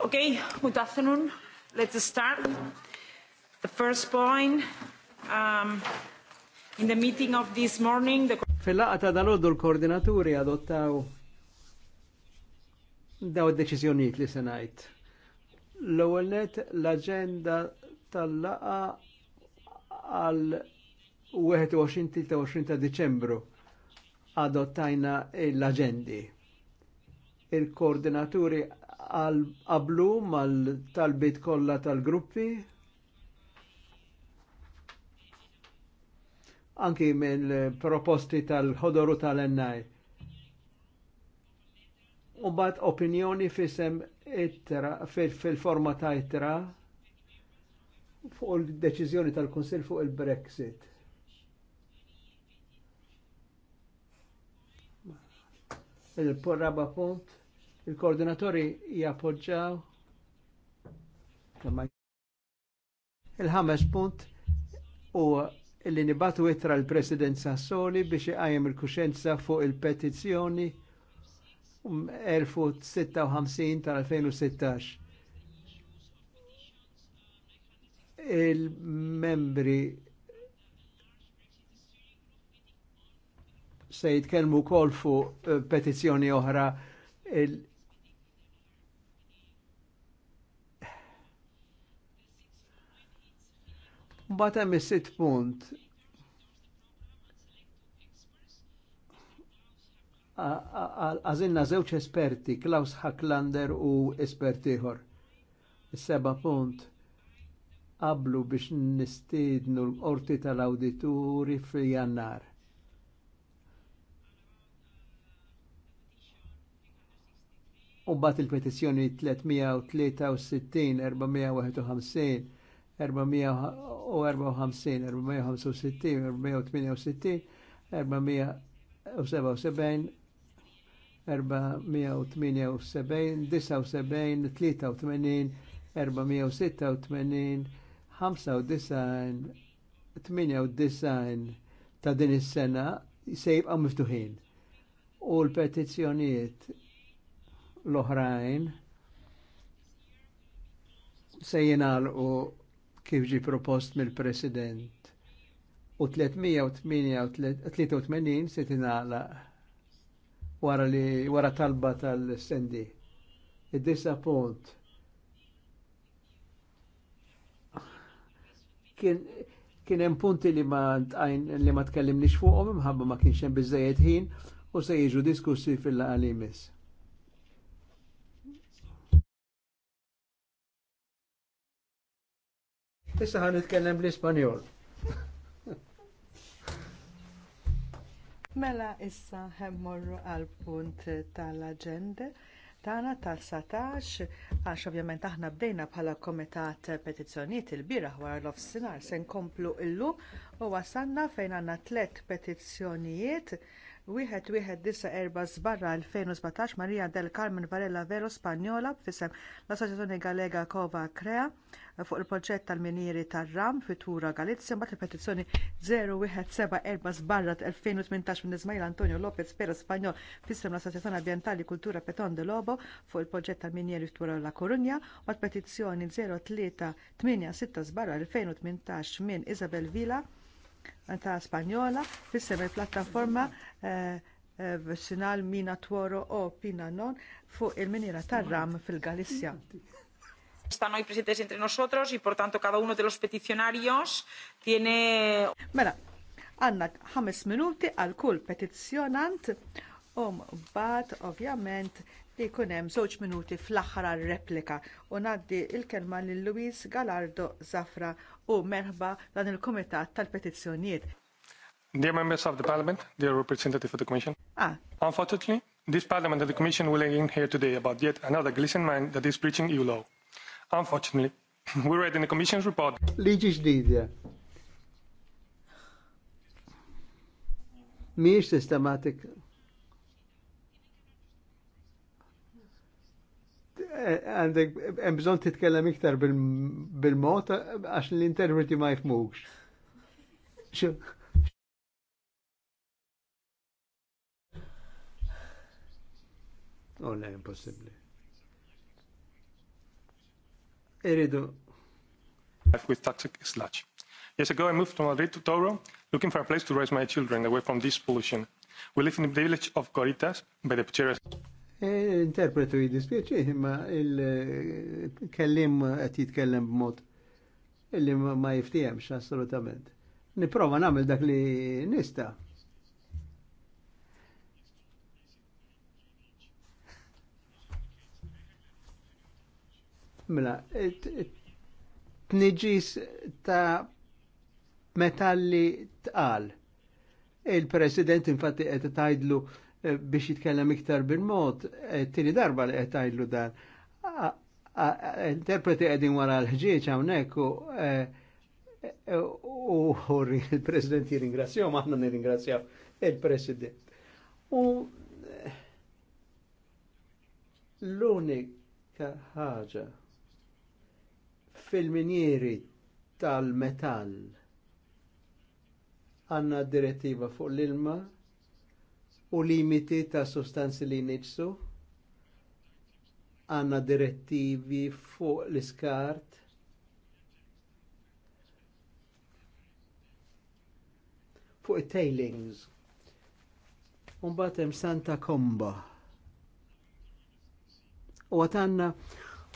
Okay, good afternoon. Let's start. The first point um, in the meeting of this morning. The... Fil-laqa ta' dal-oddu l-koordinaturi adottaw daw id-deċizjoniet li senajt. L-ewwel net l agenda tal-laqa għal 21-23 ta' Deċembru adottajna l-aġendi. Il-koordinaturi qablu mal-talbit kollha tal-gruppi anki mill-proposti tal-ħodoru tal-ennaj. U bat opinjoni fisem ittra, fil-forma ta' ittra fuq il-deċizjoni tal-Konsil fuq il-Brexit. Il-porraba punt Il-koordinatori jappoġġaw il-ħames punt u li nibatu itra l-President Sassoli biex iqajem il-kuxenza fuq il-petizzjoni 1056 um, tal-2016. Il-membri se jitkellmu kol fuq eh, petizzjoni oħra Mbagħad hemm is-sitt punt. Għażilna żewġ esperti, Klaus Hacklander u espert ieħor. Is-seba' punt qablu biex nistiednu l-qorti tal-awdituri fil-jannar. U bat il-petizjoni 363, 451, ta' din is-sena se jibqa' miftuħin. U l-petizzjonijiet l-oħrajn se jingħalqu kif ġi propost mill-President. U 383 se tingħala wara li wara talba tal-sendi. Id-disa punt. Kien kien hemm punti li ma tqajn li ma tkellimniex fuqhom imħabba ma kienx hemm biżejjed ħin u se jiġu diskussi fil-laqalimis. Issa ħan nitkellem bl-Ispanjol. Mela issa hemmorru għal punt tal-agenda tagħna tal satax għax ovvjament aħna bdejna bħala komitat petizzjonijiet il-bieraħ għar l ofsinar se nkomplu illu u wasanna fejn għandna tliet petizzjonijiet Wieħed wieħed disa erba' żbarra 2017 Marija del Carmen Varela Vero Spanjola fisem l-Assoċjazzjoni Galega Kova Krea fuq il-proġett tal-Minieri tar-Ram Fitura Galizja mbagħad il-petizzjoni 0174 żbarra 2018 minn Ismail Antonio Lopez Pera Spanjol f'isem l-Assoċjazzjoni Ambjentali e Kultura Peton de Lobo fuq il-proġett tal-Minieri Fitura La Korunja u l-petizzjoni 0386 żbarra 2018 minn Isabel Vila ta' Spanjola fissem il-plattaforma eh, eh, versinal Mina Tuoro o Pina Non fuq il-minira tar-ram fil-Galissja. Están hoy presentes entre nosotros y por tanto cada uno de los peticionarios tiene... Mela, għanna ħames minuti għal kull petizzjonant um bat ovvjament li zoċ minuti fl axra replika u ngħaddi il kelma l Luis Galardo Zafra u merħba dan il-Komitat tal-Petizzjonijiet. Dear members of the Parliament, dear representative of the Commission. Ah. Unfortunately, this Parliament and the Commission will again hear today about yet another glistening mind that is breaching EU law. Unfortunately, we read in the Commission's report. Liġi ġdidja. Miex sistematika għandek hemm bżonn titkellem iktar bil-mod għax l-interpreti ma jfmux. O oh, le, impossibli. Iridu. With toxic sludge. Years ago, I moved to Madrid to Toro, looking for a place to raise my children away from this pollution. We live in the village of Coritas by the Pucheras. E, interpretu jidispieċi, imma il-kellim għet jitkellem b'mod illi ma jiftijemx assolutament. Niprofa namil dak li nista. Mela, t-nġis ta' metalli tqal. Il-president infatti qed tajdlu Eh, biex jitkellem iktar bil-mod, eh, tini darba li għetajlu dan. Interpreti għedin wara l ħġieċ hawnhekk u eh, il-President jirringrazzjaw, maħna nirringrazzjaw il-President. U l-unika ħaġa fil-minieri tal-metall għanna direttiva fuq l-ilma u limiti ta' sostanzi li nitsu għanna direttivi fuq l-iskart fuq il-tailings Umbat hemm Santa Komba. U għatanna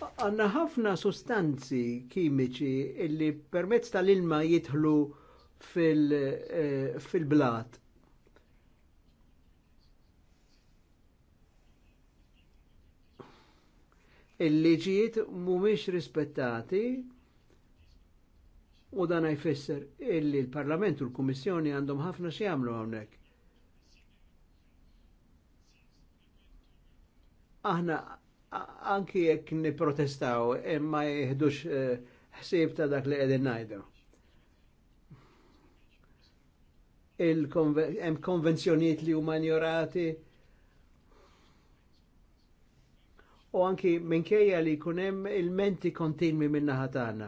għanna ħafna sostanzi kimiċi illi permezz tal-ilma jidħlu eh, fil-blat. il-liġijiet mhumiex rispettati u dan jfisser illi l-Parlament u l-Kummissjoni għandhom ħafna xi jagħmlu hawnhekk. Aħna anki jekk nipprotestaw imma eh, jeħdux eh, ħsieb ta' dak li qegħdin ngħidu. Hemm konvenzjonijiet li huma ignorati, u anki minkejja li kunem il-menti kontinmi minna ħatana.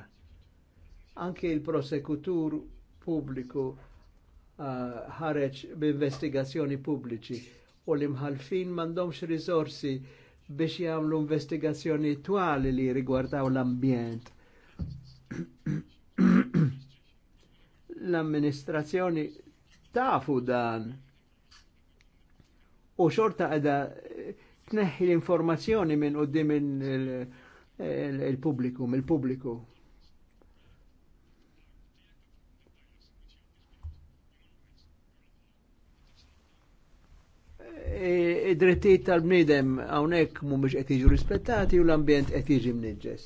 Anki il-prosekutur pubbliku ħareċ uh, b'investigazzjoni pubbliċi u l-imħalfin mandomx risorsi biex jagħmlu investigazzjoni twali li rigwardaw l-ambjent. L-amministrazzjoni tafu dan u xorta għada tneħi l-informazzjoni minn qoddim il-pubbliku, il pubbliku e, Id-drittijiet tal-bniedem hawnhekk mhumiex qed jiġu rispettati u l-ambjent qed jiġi mniġġes.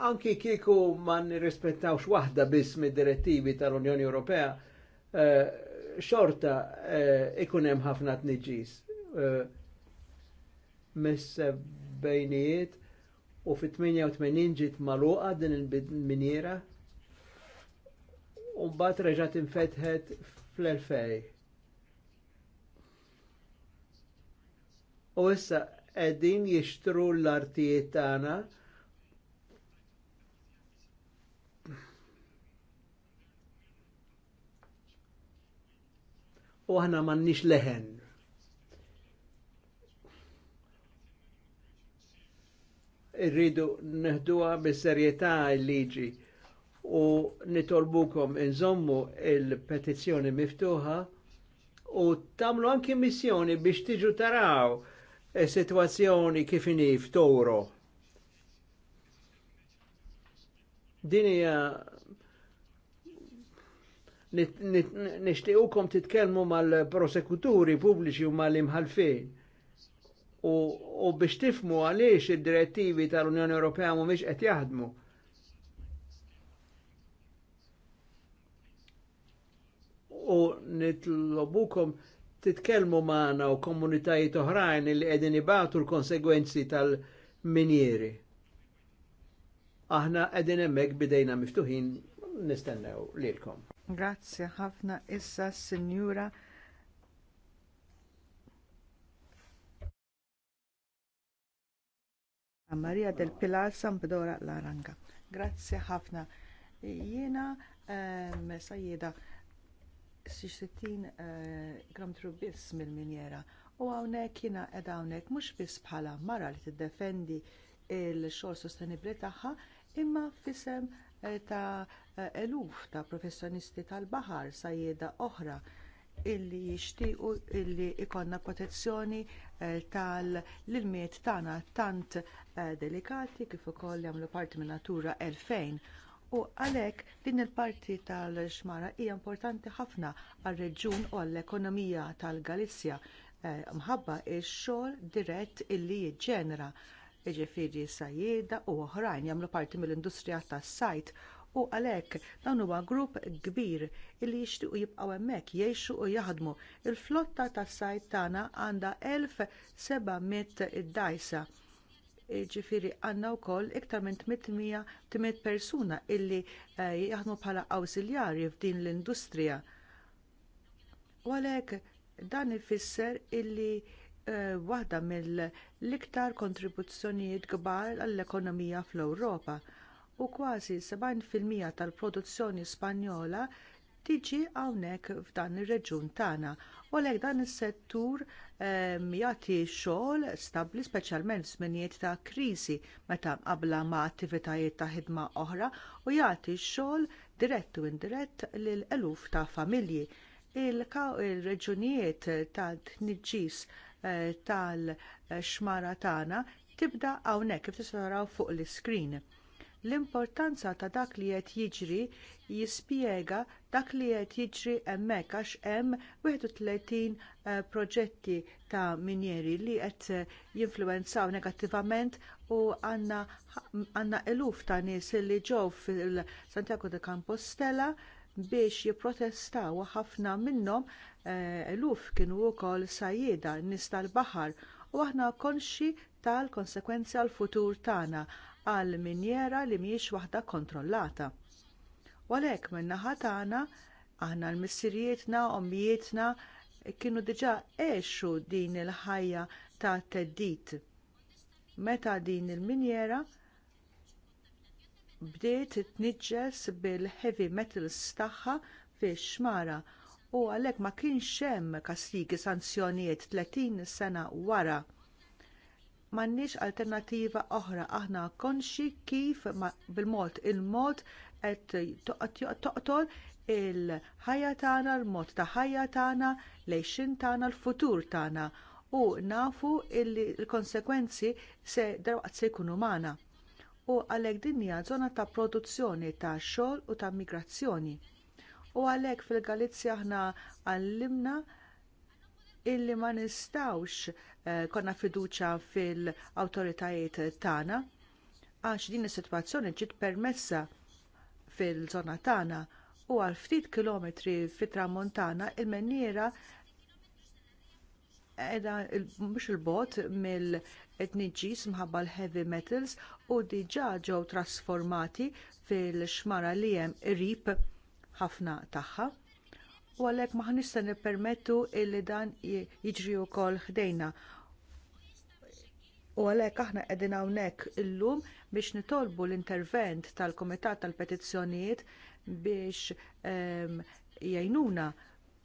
anki kieku ma nirrispettawx waħda biss mid-direttivi tal-Unjoni Ewropea, eh, xorta eh, ikun hemm ħafna tniġis. Eh, Messa bejnijiet u fit-88 ġiet maluqa din il-miniera u mbagħad reġgħet infetħet fl-2000. U issa qegħdin jixtru l-artijiet tagħna u aħna m'għandniex leħen. Irridu neħduwa bis-serjetà l-liġi u nitolbukom inżommu il-petizzjoni miftuħa u tamlu anki missjoni biex tiġu taraw e situazzjoni kif ini ftoro. Din hija nishtiqukom titkelmu mal-prosekuturi pubbliċi u mal-imħalfin. U biex tifmu għaliex id-direttivi tal-Unjoni Ewropea mhumiex qed jaħdmu. U nitlobukom titkellmu magħna u komunitajiet oħrajn li qegħdin ibatu l-konsegwenzi tal minieri Aħna qegħdin hemmhekk bidejna miftuħin nistennew lilkom. Grazzi ħafna issa Sinjura Maria del Pilar Sampdora Laranga. Grazzi ħafna. Jiena um, jeda 60 uh, gram trubis mill-minjera u għawnek jiena ed hawnhekk mhux biss bħala mara li tiddefendi l xogħol sostenibbli tagħha imma fisem uh, ta' eluf ta' professjonisti tal-baħar sajjeda oħra illi jixtiequ illi jkollna protezzjoni eh, tal-ilmiet tagħna tant eh, delikati kif ukoll jagħmlu parti minn natura elfejn. U għalhekk din il-parti tal-xmara hija importanti ħafna għar-reġjun u għall-ekonomija tal-Galizja eh, mħabba x xogħol dirett illi jiġġenera jiġifieri sajjieda u oħrajn jagħmlu parti mill-industrija tas-sajt u għalhekk dan huwa grupp kbir illi jixtiequ jibqgħu hemmhekk jgħixu u jaħdmu. Il-flotta tas-sajt tagħna għandha 1700 dgħajsa. Ġifiri għandna wkoll iktar minn 800 persuna illi eh, jaħdmu bħala awżiljari f'din l-industrija. U għalhekk dan ifisser illi Eh, waħda mill-iktar kontribuzzjonijiet kbar għall-ekonomija fl-Ewropa u kważi 70% tal-produzzjoni Spanjola tiġi hawnhekk f'dan ir-reġjun tagħna. U għalhekk dan is-settur ehm, jagħti xogħol stabbli speċjalment żminijiet ta' kriżi meta mqabbla ma' attivitajiet ta' ħidma oħra u jagħti xogħol dirett u indirett lil eluf ta' familji. Il-reġunijiet ta' tniġġis tal-xmara tagħna tibda hawnhekk kif tistgħu taraw fuq l-iskrin. L-importanza ta' dak li qed jiġri jispjega dak li qed jiġri hemmhekk għax hemm 31 eh, proġetti ta' minjeri li qed eh, jinfluwenzaw negattivament u għandna eluf ta' nies li ġew fil-Santiago de Compostela biex jipprotestaw ħafna minnhom Eh, eluf kienu wkoll sajjieda nies tal-baħar u aħna konxi tal-konsekwenzi għall futur tagħna għal minjera li mhijiex waħda kontrollata. U għalhekk min-naħa tagħna aħna l-missirietna, ommijietna kienu diġà għexu din il-ħajja ta' theddid. Meta din il-minjera bdiet tniġġes bil-heavy metals tagħha fix xmara u għalhekk ma kienx hemm kastigi sanzjonijiet 30 sena wara. M'għandniex alternattiva oħra aħna konxi kif bil-mod il-mod qed toqtol il-ħajja tagħna, l-mod ta' ħajja tagħna, lejxin tagħna, l-futur tagħna u nafu li l-konsekwenzi se darwaqt se jkunu magħna. U għalhekk din hija żona ta' produzzjoni ta' xogħol u ta' migrazzjoni U għalhekk fil-Galizja aħna għallimna illi ma nistawx eh, konna fiduċja fil awtoritajiet tagħna għax din is-sitwazzjoni ġiet permessa fil-żona tagħna u għal ftit kilometri fit-tramuntana il-menniera edha mhux il-bot mill-etniġis mħabba l-heavy metals u diġà ġew trasformati fil-xmara li hemm qrib ħafna tagħha u għalhekk ma ħnista nippermettu li dan jiġri wkoll ħdejna. U għalhekk aħna qegħdin hawnhekk illum biex nitolbu l-intervent tal-Kumitat tal-Petizzjonijiet biex ehm, jgħinuna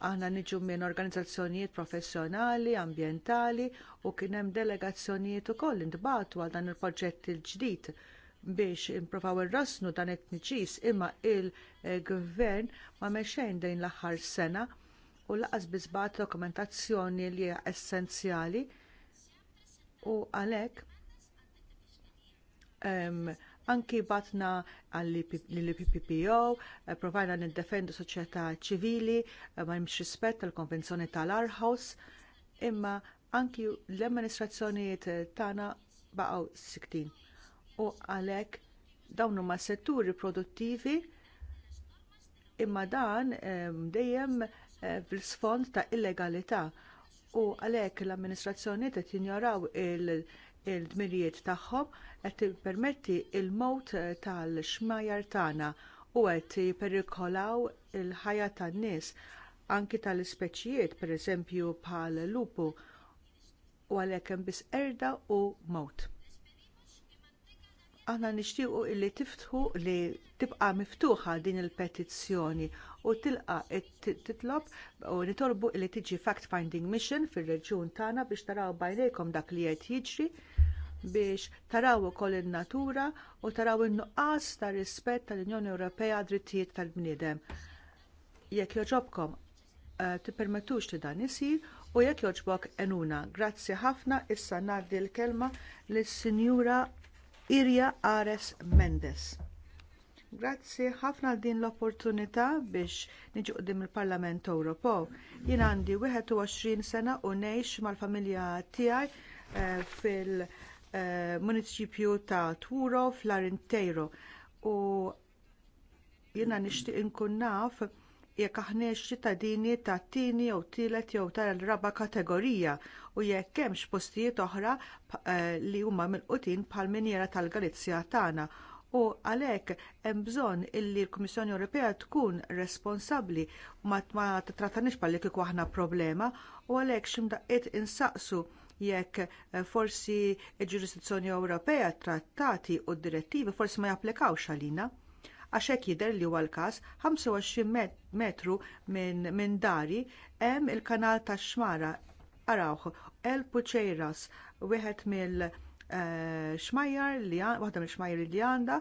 aħna niġu minn organizzazzjonijiet professjonali, ambjentali u kien hemm delegazzjonijiet ukoll intbagħtu għal dan il-proġett il-ġdid. il proġett il il proġett il ġdid biex improvaw irrasnu dan it-tniċis imma il-gvern ma meċen dejn l-aħħar sena u laqas bizbat dokumentazzjoni li hija essenzjali u għalhekk um, anki batna għall ippo eh, provajna niddefendu soċjetà ċivili, eh, ma nimx rispett tal-konvenzjoni tal-Arħos, imma anki l-amministrazzjonijiet tagħna baqgħu siktin u għalhekk dawn huma setturi produttivi imma dan ehm, dejjem eh, fil-sfond ta' illegalità u għalhekk l-amministrazzjoni qed jinjoraw il-dmirijiet tagħhom qed permetti l mewt eh, tal-xmajar tagħna u qed jipperikolaw il-ħajja tan-nies anki tal-ispeċijiet pereżempju bħal lupu u għalhekk hemm biss erda u mowt aħna nixtiequ illi tiftħu li tibqa' miftuħa din il-petizzjoni u tilqa titlob u nitolbu illi tiġi fact-finding mission fir-reġjun tagħna biex taraw bajnejkom dak li qed jiġri biex taraw ukoll in-natura u taraw in-nuqqas ta' rispett tal-Unjoni Ewropea drittijiet tal-bniedem. Jekk joġobkom eh, tippermettux li dan isir u jekk joġbok enuna. Grazzi ħafna issa ngħaddi l-kelma lis-Sinjura Irja Ares Mendes. Grazzi ħafna għal din l-opportunità biex niġu il-Parlament Ewropew. Jien għandi 21 sena u ngħix mal-familja tiegħi eh, fil-municipju eh, ta' Turo fl-Arintejro. U jiena nixtieq inkun naf jekk aħniex ċittadini ta' tieni jew tielet jew tara l-raba kategorija u jekk hemmx postijiet oħra eh, li huma milqutin bħal minjera tal-Galizja tagħna u għalhekk hemm bżonn illi l-Kummissjoni Ewropea tkun responsabbli u ma trattanix bħalli kieku aħna problema u għalhekk x'imdaqqiet insaqsu jekk eh, forsi ġurisdizzjoni Ewropea trattati u direttivi forsi ma japplikawx għalina. Għax hekk jidher li huwa l-każ 25 metru minn min dari hemm il-kanal tax-xmara arawh El Puċeiras, wieħed mill eh, xmajjar li waħda mill xmajjar li għandha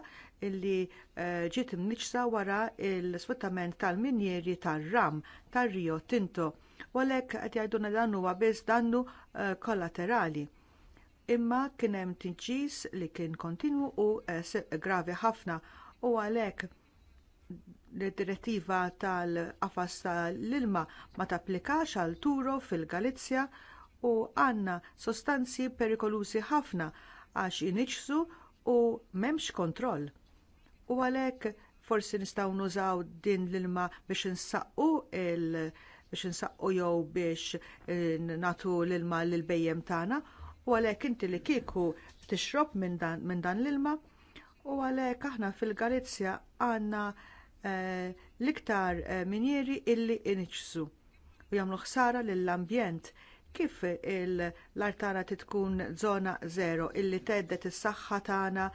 illi eh, ġiet imniċsa wara l sfruttament tal-minjeri tar-ram tar-Rio Tinto. u għalhekk qed jgħidulna dan huwa biss dannu eh, kollaterali imma kien hemm tinċis li kien kontinwu u gravi ħafna u għalhekk direttiva tal-qafas tal-ilma ma tapplikax għal turo fil-Galizja u għandna sostanzi perikolużi ħafna għax iniġsu u m'hemmx kontroll. U għalhekk forsi nistgħu nużaw din l-ilma biex insaqqu il- biex insaqqu jew biex eh, nagħtu l-ilma lill bejjem tagħna u għalhekk inti li kieku tixrob minn dan, min dan l-ilma u għalhekk aħna fil-Galizja għandna Eh, l-iktar eh, minieri illi inċsu u jagħmlu ħsara lill-ambjent kif l-artara tkun żona zero illi teddet is-saħħa tagħna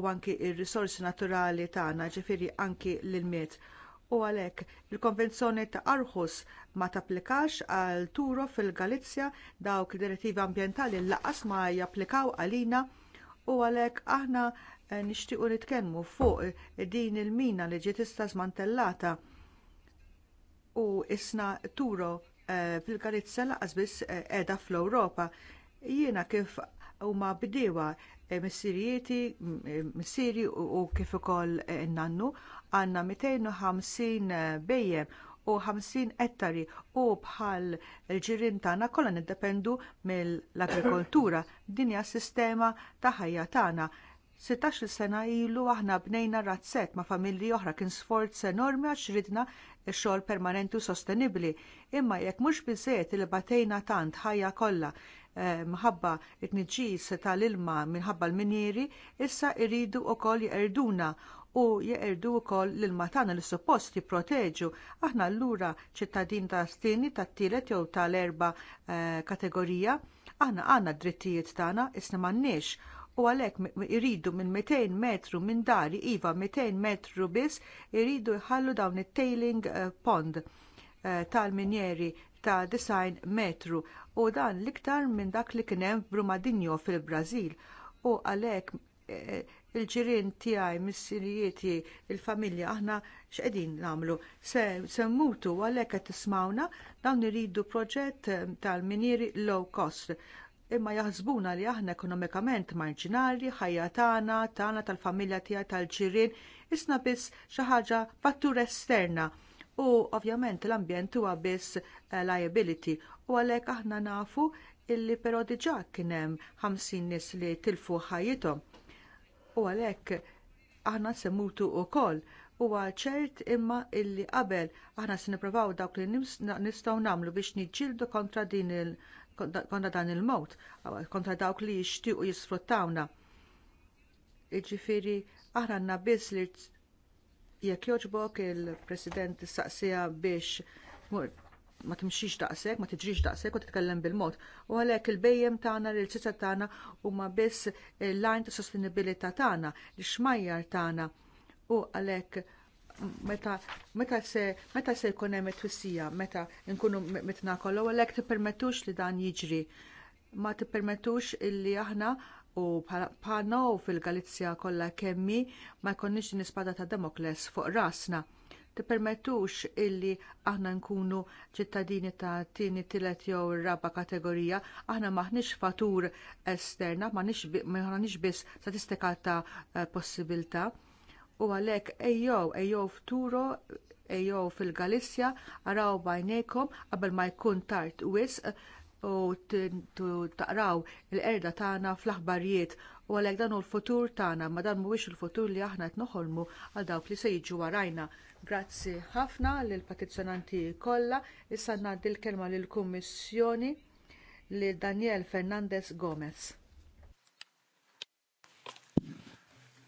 u anki r risorsi naturali tagħna ġifieri anki l-miet. U għalhekk il-konvenzjoni ta' Arħus ma tapplikax għal turo fil-Galizja dawk id direttivi ambjentali laqas ma japplikaw għalina u għalhekk aħna Eh, nixtiequ nitkellmu fuq din il-mina li ġiet issa smantellata u isna turo eh, fil-Karizza laqas biss qiegħda eh, fl-Ewropa. Jiena kif huma bdewa missirieti mm, missieri u kif ukoll nannu għandna 250 bejjem u 50 ettari u bħal ġirien tagħna kollha niddependu mill-agrikoltura. Din hija s sistema ta' ħajja tagħna 16 sena ilu aħna bnejna razzett ma' familji oħra kien sforz enormi għax ridna xogħol permanenti u sostenibbli. Imma jekk mhux biżżejjed li batejna tant ħajja kollha eh, mħabba t tniġġis tal-ilma minħabba l-minieri, issa jridu wkoll jeqerduna u jeqerdu wkoll l-ilma tagħna li suppost jipproteġu. Aħna allura ċittadin ta' stini tat-tielet jew tal-erba eh, kategorija, aħna għandna d drittijiet tagħna, isna m'għandniex u għalhekk iridu minn 200 metru minn dari iva 200 metru biss iridu jħallu dawn it-tailing eh, pond eh, tal-minjeri ta' design metru u dan l-iktar minn dak li kien hemm Brumadinho fil-Brażil u għalhekk eh, il ġirin tiegħi mis-sirijieti il-familja aħna xedin nagħmlu. Se mutu għalhekk qed tismawna dawn iridu proġett tal-minieri low cost imma jaħsbuna li aħna ekonomikament marġinali, ħajja tagħna, tagħna tal-familja tiegħek tal-ġirien, isna biss xi ħaġa fattura esterna. U ovvjament l-ambjent huwa biss eh, liability u għalhekk aħna nafu illi però diġà kien hemm 50 nies li tilfu ħajjithom. U għalhekk aħna semmutu wkoll huwa ċert imma illi qabel aħna se nippruvaw dawk li nistgħu nagħmlu biex niġġieldu kontra din il- Konna dan il-mod, kontra dawk li jixtiequ jisfruttawna. Jiġifieri aħna għanna biss li jekk jogħġbok il-President saqsija biex ma timxix daqshekk, ma tiġrix daqshekk u titkellem bil-mod. U għalhekk il-bejjem tagħna l tana tagħna huma biss il-lajn ta' sostenibilità tagħna, l-xmajjar tagħna. U għalhekk meta meta se meta se jkun hemm it-twissija, meta nkunu mitnakol l hekk tippermettux li dan jiġri. Ma tippermettux illi aħna u bħalna u fil-Galizja kollha kemmi ma jkunniex nispada ta' Damokles fuq rasna. Tippermettux illi aħna nkunu ċittadini ta' tieni tielet jew raba kategorija, aħna maħniex fatur esterna, maħniex biss statistika ta' eh, possibilità u għalhekk ejjew ejjew f'Turo ejjew fil-Galissja araw bajnejkom qabel ma jkun tard wisq eh, u taqraw il-qerda tagħna fl-aħbarijiet u għalhekk dan hu l-futur tagħna ma dan mhuwiex il-futur li aħna qed noħolmu għal dawk li se jiġu warajna. Grazzi ħafna lill petizzjonanti kollha. Issa ngħaddi l-kelma lill-Kummissjoni lil Daniel Fernandez Gomez.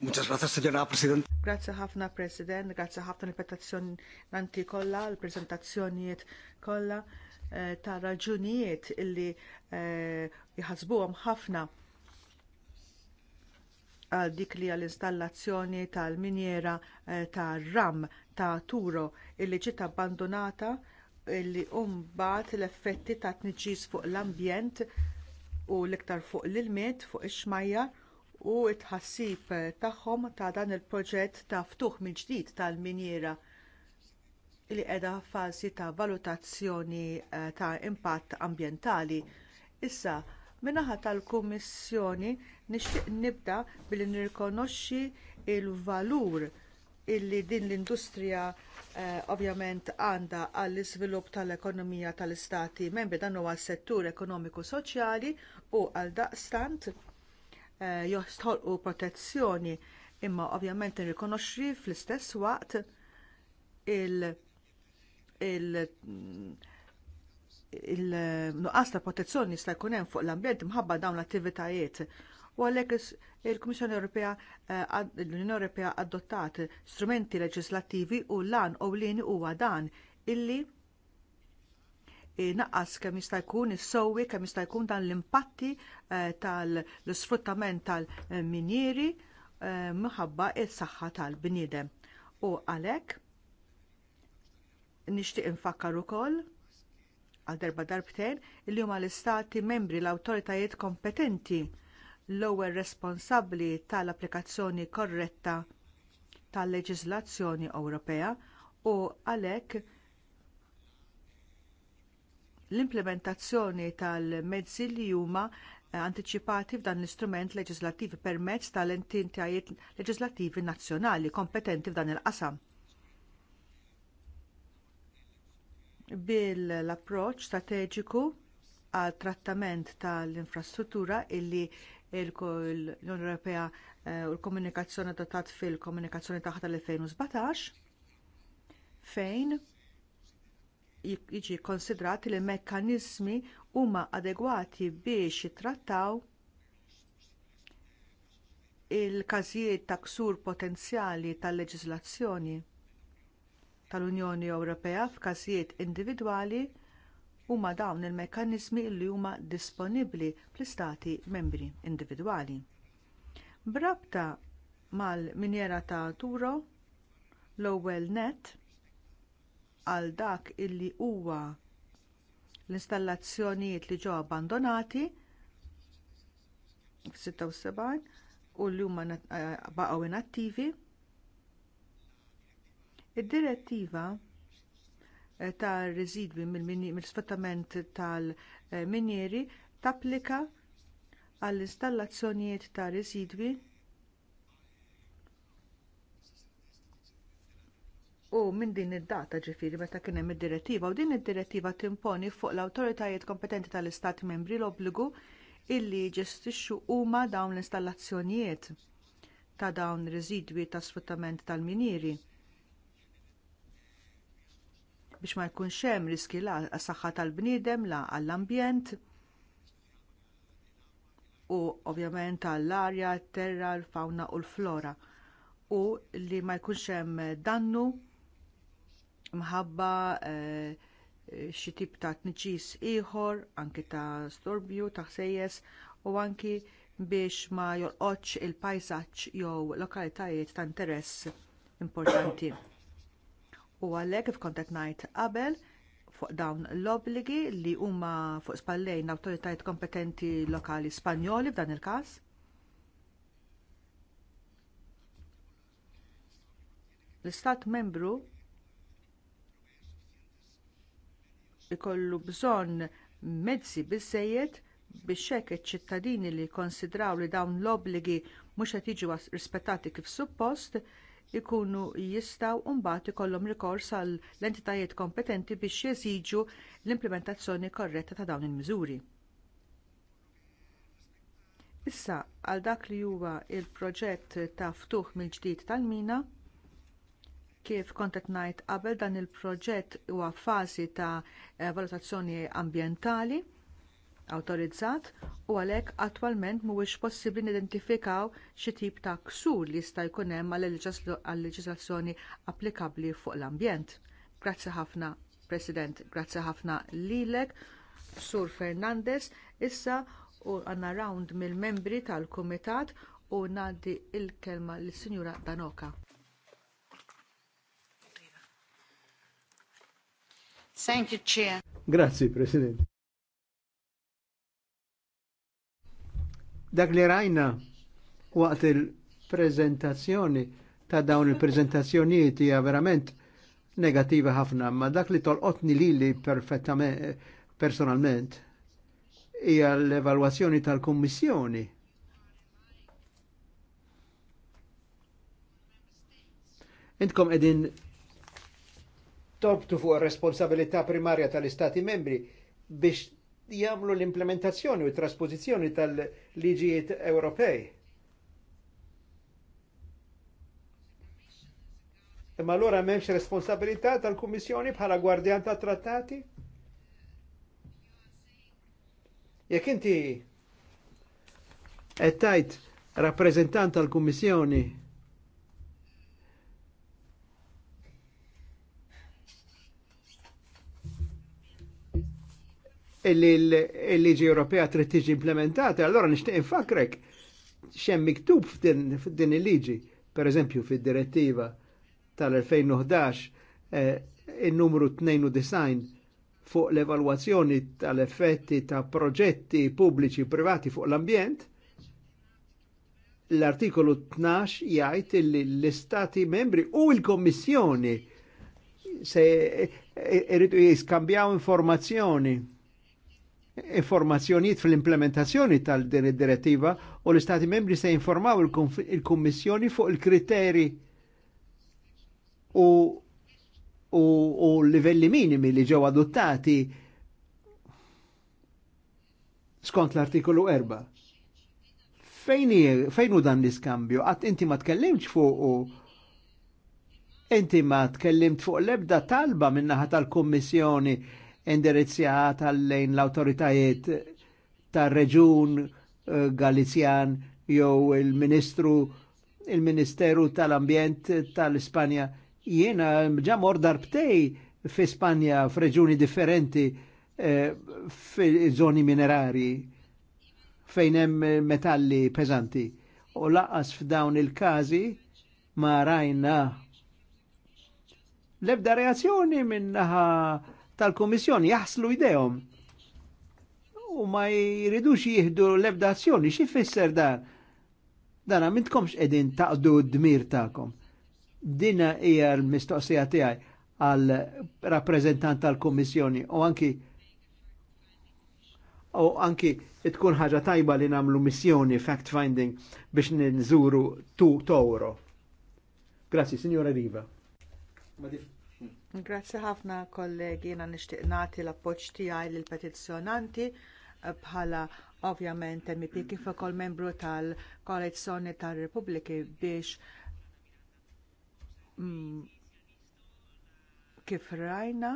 Muchas gracias, señora President. Grazie ħafna, President. Grazie ħafna l nanti kollha, l-prezentazzjonijiet kollha eh, ta' raġunijiet illi jħasbuhom eh, ħafna għal dik li għall installazzjoni tal-minjera eh, ta' tar ram ta' Turo illi ġiet abbandonata illi mbagħad l-effetti ta' tniġis fuq l-ambjent u l-iktar fuq l ilmet fuq ix-xmajjar u t tħassib tagħhom ta' dan il-proġett ta' ftuħ minn ġdid tal-minjera li qiegħda fażi ta' valutazzjoni eh, ta' impatt ambjentali. Issa, min-naħa tal-Kummissjoni nixtieq nibda billi nirrikonoxxi l valur illi din l-industrija eh, ovvjament għandha għall iżvilupp tal-ekonomija tal-istati membri dan huwa s-settur ekonomiku soċjali u għaldaqstant Eh, joħstolqu protezzjoni imma ovvjament nirrikonoxxi fl-istess waqt il il il-nuqqas ta' protezzjoni jista' jkun hemm fuq l-ambjent mħabba dawn l-attivitajiet. U għalhekk il-Kummissjoni Ewropea eh, l-Unjoni Ewropea adottat strumenti leġislattivi u lan ewlieni huwa dan illi inaqqas kemm jista' jkun issowwi kemm jista' jkun dan l-impatti eh, tal-sfruttament tal-minjieri eh, minħabba s saħħa tal-bniedem. U għalhekk nixtieq infakkar ukoll għal darba darbtejn li huma l-istati membri l-awtoritajiet kompetenti l-ewwel responsabbli tal-applikazzjoni korretta tal-leġiżlazzjoni Ewropea u għalhekk l-implementazzjoni tal-mezzi li huma eh, antiċipati f'dan l-istrument leġislattiv permezz tal-entitajiet leġislattivi nazzjonali kompetenti f'dan il-qasam. Bil-approċċ strateġiku għal trattament tal-infrastruttura illi l-Unjoni Ewropea eh, u l-komunikazzjoni dotat fil-komunikazzjoni taħt tal-2017 fejn jiġi konsidrati li l-mekkaniżmi huma adegwati biex jittrattaw il-każijiet ta' ksur potenzjali tal-leġiżlazzjoni tal-Unjoni Ewropea f'każijiet individwali huma dawn il-mekkaniżmi li huma disponibbli fl-istati membri individwali. Brabta mal-minjera ta' Turo, l-ewwel net, għal dak illi huwa l-installazzjonijiet li ġew abbandonati f-76 u li huma eh, baqgħu inattivi. Id-direttiva eh, tar residwi mill-sfruttament tal eh, minjeri tapplika għall-installazzjonijiet ta' residwi u minn din id-data ġifiri meta kien hemm id-direttiva u din id-direttiva timponi fuq l-awtoritajiet kompetenti tal-istati membri l-obbligu illi jġestixxu huma dawn l-installazzjonijiet ta' dawn residwi ta' sfruttament tal-minieri biex ma jkunx hemm riski la għas-saħħa tal-bniedem la għall-ambjent u ovvjament għall-arja, t-terra, l-fawna u l-flora u li ma jkunx hemm dannu mħabba eh, eh, xi tip ta' tniċis ieħor, anki ta' storbju, ta' ħsejjes u anki biex ma jolqotx il-pajsaġġ jew lokalitajiet ta' interess importanti. U għalhekk kif qed ngħid qabel, fuq dawn l obbligi li huma fuq spallejn awtoritajiet kompetenti lokali Spanjoli f'dan il-każ? L-Istat membru ikollu bżonn mezzi biżżejjed biex hekk iċ-ċittadini li jikkonsidraw li dawn l-obbligi mhux qed jiġu rispettati kif suppost ikunu jistgħu mbagħad ikollhom rikors għall entitajiet kompetenti biex jeżiġu l-implementazzjoni korretta ta' dawn il-miżuri. Issa għal dak li huwa l proġett ta' ftuħ mill-ġdid tal-mina, Kif kont qed ngħid qabel dan il-proġett huwa fażi ta' valutazzjoni ambjentali awtorizzat u għalhekk attwalment mhuwiex possibbli nidentifikaw xi tip ta' ksur li jista' jkun hemm għal-leġiżlazzjoni applikabbli fuq l-ambjent. Grazzi ħafna, President, grazzi ħafna lilek, Sur Fernandez, issa u għanna round mill-membri tal-Kumitat u ngħaddi l kelma lis sinjura Danoka. Thank you, Chair. Grazzi, President. Dak li rajna waqt il-prezentazzjoni ta' dawn il-prezentazzjonijiet hija verament negativa ħafna, ma dak li tolqotni lili perfettament personalment hija l-evalwazzjoni tal-Kummissjoni. Intkom edin tobtu fuq responsabilità primarja tal-Istati membri biex jagħmlu l-implementazzjoni u trasposizzjoni tal-liġijiet Ewropej. Ma allora memx responsabilità tal-Kummissjoni bħala gwardjan ta' trattati? Jekk inti qed tajt rappreżentant tal-Kummissjoni il l-liġi Ewropea trid tiġi implementata, allora nixtieq infakrek xhemm miktub f'din il-liġi, per eżempju fid-direttiva tal-2011 in eh, il-numru 92 fuq l-evalwazzjoni tal-effetti ta' proġetti pubbliċi privati fuq l-ambjent, l-artikolu 12 jgħid li l-istati membri u l-kommissjoni se eh, irridu jiskambjaw informazzjoni informazzjonijiet fl-implementazzjoni tal-din id-direttiva u l-Istati membri se informaw il-Kummissjoni fuq il-kriteri u, u, u livelli minimi li ġew adottati skont l-artikolu 4. Fejn hu dan l-iskambju? Għat inti ma tkellimx fuq u inti ma tkellimt fuq l-ebda talba minnaħa tal-Kummissjoni indirizzjata lejn l-autoritajiet tar-reġun eh, Galizjan jew il-Ministru il-Ministeru tal-Ambjent tal-Ispanja. Jiena ġa mor darbtej fi Spanja f'reġuni differenti eh, fil-żoni minerari fejn hemm metalli peżanti. U laqas f'dawn il-każi ma rajna l-ebda reazzjoni minnaħa tal-Komissjoni jaħslu idejhom u ma jridux jihdu l-ebda azzjoni, x'ifisser fisser dan? Dana mintkomx edin taqdu d-dmir ta'kom. Dina hija l-mistoqsija tiegħi għal rappresentant tal-Kommissjoni u anki u anki tkun ħaġa tajba li namlu missjoni fact-finding biex ninżuru tu toro. Grazzi, Signora Riva. Ma Grazzi ħafna kollegi, jiena nixtieq nagħti l appoġġ tiegħi lill petizzjonanti eh, bħala ovvjament MP kif ukoll membru tal-Koalizzjoni tar-Repubbliki biex mm, kif rajna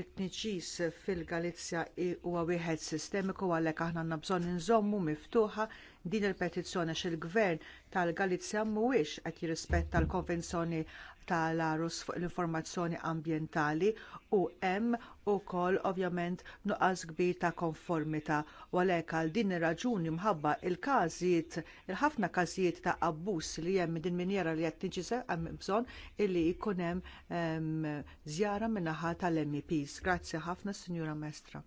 it-tniċis fil-Galizja huwa wieħed sistemiku għalhekk aħna għandna bżonn inżommu miftuħa din il-petizzjoni x'il-gvern tal-Galizja mhuwiex qed jirrispetta l-konvenzjoni tal-arus fuq l-informazzjoni ambjentali u hemm ukoll ovvjament nuqqas kbir ta' konformità u għalhekk għal din ir-raġuni mħabba il-każijiet il-ħafna każijiet ta' abbuż li hemm din minjera li qed tiġi hemm bżonn illi jkun hemm żjara min-naħa tal-MEPs. Grazzi ħafna, Sinjura Mestra.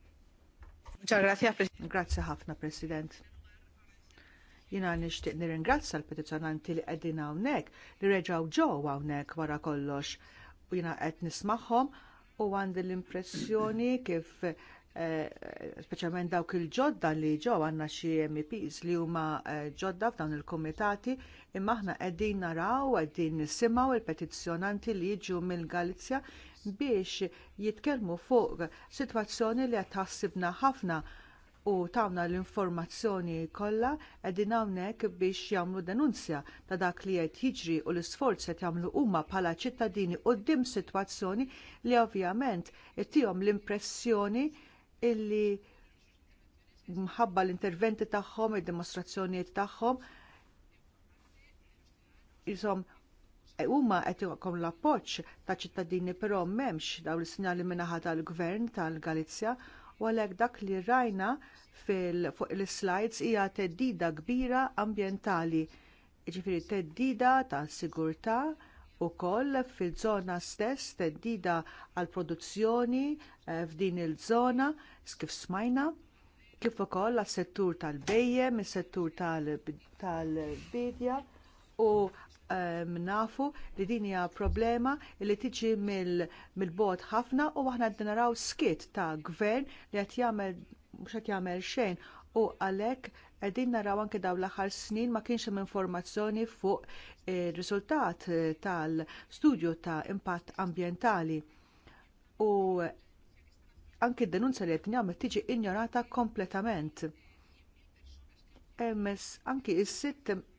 Grazie ħafna, President. Jiena nixtieq nirringrazza l-petizzjonanti li qegħdin hawnhekk li reġgħu ġo hawnhekk wara kollox u jiena qed nismaħħom u għandi l-impressjoni kif eh, speċjalment dawk il-ġodda li ġew għandna xi MP's li huma eh, ġodda f'dawn il-kumitati imma aħna qegħdin naraw qegħdin nisimgħu il-petizzjonanti li jiġu mill-Galizja biex jitkellmu fuq sitwazzjoni li qed taħsibna ħafna u tawna l-informazzjoni kollha qegħdin hawnhekk biex jagħmlu denunzja ta' dak li qed jiġri u l-isforz qed jagħmlu huma bħala ċittadini quddiem sitwazzjoni li ovvjament ittihom l-impressjoni illi mħabba l-interventi tagħhom, id-dimostrazzjonijiet tagħhom jisom e, huma qed ikom l-appoġġ ta' ċittadini però m'hemmx dawn is-sinjali min-naħa tal-Gvern tal-Galizja u għalhekk dak li rajna fuq l-slides hija theddida kbira ambjentali, jiġifieri theddida tas sigurtà wkoll fil-żona stess theddida għall produzzjoni eh, f'din il-żona kif smajna kif ukoll għas-settur tal bejje is-settur tal-bidja u Um, nafu li din hija problema li tiġi mill-bot ħafna u aħna qed naraw skit ta' gvern li qed jagħmel mhux qed jagħmel xejn u għalhekk qegħdin naraw anke dawn l-aħħar snin ma kienx hemm informazzjoni fuq ir-riżultat tal-studju ta' impatt ambjentali. U anke d-denunza li qed tiġi injorata kompletament emmes anki is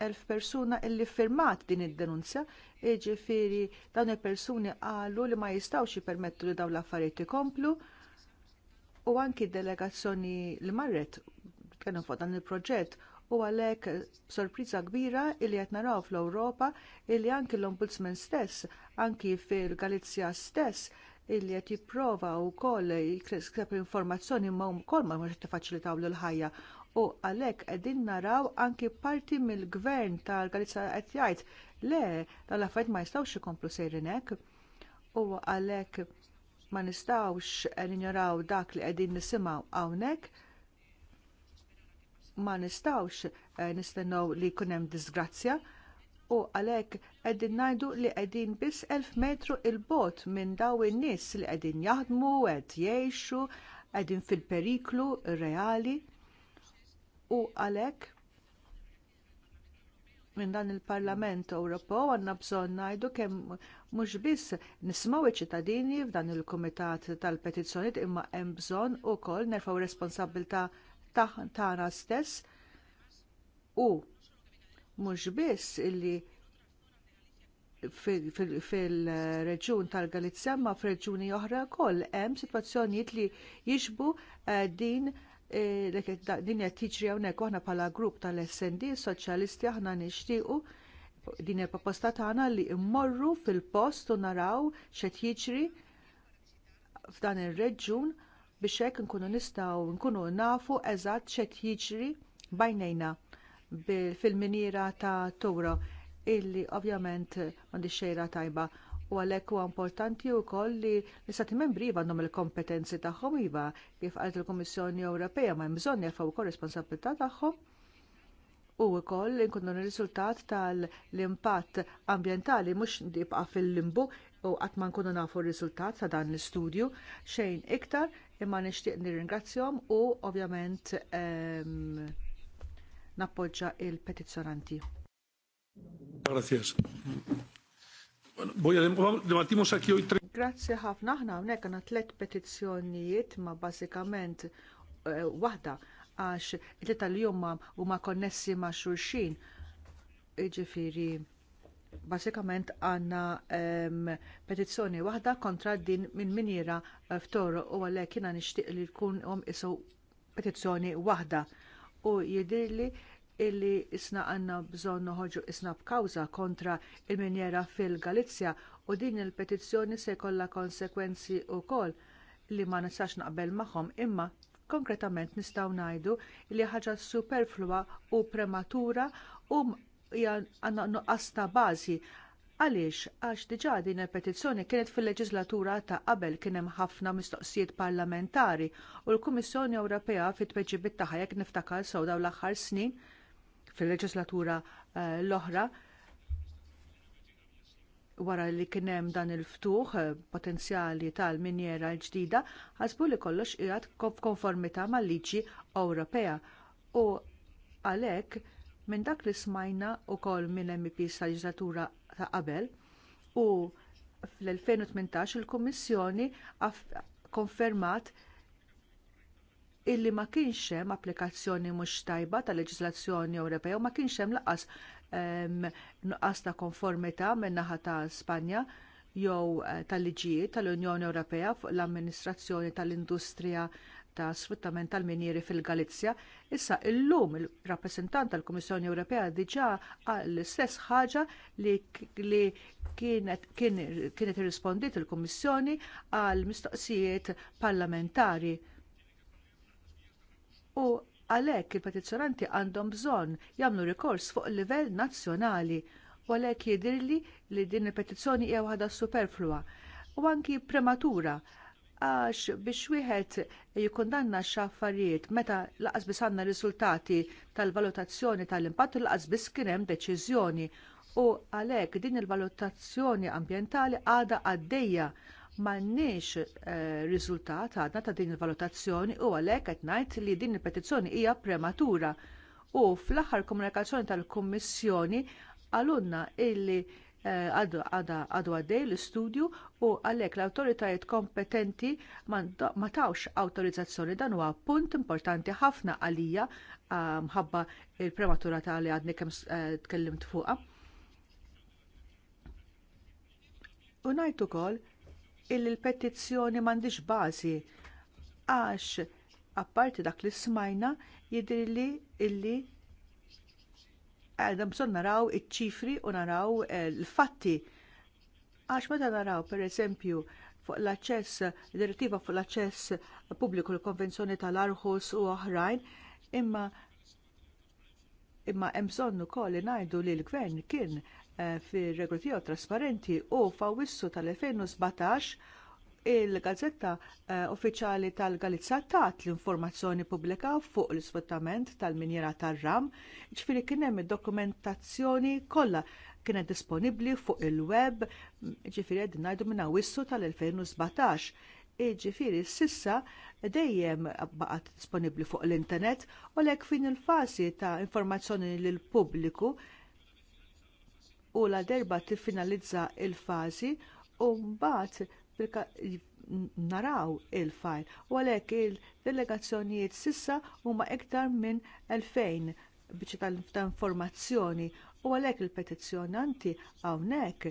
elf persuna illi firmat din id-denunzja, jiġifieri dawn il-persuni qalu li ma jistgħux jippermettu li dawn l-affarijiet ikomplu u anki d delegazzjoni li marret kienu fuq dan il-proġett u għalhekk sorpriża kbira li qed naraw fl-Ewropa illi anki l-Ombudsman stess, anki fil-Galizja stess, illi qed jipprova wkoll jikseb informazzjoni ma wkoll ma mhux l ħajja u għalhekk qegħdin naraw anki parti mill-gvern tal-Galizja qed jgħid le tal-affarijiet ma jistgħux ikomplu sejrin hekk u għalhekk ma nistgħux ninjoraw dak li qegħdin nisimgħu hawnhekk ma nistgħux eh, nistennew li jkun hemm disgrazzja u għalhekk qegħdin ngħidu li qegħdin biss elf metru il-bot minn daw in-nies li qegħdin jaħdmu, qed jgħixu, qegħdin fil-periklu reali u għalhekk minn dan il-Parlament Ewropew għandna bżonn ngħidu kemm mhux biss nismaw iċ-ċittadini f'dan il-Kumitat tal-Petizzjonijiet imma hemm bżonn ukoll nerfgħu responsabilità tagħna stess u mhux biss illi fil-reġjun tal-Galizja ma f'reġjuni oħra wkoll hemm sitwazzjonijiet li jixbu eh, din E, din qed tiġri hawnhekk aħna bħala grupp tal-SND soċjalisti aħna nixtiequ din il-proposta tagħna li mmorru fil-post u naraw x'qed jiġri f'dan ir-reġjun biex hekk nkunu nistgħu nkunu nafu eżatt x'qed jiġri bajnejna fil-miniera ta' Turo illi ovvjament m'għandix xejra tajba u għalhekk huwa importanti wkoll li l-Istati membri iva għandhom il-kompetenzi tagħhom iva kif qalet il-Kummissjoni Ewropea ma hemm bżonn jafgħu wkoll responsabilità tagħhom u wkoll inkunu r-riżultat tal-impatt ambjentali mhux nibqa' fil-limbu u qatt ma nkunu nafu r-riżultat ta' dan l-istudju xejn iktar imma nixtieq nirringrazzjahom u ovvjament ehm, nappoġġa il-petizzjonanti. Grazie. Grazzi ħafna aħna hawnhekk għandna tliet petizzjonijiet ma' bażikament eh, waħda għax it-tliet tal-jum huma konnessi ma' xulxin. Jiġifieri bażikament għandna ehm, petizzjoni waħda kontra din minn miniera eh, ftor u għalhekk jiena nixtieq li jkun hemm isu petizzjoni waħda u jidhirli illi isna għandna bżonn noħoġu isna b'kawża kontra l minjera fil-Galizja u din il-petizzjoni se jkollha konsegwenzi wkoll li ma nistax naqbel magħhom imma konkretament nistgħu ngħidu li ħaġa superflua u prematura u għandna nuqqas ta' bażi għaliex għax diġà din il-petizzjoni kienet fil-leġislatura ta' qabel kien hemm ħafna mistoqsijiet parlamentari u l-Kummissjoni Ewropea fit-tweġibiet tagħha jekk niftakar sew dawn l-aħħar snin fil-leġislatura eh, l-oħra wara li kien hemm dan il-ftuħ eh, potenzjali tal-minjera l-ġdida, ħasbu li kollox qiegħed f'konformità mal-liġi Ewropea. U għalhekk minn dak li smajna wkoll minn MP ta' leġislatura ta' qabel u fl-2018 il-Kummissjoni konfermat illi ma kienx hemm applikazzjoni mhux tajba tal leġiżlazzjoni Ewropea u ma kienx hemm laqas nuqqas ta' konformità min-naħa ta' Spanja jew eh, tal-liġijiet tal-Unjoni Ewropea fuq l-amministrazzjoni tal-industrija ta' sfruttament tal-minieri fil-Galizja, issa illum il-rappresentant tal-Kummissjoni Ewropea diġà għal l-istess ħaġa li, li kienet, kien, kienet irrispondiet il-Kummissjoni għal mistoqsijiet parlamentari u għalhekk il-petizzjonanti għandhom bżonn jagħmlu rikors fuq il livell nazzjonali u għalhekk jidhirli li din il-petizzjoni hija waħda superflua u anki prematura għax biex wieħed jikkundanna x'affarijiet meta laqas biss għandna riżultati tal-valutazzjoni tal-impatt u laqas biss kien hemm deċiżjoni u għalhekk din il-valutazzjoni ambjentali għadha għaddejja m'għandniex eh, riżultat għadna ta' din il-valutazzjoni u għalhekk qed ngħid li din il-petizzjoni hija prematura u fl-aħħar komunikazzjoni tal-Kummissjoni għalunna illi eh, għadu għaddej l-istudju u għalhekk l awtoritajiet kompetenti ma tawx awtorizzazzjoni dan huwa punt importanti ħafna għalija eh, mħabba l prematura ta' li għadni kemm eh, tkellimt fuqha. U ngħid ukoll illi l-petizzjoni m'għandhiex bażi għax apparti dak li smajna jidhirli illi għadhom bżonn naraw iċ-ċifri u naraw eh, l-fatti. Għax meta naraw, pereżempju, fuq l aċċess direttiva fuq l aċċess pubbliku l-konvenzjoni tal-Arħus u oħrajn, imma imma hemm bżonn ukoll ngħidu li l-gvern kien Eh, fir-regoli tiegħu trasparenti u fawissu tal-2017 il-gazzetta eh, uffiċjali tal-Galizza tat l-informazzjoni pubblika fuq l-isfruttament tal-minjera tar-ram, ġifieri kien hemm id-dokumentazzjoni kollha kienet disponibbli fuq il-web ġifieri qed ngħidu minn wissu tal-2017. Iġifieri sissa dejjem baqgħet disponibbli fuq l-internet u lek fin il fażi ta' informazzjoni lill pubbliku u la derba tiffinalizza l fażi u mbagħad naraw il-fajl u għalhekk il-delegazzjonijiet sissa huma iktar minn 2000 biex ta' informazzjoni u għalhekk il-petizzjonanti hawnhekk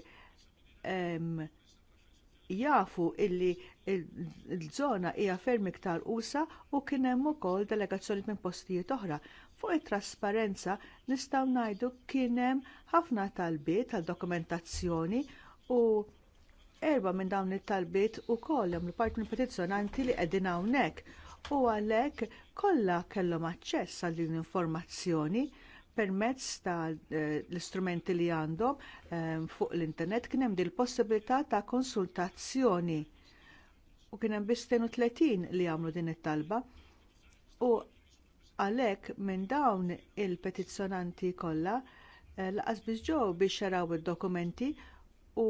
jafu illi l-żona hija ferm iktar qusa u kien hemm ukoll delegazzjoni minn postijiet oħra Fuq it-trasparenza nistgħu ngħidu kien hemm ħafna talbiet għal dokumentazzjoni u erba minn dawn it-talbiet ukoll hemm l-parti mill petizzjonanti li qegħdin hawnhekk u għalhekk kollha kellhom aċċess għal din l-informazzjoni permezz tal-istrumenti eh, li għandhom ehm, fuq l-internet kien hemm din il-possibilità ta' konsultazzjoni u kien hemm biss 32 li għamlu din it-talba u Għalhekk minn dawn il-petizzjonanti kollha eh, laqas biss ġew biex jaraw id-dokumenti u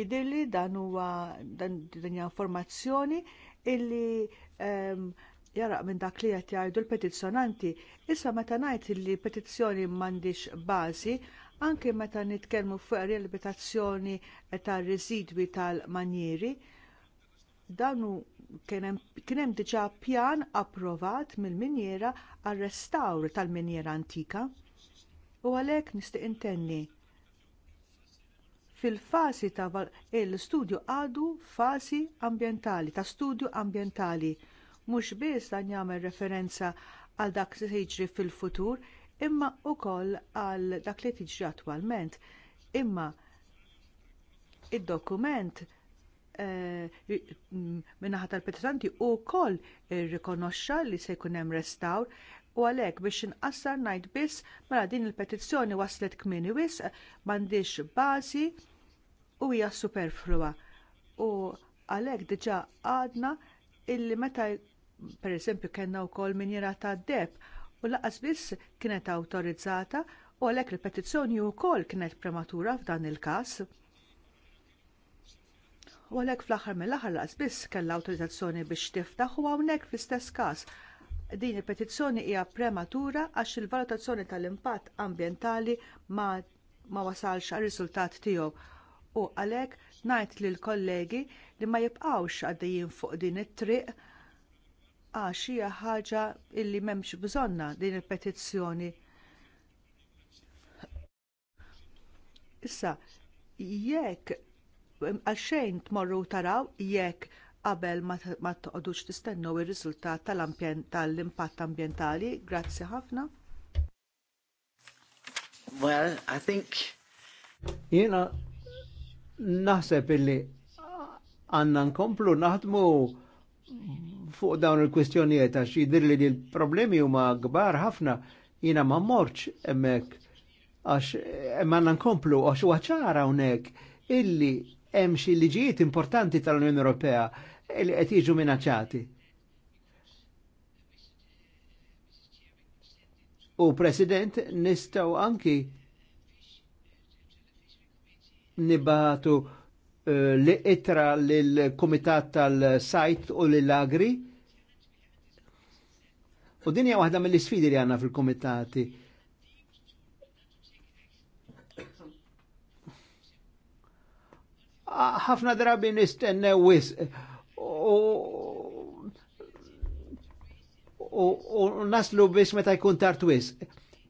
jidhirli dan huwa dan hija informazzjoni illi ehm, jaraq minn dak li qed jgħidu l-petizzjonanti. Issa meta ngħid li petizzjoni m'għandix bażi, anke meta nitkellmu fuq riabilitazzjoni tar residwi tal-manjieri, danu kien hemm diġà pjan approvat mill-minjera għar-restawr tal-minjera antika. U għalhekk nistieq intenni fil-fasi ta' l-studju għadu fasi ambjentali, ta' studju ambjentali. Mhux biss dan jagħmel referenza għal dak li jiġri fil-futur, imma wkoll għal dak li tiġri attwalment. Imma id-dokument Eh, minnaħa tal-petizzanti u koll irrikonoxxa li se jkun hemm restawr u għalhekk biex inqassar ngħid biss mela din il-petizzjoni waslet kmieni wisq m'għandix bażi u hija superflua. U għalhekk diġà għadna illi meta pereżempju kellna wkoll minjera ta' deb u laqas biss kienet awtorizzata u għalhekk il-petizzjoni wkoll kienet prematura f'dan il-każ. U għalhekk fl-aħħar mill-aħħar laqas biss kellha awtorizzazzjoni biex tiftaħ u hawnhekk fl-istess każ. Din il-petizzjoni hija prematura għax il-valutazzjoni tal-impatt ambjentali ma, ma wasalx għar riżultat tiegħu. U għalhekk ngħid lill kollegi li ma jibqgħux għaddejjin fuq din it-triq għax hija ħaġa illi m'hemmx bżonna din il-petizzjoni. Issa, jekk għalxejn tmorru taraw jekk qabel ma toqgħodux tistennew ir-riżultat tal-impatt ambjentali. Grazzi ħafna. Well, I think jiena naħseb illi għandna nkomplu naħdmu fuq dawn il-kwistjonijiet għax jidir li l-problemi huma kbar ħafna jiena ma morċ hemmhekk għax għandna nkomplu għax waċara hawnhekk illi hemm xi liġijiet importanti tal-Unjoni Ewropea li qed jiġu minaċċati. U President nistgħu anki nibatu eh, li itra lill-Kumitat tal-Sajt u lil agri U dinja waħda mill-isfidi li għanna fil-komitati ħafna drabi nistenne wisq u naslu biex meta jkun tart wis.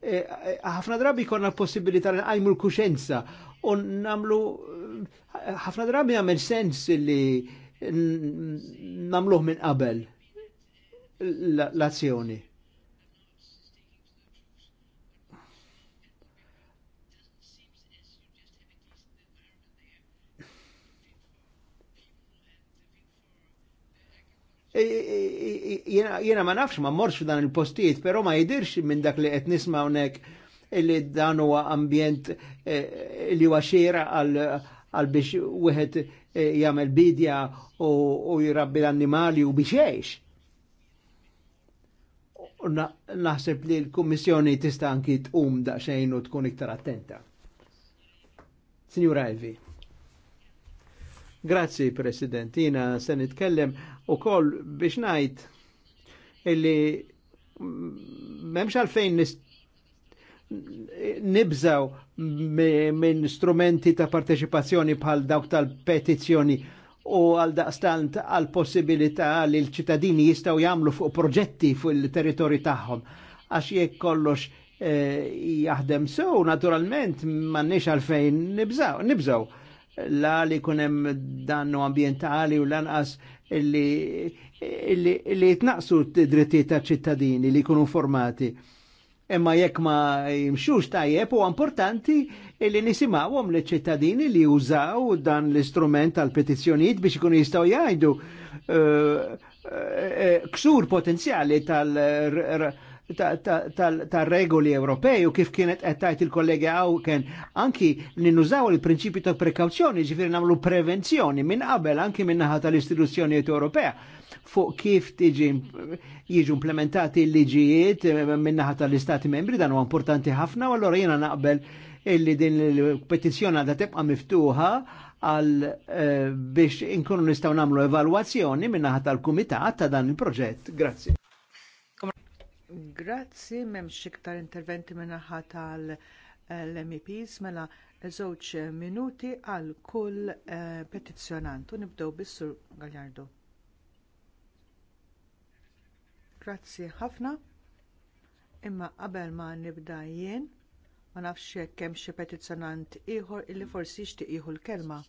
E, e, ħafna drabi konna possibilità li għajmu l-kuxenza u namlu ħafna drabi għamil sens li namluħ minn qabel l-azzjoni. La Jena ma nafx ma morx f'dan il-postijiet, pero ma jidirx minn dak li qed nisma' hawnhekk illi dan huwa ambjent eh, li huwa xiera għal biex wieħed eh, jagħmel bidja u jirabbi l-annimali u biex jgħix. Naħseb li l-Kummissjoni tista' anki tqum daqsxejn u tkun iktar attenta. Signora Elvi. Grazzi, President. Jina se nitkellem u koll biex najt illi memx għalfejn nibżaw minn strumenti ta' parteċipazzjoni bħal dawk tal-petizzjoni u għal daqstant għal possibilità li l-ċittadini jistaw jamlu fuq proġetti fuq il-territori tagħhom. Għax jekk kollox eh, jaħdem so, naturalment m'għandniex għalfejn nibżaw. nibżaw la li kunem dannu ambientali u lanqas li illi, illi jitnaqsu drittijiet ta' ċittadini li jkunu formati. Imma jekk ma jimxux tajjeb u importanti li nisimawhom li ċittadini li jużaw dan l-istrument tal-petizzjonijiet biex ikunu jistgħu jgħidu uh, uh, uh, ksur potenzjali tal- tal-regoli Ewropej u kif kienet għettajt il-kollegi għaw kien anki ninnużaw il-prinċipju ta' prekawzjoni ġifir namlu prevenzjoni minn qabel anki min-naħa tal-istituzzjonijiet Ewropea fuq kif tiġi jiġu implementati l-liġijiet min-naħa tal-istati membri dan huwa importanti ħafna u allora jiena naqbel illi din il-petizzjoni għadha tibqa' miftuħa għal eh, biex inkunu nistgħu nagħmlu evalwazzjoni min-naħa tal-kumitat ta' dan il-proġett. Grazzi. Grazzi, m'hemmx iktar interventi min-naħa tal-MEPs mela żewġ minuti għal kull eh, petizzjonant. U nibdew bis-Sur Grazzi ħafna. Imma qabel ma nibda jien, ma nafx jekk hemm xi petizzjonant ieħor illi forsi jixtieq jieħu l-kelma.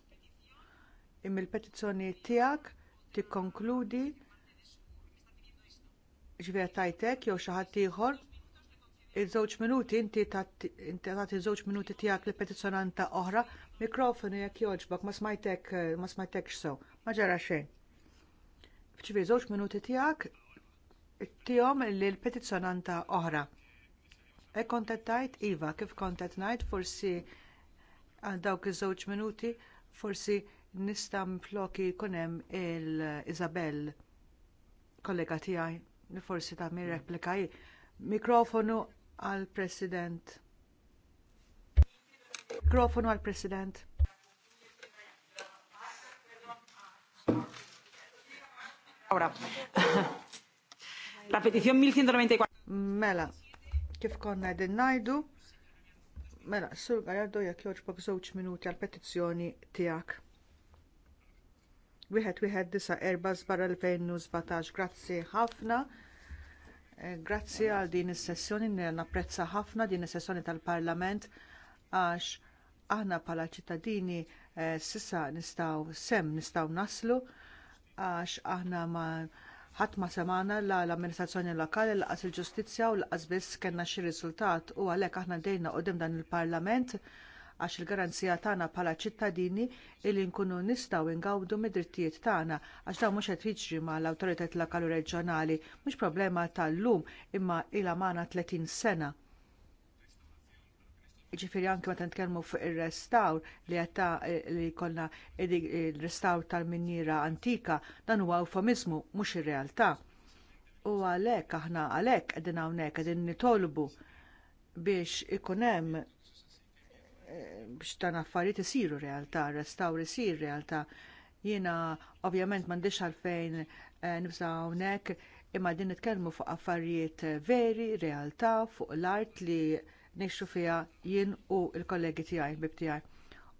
Imma l petizzjoni tiegħek tikkonkludi ġvija tajtek jew xi ħadd ieħor iż-żewġ minuti inti tagħti żewġ minuti tiegħek li petizzjonanta oħra, mikrofonu jekk jogħġbok ma smajtek ma smajtekx sew, ma ġara xejn. F'ċivi żewġ minuti tiegħek tihom lill petizzjonanta oħra. E tajt, Iva, kif kontet ngħid forsi għal dawk iż-żewġ minuti forsi nista' mfloki jkun hemm il-Isabel kollega tiegħi forsi ta' mir replika Mikrofonu għall president Mikrofonu għall president Ora. La petizzjon 1194. Mela, kif konna din najdu, mela, sur Gajardo jekk joġbok żewġ minuti għall petizzjoni tiegħek. Wieħed wieħed disa' erba' żbar 2017. Grazzi ħafna. Eh, grazzi għal din is-sessjoni napprezza ħafna din is-sessjoni tal-Parlament għax aħna bħala ċittadini eh, sissa nistgħu sem nistgħu naslu għax aħna ma ħadd ma semana la l-amministrazzjoni lokali l il-ġustizzja u l-qas biss kellna xi riżultat u għalhekk aħna dejna qudiem dan il-Parlament għax il-garanzija tagħna bħala ċittadini li nkunu nistgħu ngawdu mid-drittijiet tagħna għax dawn mhux qed jiġri mal-awtoritajiet lokali reġjonali mhux problema tal-lum imma ilha magħna 30 sena. Ġifiri anke meta nitkellmu fuq ir-restawr li għatta li jkollna il-restawr tal-minjira antika dan huwa eufemizmu mhux ir-realtà. U għalhekk aħna għalhekk qegħdin hawnhekk qegħdin nitolbu biex ikun hemm biex dan affarijiet isiru realtà, restaw isir realtà. Jiena ovvjament m'għandix għalfejn eh, nibsa hawnhekk imma din nitkellmu fuq affarijiet veri, realtà, fuq l-art li nixxu fiha jien u l kollegi tiegħi bib tiegħi.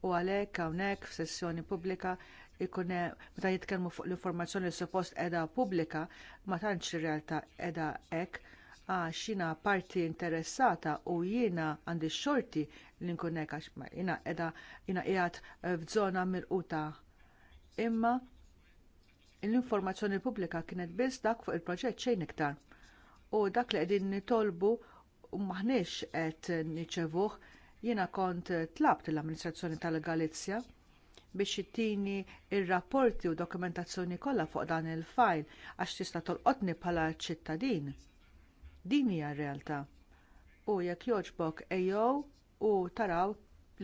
U għalhekk hawnhekk f'sessjoni pubblika ikun meta jitkellmu fuq l-informazzjoni li suppost qiegħda pubblika ma tantx ir-realtà qiegħda hekk għax jiena parti interessata u jiena għandi xorti li nkun hekk għax jiena qiegħda jiena qiegħed eh, f'żona mirquta. Imma l-informazzjoni pubblika kienet biss dak fuq il-proġett xejn iktar. U dak li qegħdin nitolbu u maħniex qed niċevuh jiena kont eh, tlabt l-amministrazzjoni tal-Galizja biex ittini r rapporti u dokumentazzjoni kollha fuq dan il-fajl għax tista' tolqotni bħala ċittadin Din hija r-realtà. U jekk jogħġbok ejjew u taraw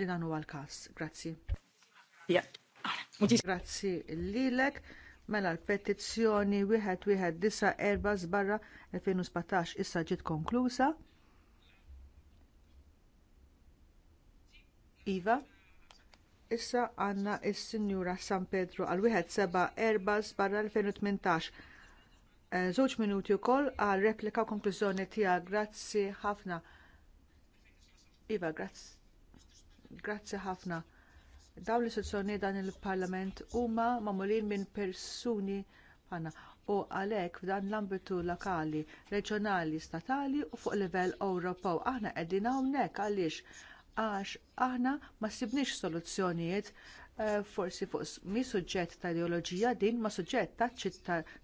li dan huwa l-każ. Grazzi. Grazzi lilek. Mela l-petizzjoni wieħed wieħed 2017 issa ġiet konklusa. Iva, issa għandna s-Sinjura San Pedro għal wieħed seba' erba' żbarra 2018 Eh, żewġ minuti wkoll għal replika u konklużjoni tiegħek. Grazzi ħafna. Iva, grazzi. Grazzi ħafna. Dawn is istituzzjoni dan il-Parlament huma magħmulin minn persuni ħana u għalhekk f'dan l-ambitu lokali, reġjonali, statali u fuq livell Ewropew. Aħna qegħdin hawnhekk għaliex għax aħna ma sibniex soluzzjonijiet Eh, forsi fuq mi suġġett ta' ideoloġija din ma' suġġett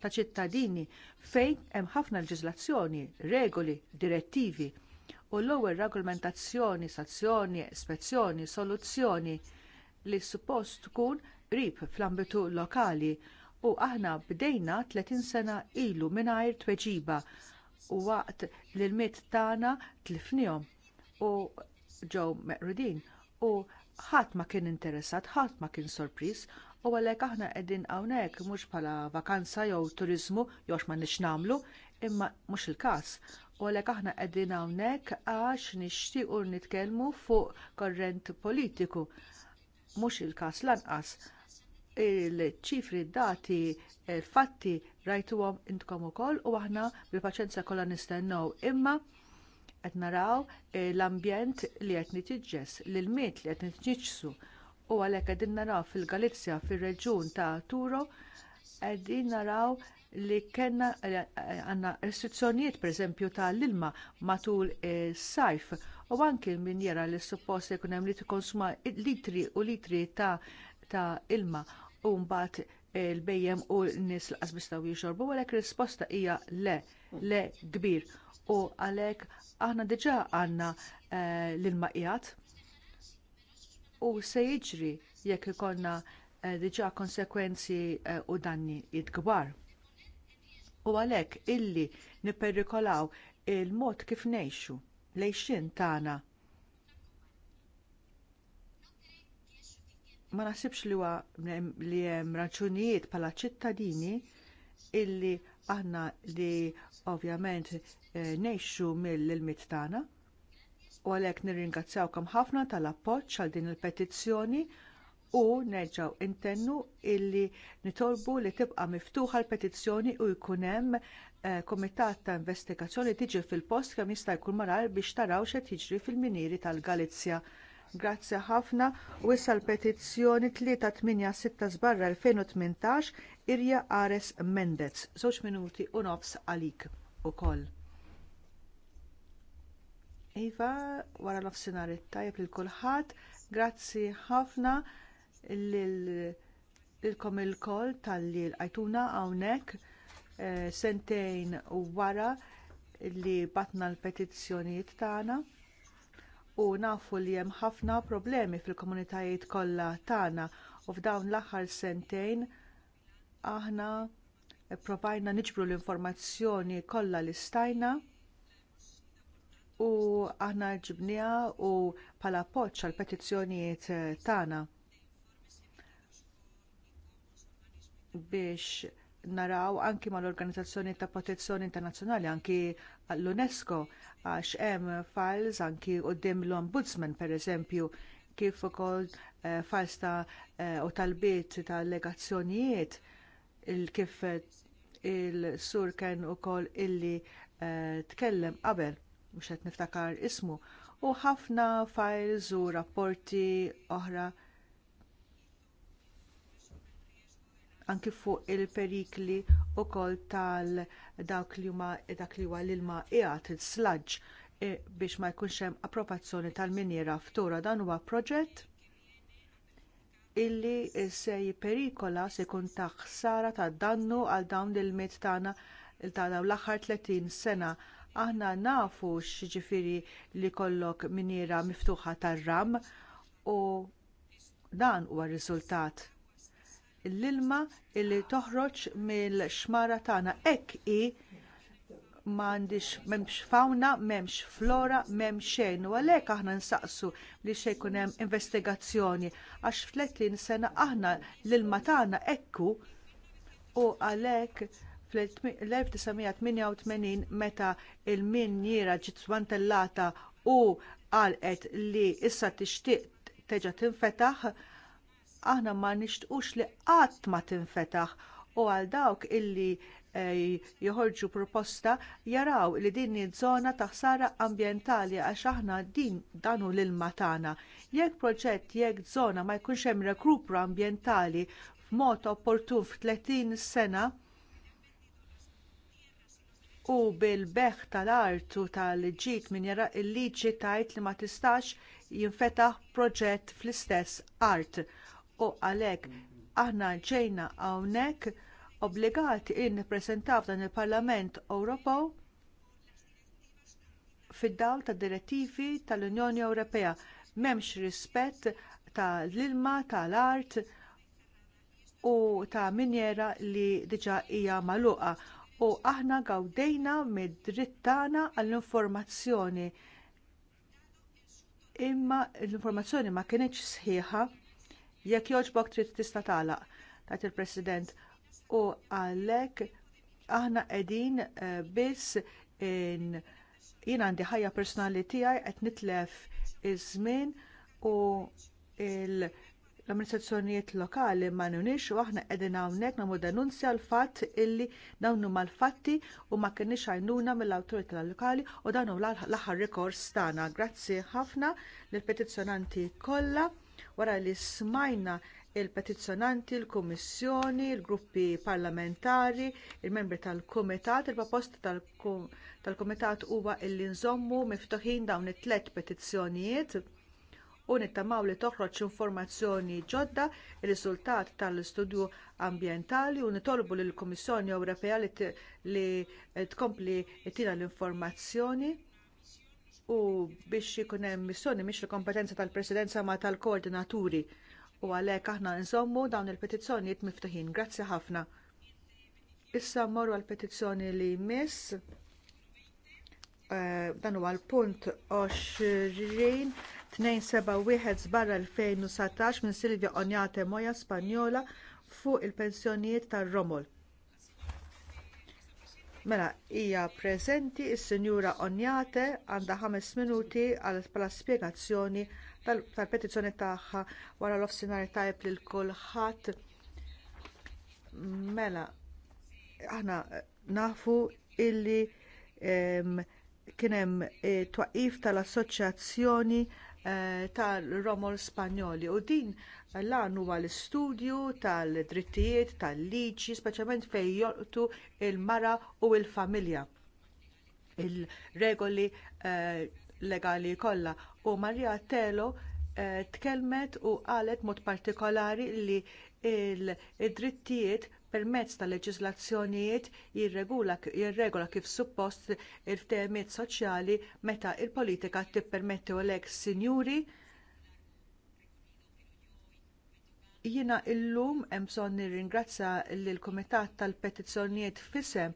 ta' ċittadini fejn hemm ħafna leġiżlazzjoni, regoli, direttivi u l-ewwel regolamentazzjoni, sazzjoni, ispezzjoni, soluzzjoni li suppost tkun qrib fl-ambitu lokali u aħna bdejna 30 sena ilu mingħajr tweġiba u waqt li l-mit tagħna tlifnihom u ġew meqrudin u ħadd ma kien interessat, ħadd ma kien sorpriż, u għalhekk aħna qegħdin hawnhekk mhux bħala vakanza jew turiżmu jew ma nix nagħmlu, imma mhux il-każ. U għalhekk aħna qegħdin hawnhekk għax nixtiequ nitkellmu fuq korrent politiku. Mhux il-każ lanqas il-ċifri, dati, il fatti rajtuhom intkom ukoll u aħna bil-paċenza kollha nistennew. Imma qed naraw eh, l-ambjent li qed nitiġġes, l-miet li qed nitġissu u għalhekk qegħdin naraw fil-Galizja fir-reġjun ta' Turo qegħdin naraw li kellna eh, eh, għandna restrizzjonijiet pereżempju tal-ilma matul is sajf u anki min jera li suppost jkun hemm li tikkonsuma litri u litri ta' ilma u mbagħad il-bejjem u n-nies l bistaw jixorbu, għalhekk risposta hija le, le kbir. U għalhekk aħna diġà għandna eh, l-maqjat u se jiġri jekk ikollna eh, diġà konsegwenzi eh, u danni id-kbar. U għalhekk illi nipperikolaw il-mod kif ngħixu lejxin tagħna ma naħsibx li huwa li hemm raġunijiet bħala ċittadini illi aħna li ovvjament eh, ngħixu mill-ilmit tagħna u għalhekk nirringrazzjawkom ħafna tal-appoġġ għal din il-petizzjoni u nerġgħu intennu illi nitolbu li tibqa' miftuħa l-petizzjoni u jkun hemm eh, kumitat ta' investigazzjoni tiġi fil-post kemm jista' jkun maral biex taraw x'qed jiġri fil miniri tal-Galizja. Grazzi ħafna u issa l-petizzjoni 386 barra 2018 Irja Ares Mendez. Żewġ minuti u nofs għalik ukoll. Iva, wara nofsinhar it-tajb lil kulħadd, grazzi ħafna lilkom il-koll tal-li l-għajtuna hawnhekk eh, sentejn wara li batna l-petizzjonijiet tagħna u nafu li hemm ħafna problemi fil-komunitajiet kollha tagħna u f'dawn l-aħħar sentejn aħna provajna niġbru l-informazzjoni kollha li stajna u aħna ġibniha u bħala appoġġ għall petizzjonijiet eh, tagħna biex naraw anki mal organizzazzjoni ta' protezzjoni internazzjonali anki għall-UNESCO għax hemm files anki quddiem l-Ombudsman pereżempju kif ukoll uh, files ta' eh, u uh, talbiet ta' allegazzjonijiet il kif eh, il-sur kien ukoll illi uh, tkellem qabel mhux qed niftakar ismu u ħafna files u rapporti oħra anki fuq il-perikli wkoll tal dawk li huma dak li huwa l-ilma qiegħed il-slaġġ e, biex ma jkunx hemm approvazzjoni tal-miniera ftura dan huwa proġett illi se jipperikola se jkun ta' ħsara ta' dannu għal dawn il-mit tagħna ta' dawn l-aħħar 30 sena aħna nafu x'jiġifieri li jkollok miniera miftuħa tar-ram u dan huwa r-riżultat l-ilma illi toħroġ mill-xmara tagħna hekk hi m'għandix m'hemmx fawna, m'hemmx flora, m'hemmx xejn. U għalhekk aħna nsaqsu li se jkun hemm investigazzjoni għax fletlin sena aħna l-ilma tagħna ekku u għalhekk fl-1988 meta l jira ġiet smantellata u qalet li issa tixtieq teġa tinfetaħ aħna ma nixtqux li qatt ma tinfetaħ u għal dawk illi e, joħorġu proposta jaraw li din iż-żona ta' ħsara ambjentali għax aħna din danu l-ilma tagħna. Jekk proġett jekk żona ma jkunx hemm rekrupru ambjentali f'mod opportun f'30 sena u bil-beħ tal-art u tal-ġid minn jara il-liġi tajt li ma tistax jinfetaħ proġett fl-istess art u għalhekk aħna ġejna hawnhekk obbligati in nippreżentaw dan il-Parlament Ewropew fid-dawl ta' direttivi tal-Unjoni Ewropea. M'hemmx rispett tal-ilma, tal-art u ta' minjera li diġà hija magħluqa u aħna gawdejna mid-dritt tagħna għall-informazzjoni imma l-informazzjoni ma kinitx sħiħa Jekk jogħġbok trid tista' tagħlaq, tat il-President. U għalhekk aħna qegħdin eh, biss in jien għandi ħajja personali tiegħi qed nitlef iż-żmien u il l-amministrazzjonijiet lokali ma nunix u aħna qegħdin hawnhekk nagħmlu denunzja l-fatt illi dawn huma l-fatti u ma kinniex għajnuna mill-awtorità lokali u dan l-aħħar rikors tagħna. Grazzi ħafna lill petizzjonanti kollha wara li smajna il-petizzjonanti, il-Kummissjoni, il-gruppi parlamentari, il-membri tal-Kumitat, il-proposta tal-Kumitat huwa illi nżommu miftuħin dawn it-tlet petizzjonijiet u nittamaw li toħroġ informazzjoni ġodda ir-riżultat tal-istudju ambjentali u nitolbu lill kummissjoni Ewropea li tkompli tina l-informazzjoni u biex ikun hemm missjoni mhix il kompetenza tal-presidenza ma tal-koordinaturi u għalhekk aħna nżommu dawn il-petizzjonijiet miftuħin. Grazzi ħafna. Issa mmorru għall petizzjoni li jmiss eh, dan huwa l-punt 20271 271 barra 2019 minn Silvia Onjate Moja Spanjola fuq il-pensjonijiet tar-Romol. Mela, hija preżenti s sinjura Onjate għandha ħames minuti għal bħala spjegazzjoni tal-petizzjoni tagħha wara l-offsinari tajb lil kulħadd. Mela, aħna eh, nafu illi ehm, kien hemm eh, twaqif tal-assoċjazzjoni Eh, tal-Romol Spanjoli u din lan huwa l-istudju tal-drittijiet tal-liġi, speċjalment fejn joqtu l mara u l familja il-regoli eh, legali kollha. U Marija Telo eh, tkellmet u qalet mod partikolari li d drittijiet permezz ta' leġiżlazzjonijiet jirregola kif suppost il-ftehmiet soċjali meta l politika tippermetti u lek sinjuri Jiena illum hemm bżonn nirringrazzja lill kumitat tal-Petizzjonijiet fisem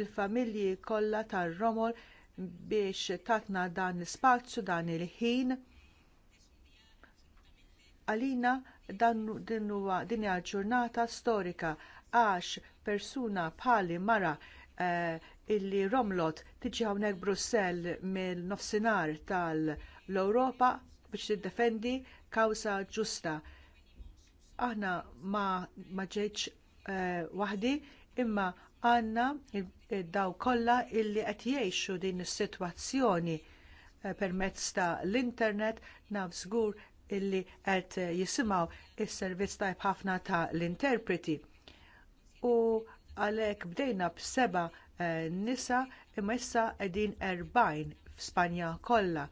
il-familji kollha tar-Romol biex tatna dan l-ispazju dan il-ħin. Għalina dan din huwa din hija ġurnata storika għax persuna bħali mara eh, illi romlot tiġi hawnhekk Brussell mill-nofsinhar tal-Ewropa biex tiddefendi kawża ġusta. Aħna ma, ma ġejtx eh, waħdi imma għandna daw kollha illi qed jgħixu din is-sitwazzjoni eh, permezz ta' l-internet naf żgur illi qed jisimgħu is-servizz tajb ħafna ta' l-interpreti u għalhekk bdejna b'seba eh, nisa imma issa qegħdin erbajn f'Spanja kollha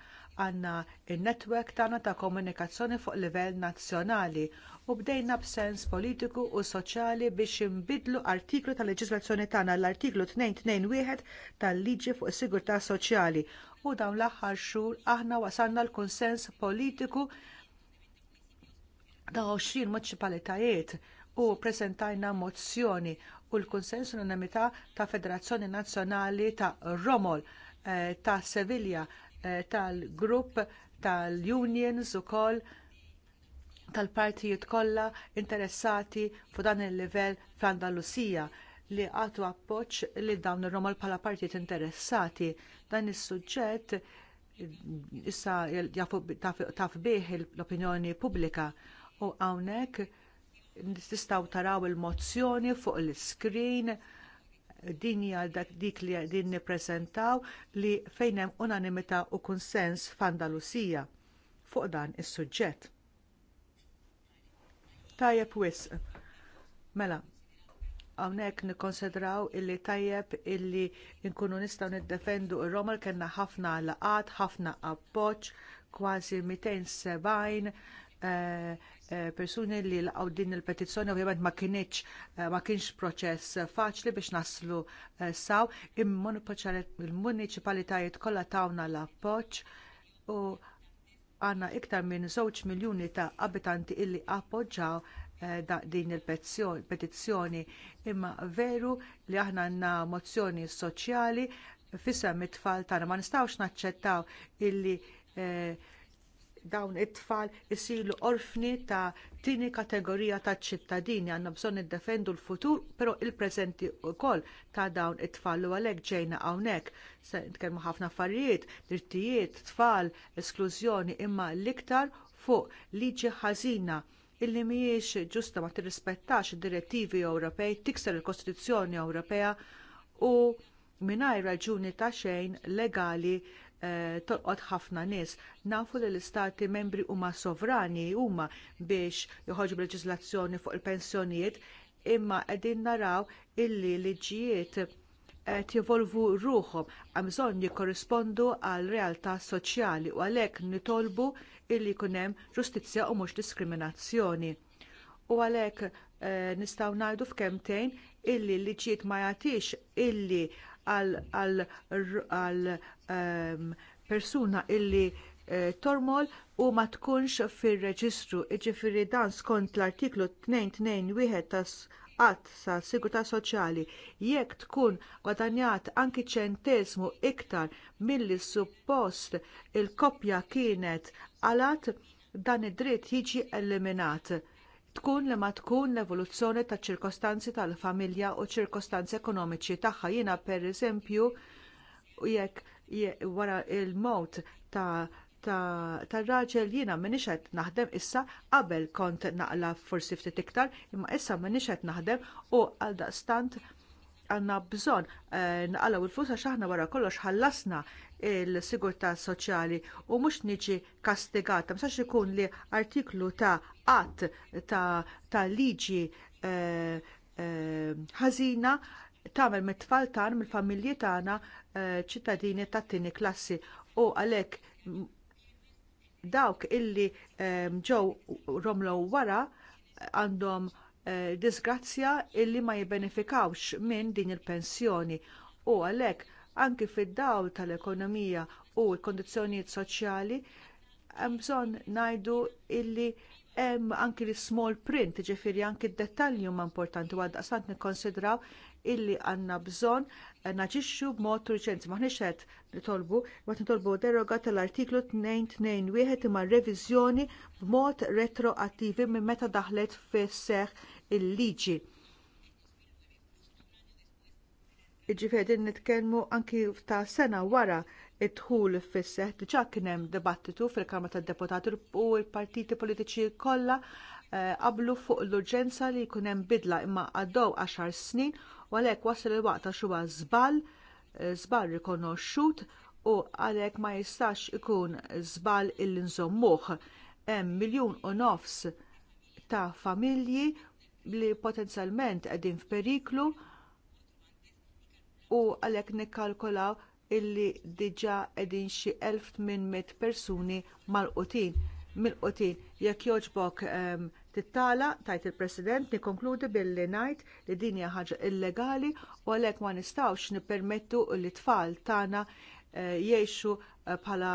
għandna n-netwerk tagħna ta' komunikazzjoni fuq livell nazzjonali u bdejna b'sens politiku u soċjali biex inbidlu artiklu tal-leġiżlazzjoni tagħna l-artiklu 221 tal-liġi fuq is-sigurtà soċjali u dawn l-aħħar xhur aħna wasalna l-kunsens politiku ta' 20 muċipalitajiet u presentajna mozzjoni u l-konsens unanimità ta' Federazzjoni Nazzjonali ta' Romol eh, ta' Sevilla eh, tal-grupp tal-unions ukoll tal-partijiet kollha interessati fuq dan il-livell fl-Andalusija li għatu appoġġ li dawn ir romol bħala partijiet interessati. Dan is-suġġett issa taf bih l-opinjoni pubblika u hawnhekk tistaw taraw il-mozzjoni fuq l-iskrin din hija dik li din nippreżentaw li fejn hemm unanimità u konsens f'Andalusija fuq dan is-suġġett. Tajjeb wisq. Mela, hawnhekk nikkonsidraw illi tajjeb illi nkunu nistgħu niddefendu ir-Roma kellna ħafna laqat, ħafna appoġġ, kważi 270 Eh, eh, persuni li laqgħu din il-petizzjoni ovvjament ma kienieċ eh, ma kienx proċess faċli biex naslu saw il-municipalitajiet kollha tawna l-appoġġ u għandna iktar minn żewġ miljuni ta' abitanti illi appoġġaw din il-petizzjoni imma veru li aħna għandna mozzjoni soċjali fissa mit-tfal tagħna ma nistgħux naċċettaw illi eh, dawn it-tfal isiru orfni ta' tieni kategorija ta' ċittadini għandna bżonn niddefendu l-futur, però l preżenti wkoll ta' dawn it-tfal u għalhekk ġejna hawnhekk. Se nitkellmu ħafna affarijiet, drittijiet, tfal, esklużjoni imma l-iktar fuq liġi ħażina illi mhijiex ġusta ma tirrispettax id-direttivi Ewropej, tikser il-Kostituzzjoni Ewropea u mingħajr raġuni ta' xejn legali Eh, tolqot ħafna nies. Nafu li l-istati membri huma sovrani huma biex joħorġu b'leġiżlazzjoni fuq il-pensjonijiet imma qegħdin naraw illi liġijiet qed jevolvu ruħhom hemm bżonn jikkorrispondu għal realtà soċjali u għalhekk nitolbu illi jkun hemm ġustizzja u mhux diskriminazzjoni. U għalhekk eh, nistgħu ngħidu f'kemtejn illi liġijiet ma jagħtix illi għal ehm, persuna illi eh, tormol u ma tkunx fir reġistru jiġifieri dan skont l-artiklu 221 tas qatt sa sigurtà soċjali jekk tkun gwadanjat anki ċentesmu iktar milli suppost il-koppja kienet għalat dan id-dritt jiġi eliminat tkun li ma tkun l-evoluzzjoni taċ ċirkostanzi tal-familja u ċirkostanzi ekonomiċi tagħha jiena pereżempju jekk wara l mot ta' tar raġel jiena minix qed naħdem issa qabel kont naqla forsi ftit iktar imma issa minix qed naħdem u għaldaqstant għandna bżonn eh, naqalaw il fusa xaħna wara kollox ħallasna il sigurtà soċjali u mhux niġi kastigata. Msax ikun li artiklu ta' qatt ta', ta liġi ħażina eh, eh, tagħmel mit-tfal tan mill-familji tagħna eh, ċittadini ta' tieni klassi u għalhekk dawk illi eh, ġew romlow wara għandhom Eh, disgrazzja illi ma jibbenefikawx minn din il-pensjoni u għalhekk anki fid-dawl tal-ekonomija u l kundizzjonijiet soċjali hemm bżonn ngħidu illi hemm anki l-small print, ġifieri anki d-dettalji huma importanti għad daqsant nikkonsidraw illi għandna bżonn naġixxu b'mod turċenzi maħniex qed nitolbu waqt nitolbu deroga tal-artiklu 221 imma reviżjoni b'mod retroattivi minn meta daħlet fis il-liġi. Iġifed, din nitkellmu anki ta' sena wara id-dħul fis seħħ diġà kien hemm dibattitu fil-Kamra tad-Deputati u l-partiti politiċi kollha eh, qablu fuq l-urġenza li jkun hemm bidla imma għaddew għaxar snin u għalhekk wasal il-waqt għax huwa żball, eh, żball rikonoxxut u għalhekk ma jistax ikun żball il nżommuh. Hemm miljun u nofs ta' familji li potenzjalment qegħdin f'periklu u għalhekk nikkalkolaw illi diġà qegħdin xi 1800 persuni mal-qotin mil qotin jekk jogħġbok um, tittala tajt il-President nikkonkludi billi ngħid li din hija ħaġa illegali u għalhekk ma nistawx nippermettu li tfal tagħna eh, jgħixu eh, bħala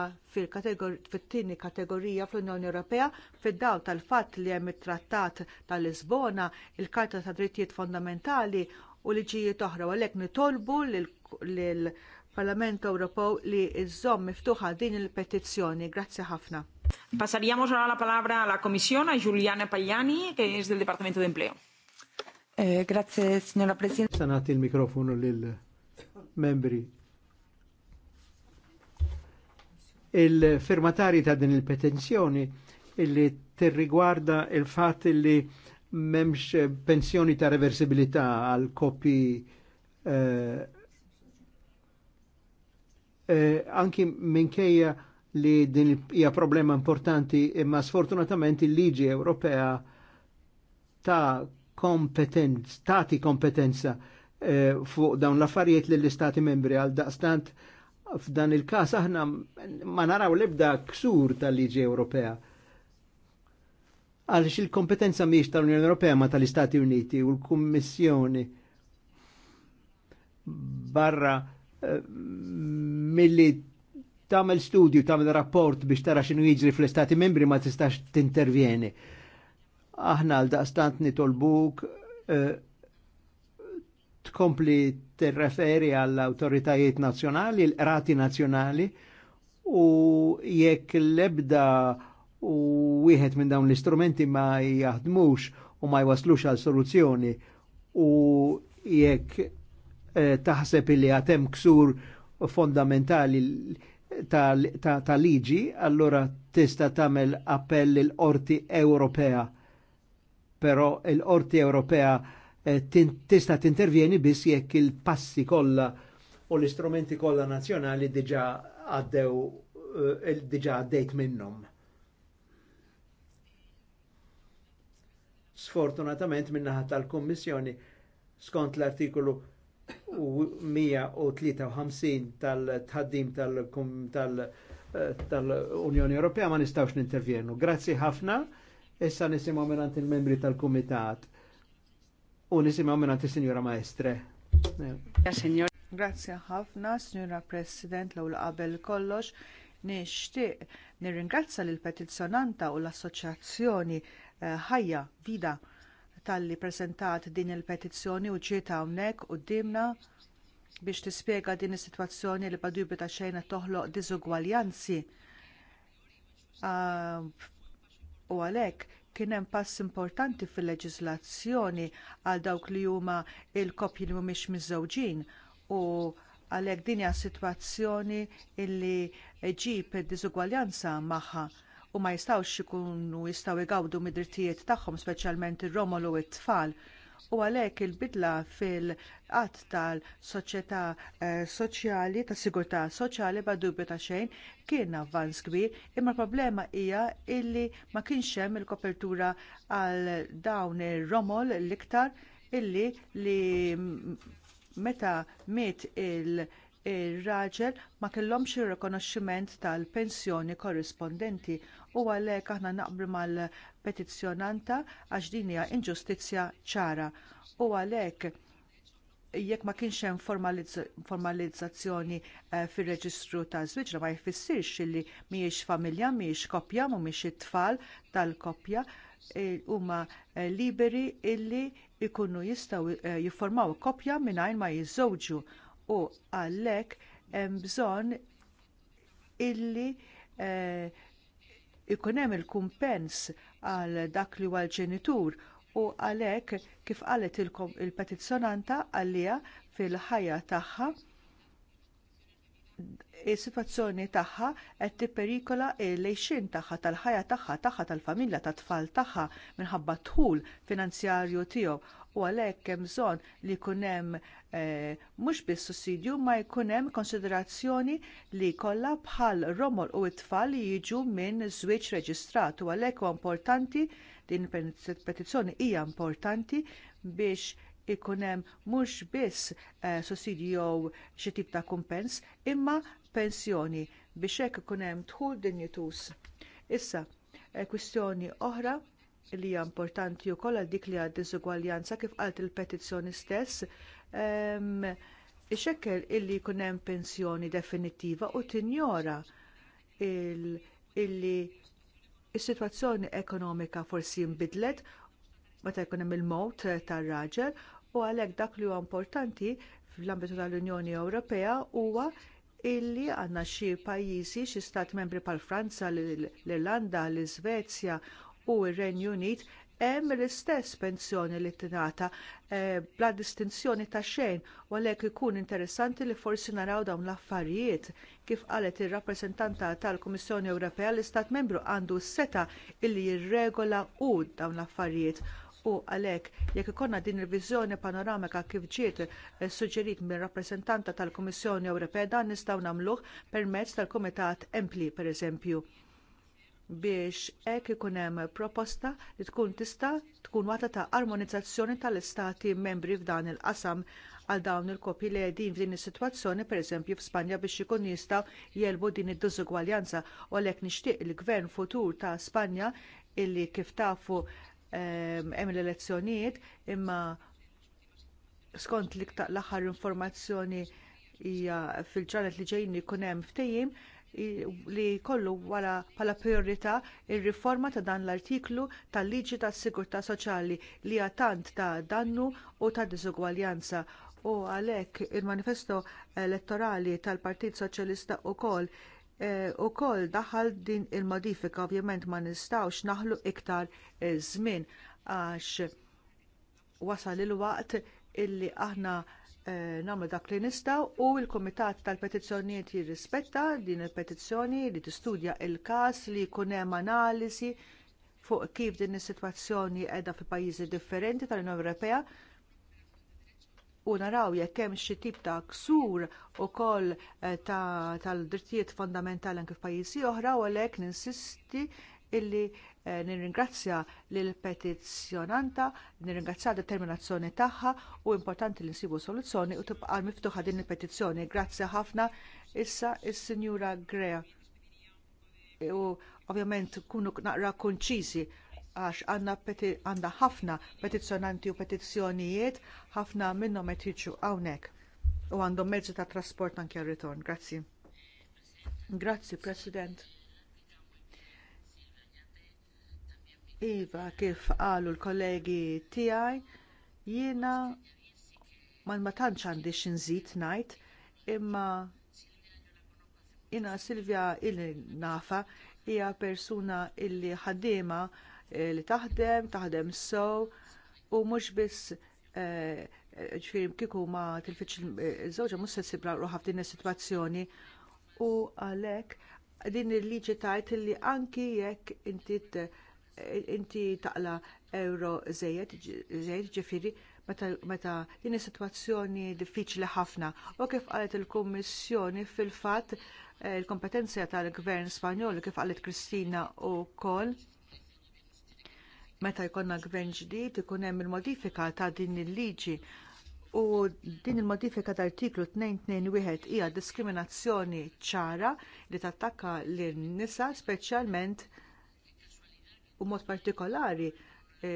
fit-tieni kategorija fl-Unjoni Ewropea fid-dawl tal-fatt li hemm it-Trattat tal-Lisbona, il-Karta ta' Drittijiet Fondamentali u liġijiet oħra għalhekk nitolbu lill Parlament Ewropew li iżżomm miftuħa din il-petizzjoni. Grazzi ħafna. Pasaríamos ahora la palabra a la comisión, a Juliana Pagliani, que es del Departamento de Empleo. Eh, gracias, señora presidenta. Sanate el micrófono, lil membri. Il-firmatari ta' din il-petenzjoni illi riguarda il-fat li memx pensjoni ta' reversibilità għal kopi eh, eh, anki minkejja li din hija problema importanti imma sfortunatament il-liġi Ewropea ta' kompetenz, tati kompetenza eh, fuq dawn l-affarijiet li l-istati membri għal daqstant f'dan il-kas aħna ma naraw l-ebda ksur tal-liġi Ewropea. Għalix il-kompetenza miex tal-Unjoni Ewropea ma tal-Istati Uniti u l-Kummissjoni barra eh, mill tagħmel studju, tagħmel rapport biex tara x'inhu jiġri fl-istati membri ma tistax tintervjeni. Aħna għal daqstant nitolbuk eh, tkompli tirreferi għall autoritajiet nazzjonali, l-rati nazzjonali u jekk l-ebda u wieħed minn dawn l-istrumenti ma jaħdmux u ma jwaslux għal soluzzjoni u jekk eh, taħseb li għatem ksur fondamentali ta', liġi, allora tista' tagħmel appell l qorti Ewropea. Però l-Qorti Ewropea eh, tista' tintervjeni biss jekk il-passi kollha u l-istrumenti kollha nazzjonali diġà għaddew eh, diġà għaddejt minnhom. Sfortunatament min-naħa tal-Kummissjoni skont l-artikolu u 153 tal-tħaddim eh, tal-Unjoni Ewropea ma nistawx nintervjenu. Grazzi ħafna, issa nisimaw minnant il-membri tal-Kumitat u nisimaw minnant il-Sinjora Maestre. Grazzi ħafna, Sinjora President, l qabel kollox, nishtiq nirringrazza l-petizzjonanta u l-Assoċjazzjoni eh, ħajja Vida talli preżentat din il-petizzjoni u ġiet hawnhekk quddiemna biex tispjega din is-sitwazzjoni li badubju ta' xejn toħloq diżugwaljanzi. Ah, u għalhekk kien hemm pass importanti fil-leġiżlazzjoni għal dawk li huma l koppji li mhumiex miżżewġin u għalhekk din hija sitwazzjoni illi ġib id-diżugwaljanza magħha u ma jistgħux ikunu jistgħu jgawdu mid-drittijiet tagħhom speċjalment ir-romol u t-tfal. U għalhekk il-bidla fil-qatt tal-soċjetà eh, soċjali, tas sigurtà soċjali ba' dubju ta' xejn kien avvanz kbir, imma l-problema hija illi ma kienx hemm il-kopertura għal dawn ir-romol l-iktar illi li meta miet il- ir-raġel ma kellhomx ir-rikonoxximent tal-pensjoni korrispondenti u għalhekk aħna naqblu mal-petizzjonanta għax din hija inġustizzja ċara u għalhekk jekk ma kienx hemm formalizzazzjoni eh, fir-reġistru ta' żwieġra ma jfissirx li mhijiex familja, mhijiex koppja, mhumiex it-tfal tal-koppja e, huma eh, liberi illi jkunu jistgħu eh, jiffurmaw koppja mingħajr ma jiżżewġu u għalhekk hemm bżonn illi eh, ikun hemm il-kumpens għal dak li huwa ġenitur u għalhekk kif qalet il-petizzjonanta għalija fil-ħajja tagħha is-sitwazzjoni tagħha qed tipperikola l-lejxin tagħha tal-ħajja tagħha tagħha tal-familja tat-tfal tagħha minħabba dħul finanzjarju tiegħu u għalhekk hemm bżonn li jkun hemm eh, mhux biss sussidju ma jkun hemm konsiderazzjoni li jkollha bħal romol u it-tfal li jiġu minn żwieġ reġistrat u għalhekk huwa importanti din petizzjoni hija importanti biex ikun hemm mhux biss eh, sussidju jew xi tip ta' kumpens imma pensjoni biex hekk ikun hemm dħul dinjitus. Issa, eh, kwistjoni oħra li hija importanti wkoll għal dik li għad diżugwaljanza kif qalt il-petizzjoni stess ehm, ixekkel illi jkun hemm pensjoni definittiva u tinjora illi is-sitwazzjoni ekonomika forsi nbidlet meta jkun hemm il-mowt tar-raġel u għalhekk dak li huwa importanti fl-ambitu tal-Unjoni Ewropea huwa illi għandna xi pajjiżi, xi stat membri bħall franza l-Irlanda, l-Iżvezja u r-Renju Unit hemm l-istess pensjoni li tingħata eh, bla distinzjoni ta' xejn u għalhekk ikun interessanti li forsi naraw dawn l-affarijiet kif qalet ir-rappreżentanta tal-Kummissjoni Ewropea l-Istat Membru għandu s-seta illi jirregola hu dawn l-affarijiet u għalhekk jekk ikollna din ir-viżjoni panoramika kif ġiet eh, suġġerit minn rappreżentanta tal-Kummissjoni Ewropea dan nistgħu nagħmluh permezz tal-Kumitat Empli pereżempju biex hekk ikun hemm proposta li tkun tista tkun wata ta' armonizzazzjoni tal-istati membri f'dan il-qasam għal dawn il-kopji li qegħdin f'din is-sitwazzjoni pereżempju f'Spanja biex ikun jistgħu jelbu din id-diżugwaljanza u għalhekk nixtieq il-Gvern futur ta' Spanja illi kif tafu ehm, hemm l-elezzjonijiet imma skont l-aħħar informazzjoni hija fil-ġranet li ġejjin ikun hemm ftehim li kollu wara bħala priorità r riforma ta' dan l-artiklu tal-liġi tas-sigurtà soċjali li hija tant ta' dannu u ta' diżugwaljanza u għalhekk il-manifesto elettorali tal-Partit Soċjalista wkoll ukoll eh, daħal din il-modifika ovvjament ma nistgħux naħlu iktar żmien għax wasal il-waqt illi aħna Eh, Namlu dak li nistaw u l-Kumitat tal-Petizzjonijiet jirrispetta din il-petizzjoni li tistudja l każ li jkun hemm analisi fuq kif din is-sitwazzjoni qiegħda fi pajjiżi differenti tal-Unjoni Ewropea u naraw jekk hemm xi tip ta' ksur ukoll eh, tal-drittijiet fondamentali anke f'pajjiżi oħra u għalhekk ninsisti illi Eh, nirringrazzja lill petizzjonanta nirringrazzja determinazzjoni tagħha u importanti li nsibu soluzzjoni u tibqa' miftuħa din il-petizzjoni. Grazzi ħafna issa is-Sinjura Grea. U ovvjament kunu naqra konċiżi għax għandna ħafna petizzjonanti u petizzjonijiet, ħafna minnhom qed jiġu hawnhekk u għandhom mezzi ta' trasport anke ritorn. Grazzi. Grazzi, President. Iva, kif qalu l-kollegi tiegħi, jiena ma tantx għandi xinżit ngħid, imma jiena Silvja illi nafa hija persuna illi ħaddiema eh, li taħdem, taħdem sew u mhux biss eh, eh, ġifieri kieku ma tilfitx iż-żewġa mhux se sibra f'din is-sitwazzjoni u għalhekk din il-liġi tajt li anki jekk inti inti taqla euro żejjed ġifieri meta din is-sitwazzjoni diffiċli ħafna u kif qalet il-Kummissjoni fil-fatt eh, il-kompetenzja tal-Gvern Spanjol kif qalet Kristina wkoll meta jkollna gvern ġdid ikun hemm il-modifika ta' din il-liġi u din il-modifika ta' artiklu 221 hija diskriminazzjoni ċara li tattakka lin nisa speċjalment u mod partikolari e,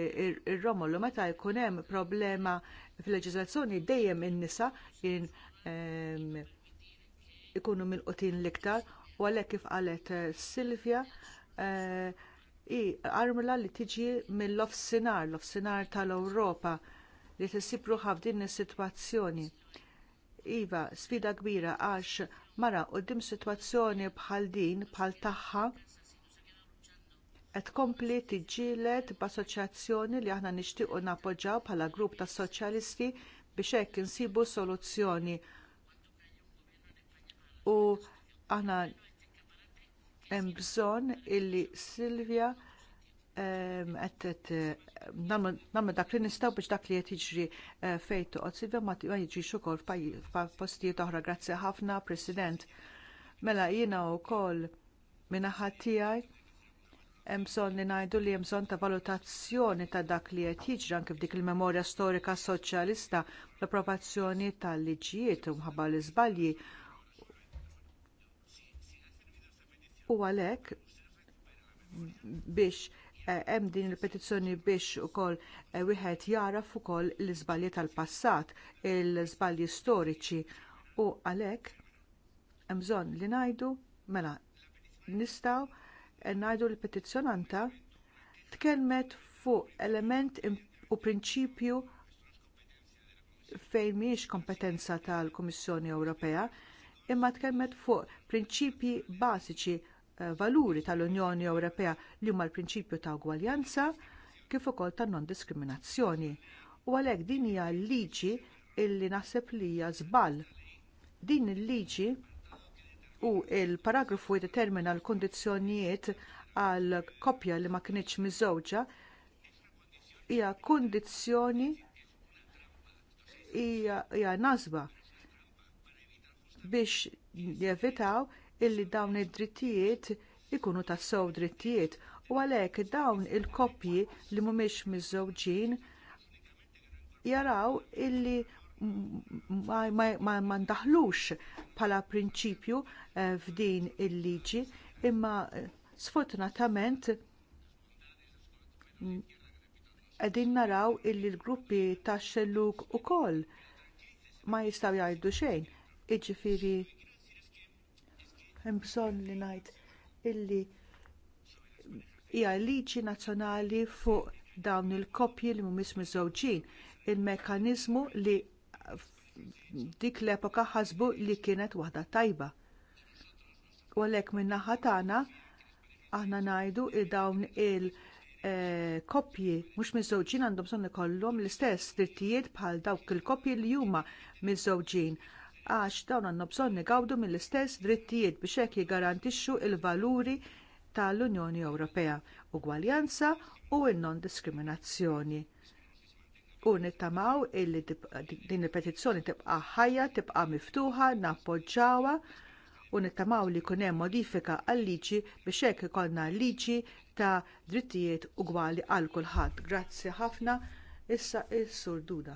ir-romollu meta jkun hemm problema fil-leġiżlazzjoni dejjem in-nisa ikunu mill-qotin l-iktar u għalhekk kif qalet eh, Silvja eh, i armla li tiġi mill-lofsinar, l-ofsinar tal-Ewropa li tisib ruħa din is-sitwazzjoni. Iva, sfida kbira għax mara quddiem sitwazzjoni bħal din bħal tagħha qed tkompli tiġġieled b'assoċjazzjoni li aħna nixtiequ nappoġġjaw bħala grupp tas soċjalisti biex hekk insibu soluzzjoni. U aħna hemm bżonn illi Silvja ehm, qed nagħmlu dak li nistgħu biex dak li qed jiġri eh, fejn toqgħod Silvja ma jiġrix ukoll f'postijiet oħra. Grazzi ħafna, President. Mela jiena wkoll min-naħa tiegħi hemm bżonn li ngħidu li hemm bżonn ta' valutazzjoni ta' dak li qed jiġri anke f'dik il-memorja storika soċjalista l-approvazzjoni tal-liġijiet u mħabba l-iżbalji. U għalhekk biex eh, hemm din il-petizzjoni biex ukoll eh, wieħed jaraf ukoll l-iżbalji tal-passat, l-iżbalji storiċi u għalhekk hemm bżonn li ngħidu mela nistgħu ngħidu l petizzjonanta tkellmet fuq element u prinċipju fejn mhijiex kompetenza tal-Kummissjoni Ewropea, imma tkellmet fuq prinċipji bażiċi eh, valuri tal-Unjoni Ewropea li huma l-prinċipju ta' ugwaljanza kif ukoll ta' non-diskriminazzjoni. U għalhekk din hija l liġi illi naħseb li hija żball. Din il-liġi u l paragrafu jiddetermina l kundizzjonijiet għal koppja li ma kinitx miżewġa hija kundizzjoni hija nazba. biex jevitaw illi dawn id-drittijiet ikunu tassew drittijiet u għalhekk dawn il-koppji li mhumiex miżewġin jaraw illi ma mandaħlux bħala prinċipju eh, f'din il-liġi imma eh, sfortunatament mm, qegħdin naraw illi l-gruppi tax xelluk ukoll ma jistgħu jgħidu xejn. Jiġifieri hemm bżonn li ngħid illi hija liġi nazzjonali fuq dawn il-koppji li mhumiex miżewġin il mekkaniżmu li dik l-epoka ħasbu li kienet waħda tajba. U għalhekk min-naħa tagħna aħna ngħidu li dawn il-koppji eh, mhux miż-żewġin għandhom bżonn ikollhom l-istess drittijiet bħal dawk il-koppji li huma miż-żewġin għax dawn għandhom bżonn igawdu mill-istess drittijiet biex hekk jiggarantixxu l valuri tal-Unjoni Ewropea, ugwaljanza u n-non diskriminazzjoni u nittamaw illi din il-petizzjoni tibqa ħajja, tibqa miftuħa, nappoġġawha u nittamaw li jkun hemm modifika għal-liġi biex hekk ikollna liġi ta' drittijiet ugwali għal kulħadd. Grazzi ħafna. Issa is-Sur Duda.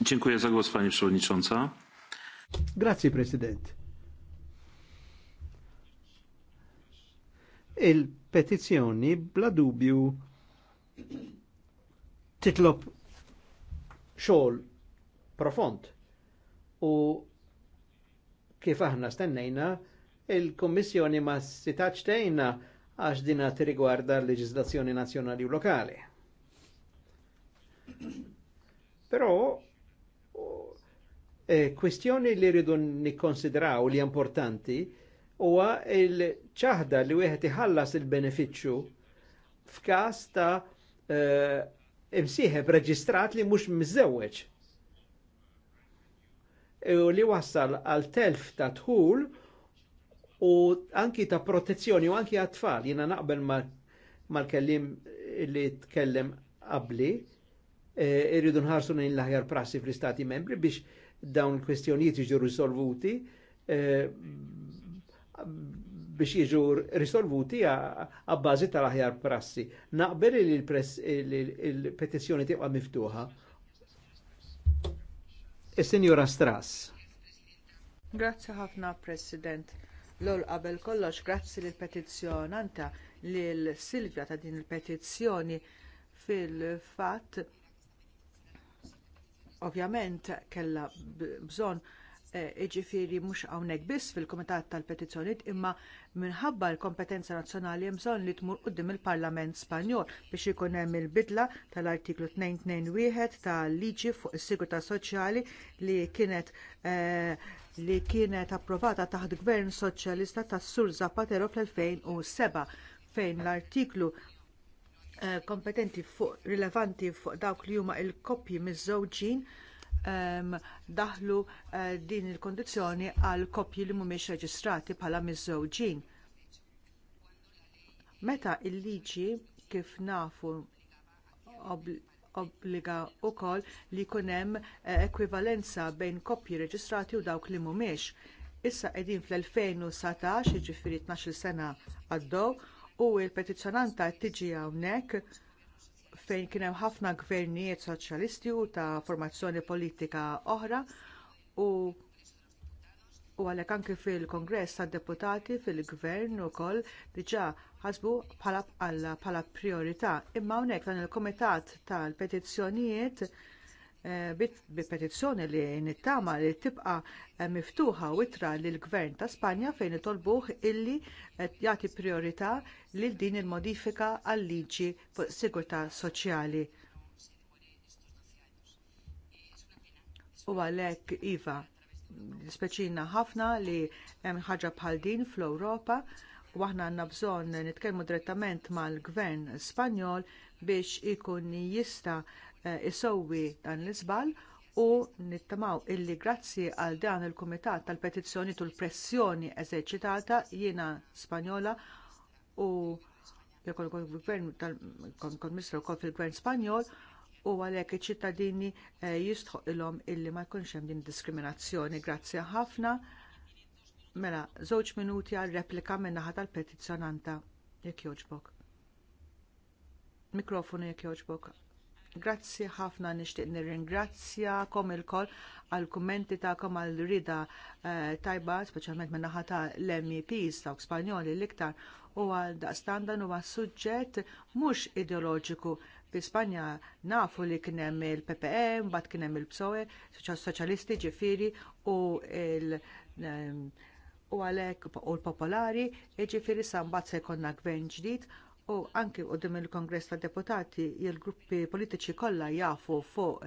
Dziękuję za głos Pani Przewodnicząca. Grazie President. Il-petizzjoni bla dubju titlob xogħol profond. U kif aħna stennejna, il-Kommissjoni ma sitax tejna għax dina tirigwarda l-leġislazzjoni nazzjonali u lokali. Però e, kwestjoni li rridu nikkonsidraw li importanti huwa il-ċaħda li wieħed iħallas il-benefiċċju f'każ ta' e, imsieħeb reġistrat li mhux miżewweġ. U li wassal għal telf ta' tħul u anki ta' protezzjoni u anki għat-tfal. Jina naqbel mal-kellim ma li tkellem qabli, e, irridu e, nħarsu nin l-ħjar prassi fl-istati membri biex dawn kwestjonijiet iġu risolvuti e, biex jiġu risolvuti għabbażi tal-aħjar prassi. Naqbel li l-petizjoni tibqa' miftuħa. Is-Sinjura Strass. Grazzi ħafna, President. Lol qabel kollox, grazzi lill petizzjonanta l Silvja ta' din il-petizzjoni fil-fatt ovvjament kellha bżonn jiġifieri mhux hawnhekk biss fil-Kumitat tal-Petizzjonijiet imma minħabba l-kompetenza nazzjonali hemm bżonn li tmur quddiem il-Parlament Spanjol biex ikun hemm il-bidla tal-artiklu 221 tal-liġi fuq is-sigurtà soċjali li kienet eh, li kienet approvata taħt Gvern Soċjalista tas-Sur Zapatero fl-2007 fejn l-artiklu eh, kompetenti fuq rilevanti fuq dawk li huma l koppji miż-żewġin um, daħlu uh, din il kundizzjoni għal koppji li mhumiex reġistrati bħala miż-żewġin. Meta l liġi kif nafu obl obbliga wkoll li jkun hemm eh, ekvivalenza bejn koppji reġistrati u dawk li mhumiex. Issa qegħdin fl-2017, jiġifieri 12 sena għaddew, u l petizzjonanta tiġi hawnhekk fejn kien hemm ħafna gvernijiet soċjalisti u ta' formazzjoni politika oħra u u għalhekk anke fil-Kongress tad deputati fil-Gvern ukoll diġà ħasbu bħala bħala priorità. Imma hawnhekk dan il-Kumitat tal-Petizzjonijiet Eh, bi petizzjoni li nittama li tibqa eh, miftuħa witra lill gvern ta' Spanja fejn itolbuh illi eh, jagħti priorità lil din il-modifika għal-liġi fuq sigurtà soċjali. U għalhekk iva, speċina ħafna li hemm ħaġa bħal din fl-Ewropa u aħna għandna bżonn nitkellmu direttament mal-gvern Spanjol biex ikun jista' Eh, isowi dan l-isbal u nittamaw illi grazzi għal dan il-Kumitat tal-Petizzjoni tul pressjoni eżerċitata jiena Spanjola u jekk kon gvern tal-Komissru kol fil-Gvern Spanjol u għalek iċ-ċittadini eh, il-om illi ma jkunx hemm din diskriminazzjoni. Grazzi ħafna. Mela, żewġ minuti għal replika min-naħa tal-petizzjonanta jekk jogħġbok. Mikrofonu jekk jogħġbok. Grazzi ħafna nixtieq il-koll għall kummenti tagħkom għal rida eh, tajba, speċjalment minn naħa ta' l-MEPs ta' Spanjoli l-iktar u għal daqstandan huwa suġġett mhux ideoloġiku. Fi Spanja nafu li kien hemm il-PPE, mbagħad kien hemm il-PSOE, e, soċjalisti ġifieri u il- eh, u għalhekk u l-popolari, jiġifieri sa mbagħad se jkollna gvern ġdid u anki quddiem il-Kongress tad Deputati il-gruppi politiċi kollha jafu fuq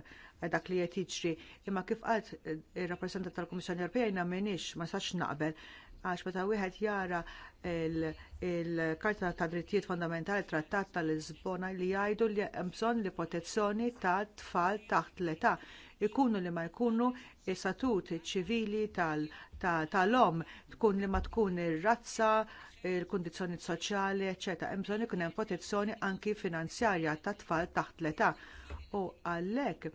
dak li qed jiġri imma kif qalt eh, ir-rappreżentant tal-Kummissjoni Ewropea jiena m'għandix ma sax naqbel għax meta wieħed jara il-Karta ta' Drittijiet Fondamentali Trattat tal-Lisbona li jgħidu li hemm bżonn li protezzjoni ta' tfal taħt l-età ikunu li ma jkunu is-satut ċivili tal-om tkun li ma tkun ir-razza, il kundizzjonijiet soċjali, eċetera. Hemm bżonn ikun hemm protezzjoni anki finanzjarja tat tfal taħt l-età. U għalhekk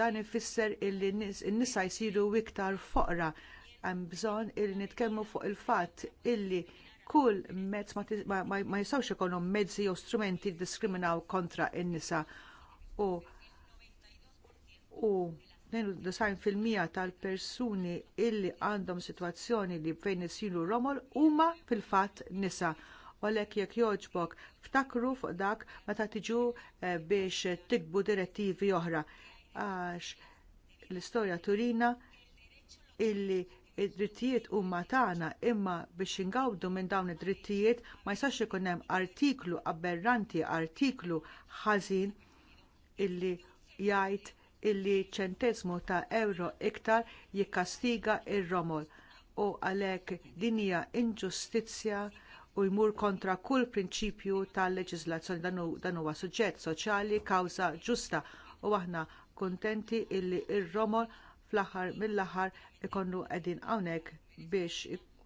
dan ifisser illi n-nisa jsiru iktar foqra. Hemm bżonn illi nitkellmu fuq il-fatt illi kull mezz ma, jistgħux ikolhom mezzi jew strumenti diskriminaw kontra n-nisa. u 92% tal-persuni illi għandhom sitwazzjoni li fejn isilu romol huma fil-fatt nisa. Għalhekk jekk jogħġbok ftakru fuq dak meta tiġu eh, biex tikbu direttivi oħra. Għax l-istorja turina illi id-drittijiet huma tagħna imma biex ingawdu minn dawn id-drittijiet ma jistax ikun hemm artiklu aberranti, artiklu ħażin illi jgħid illi ċentesmu ta' euro iktar jikkastiga r romol u għalhekk din hija inġustizzja u jmur kontra kull prinċipju tal-leġiżlazzjoni dan huwa suġġett soċjali kawża ġusta u aħna kuntenti illi r romol fl-aħħar mill-aħħar ikonnu qegħdin hawnhekk biex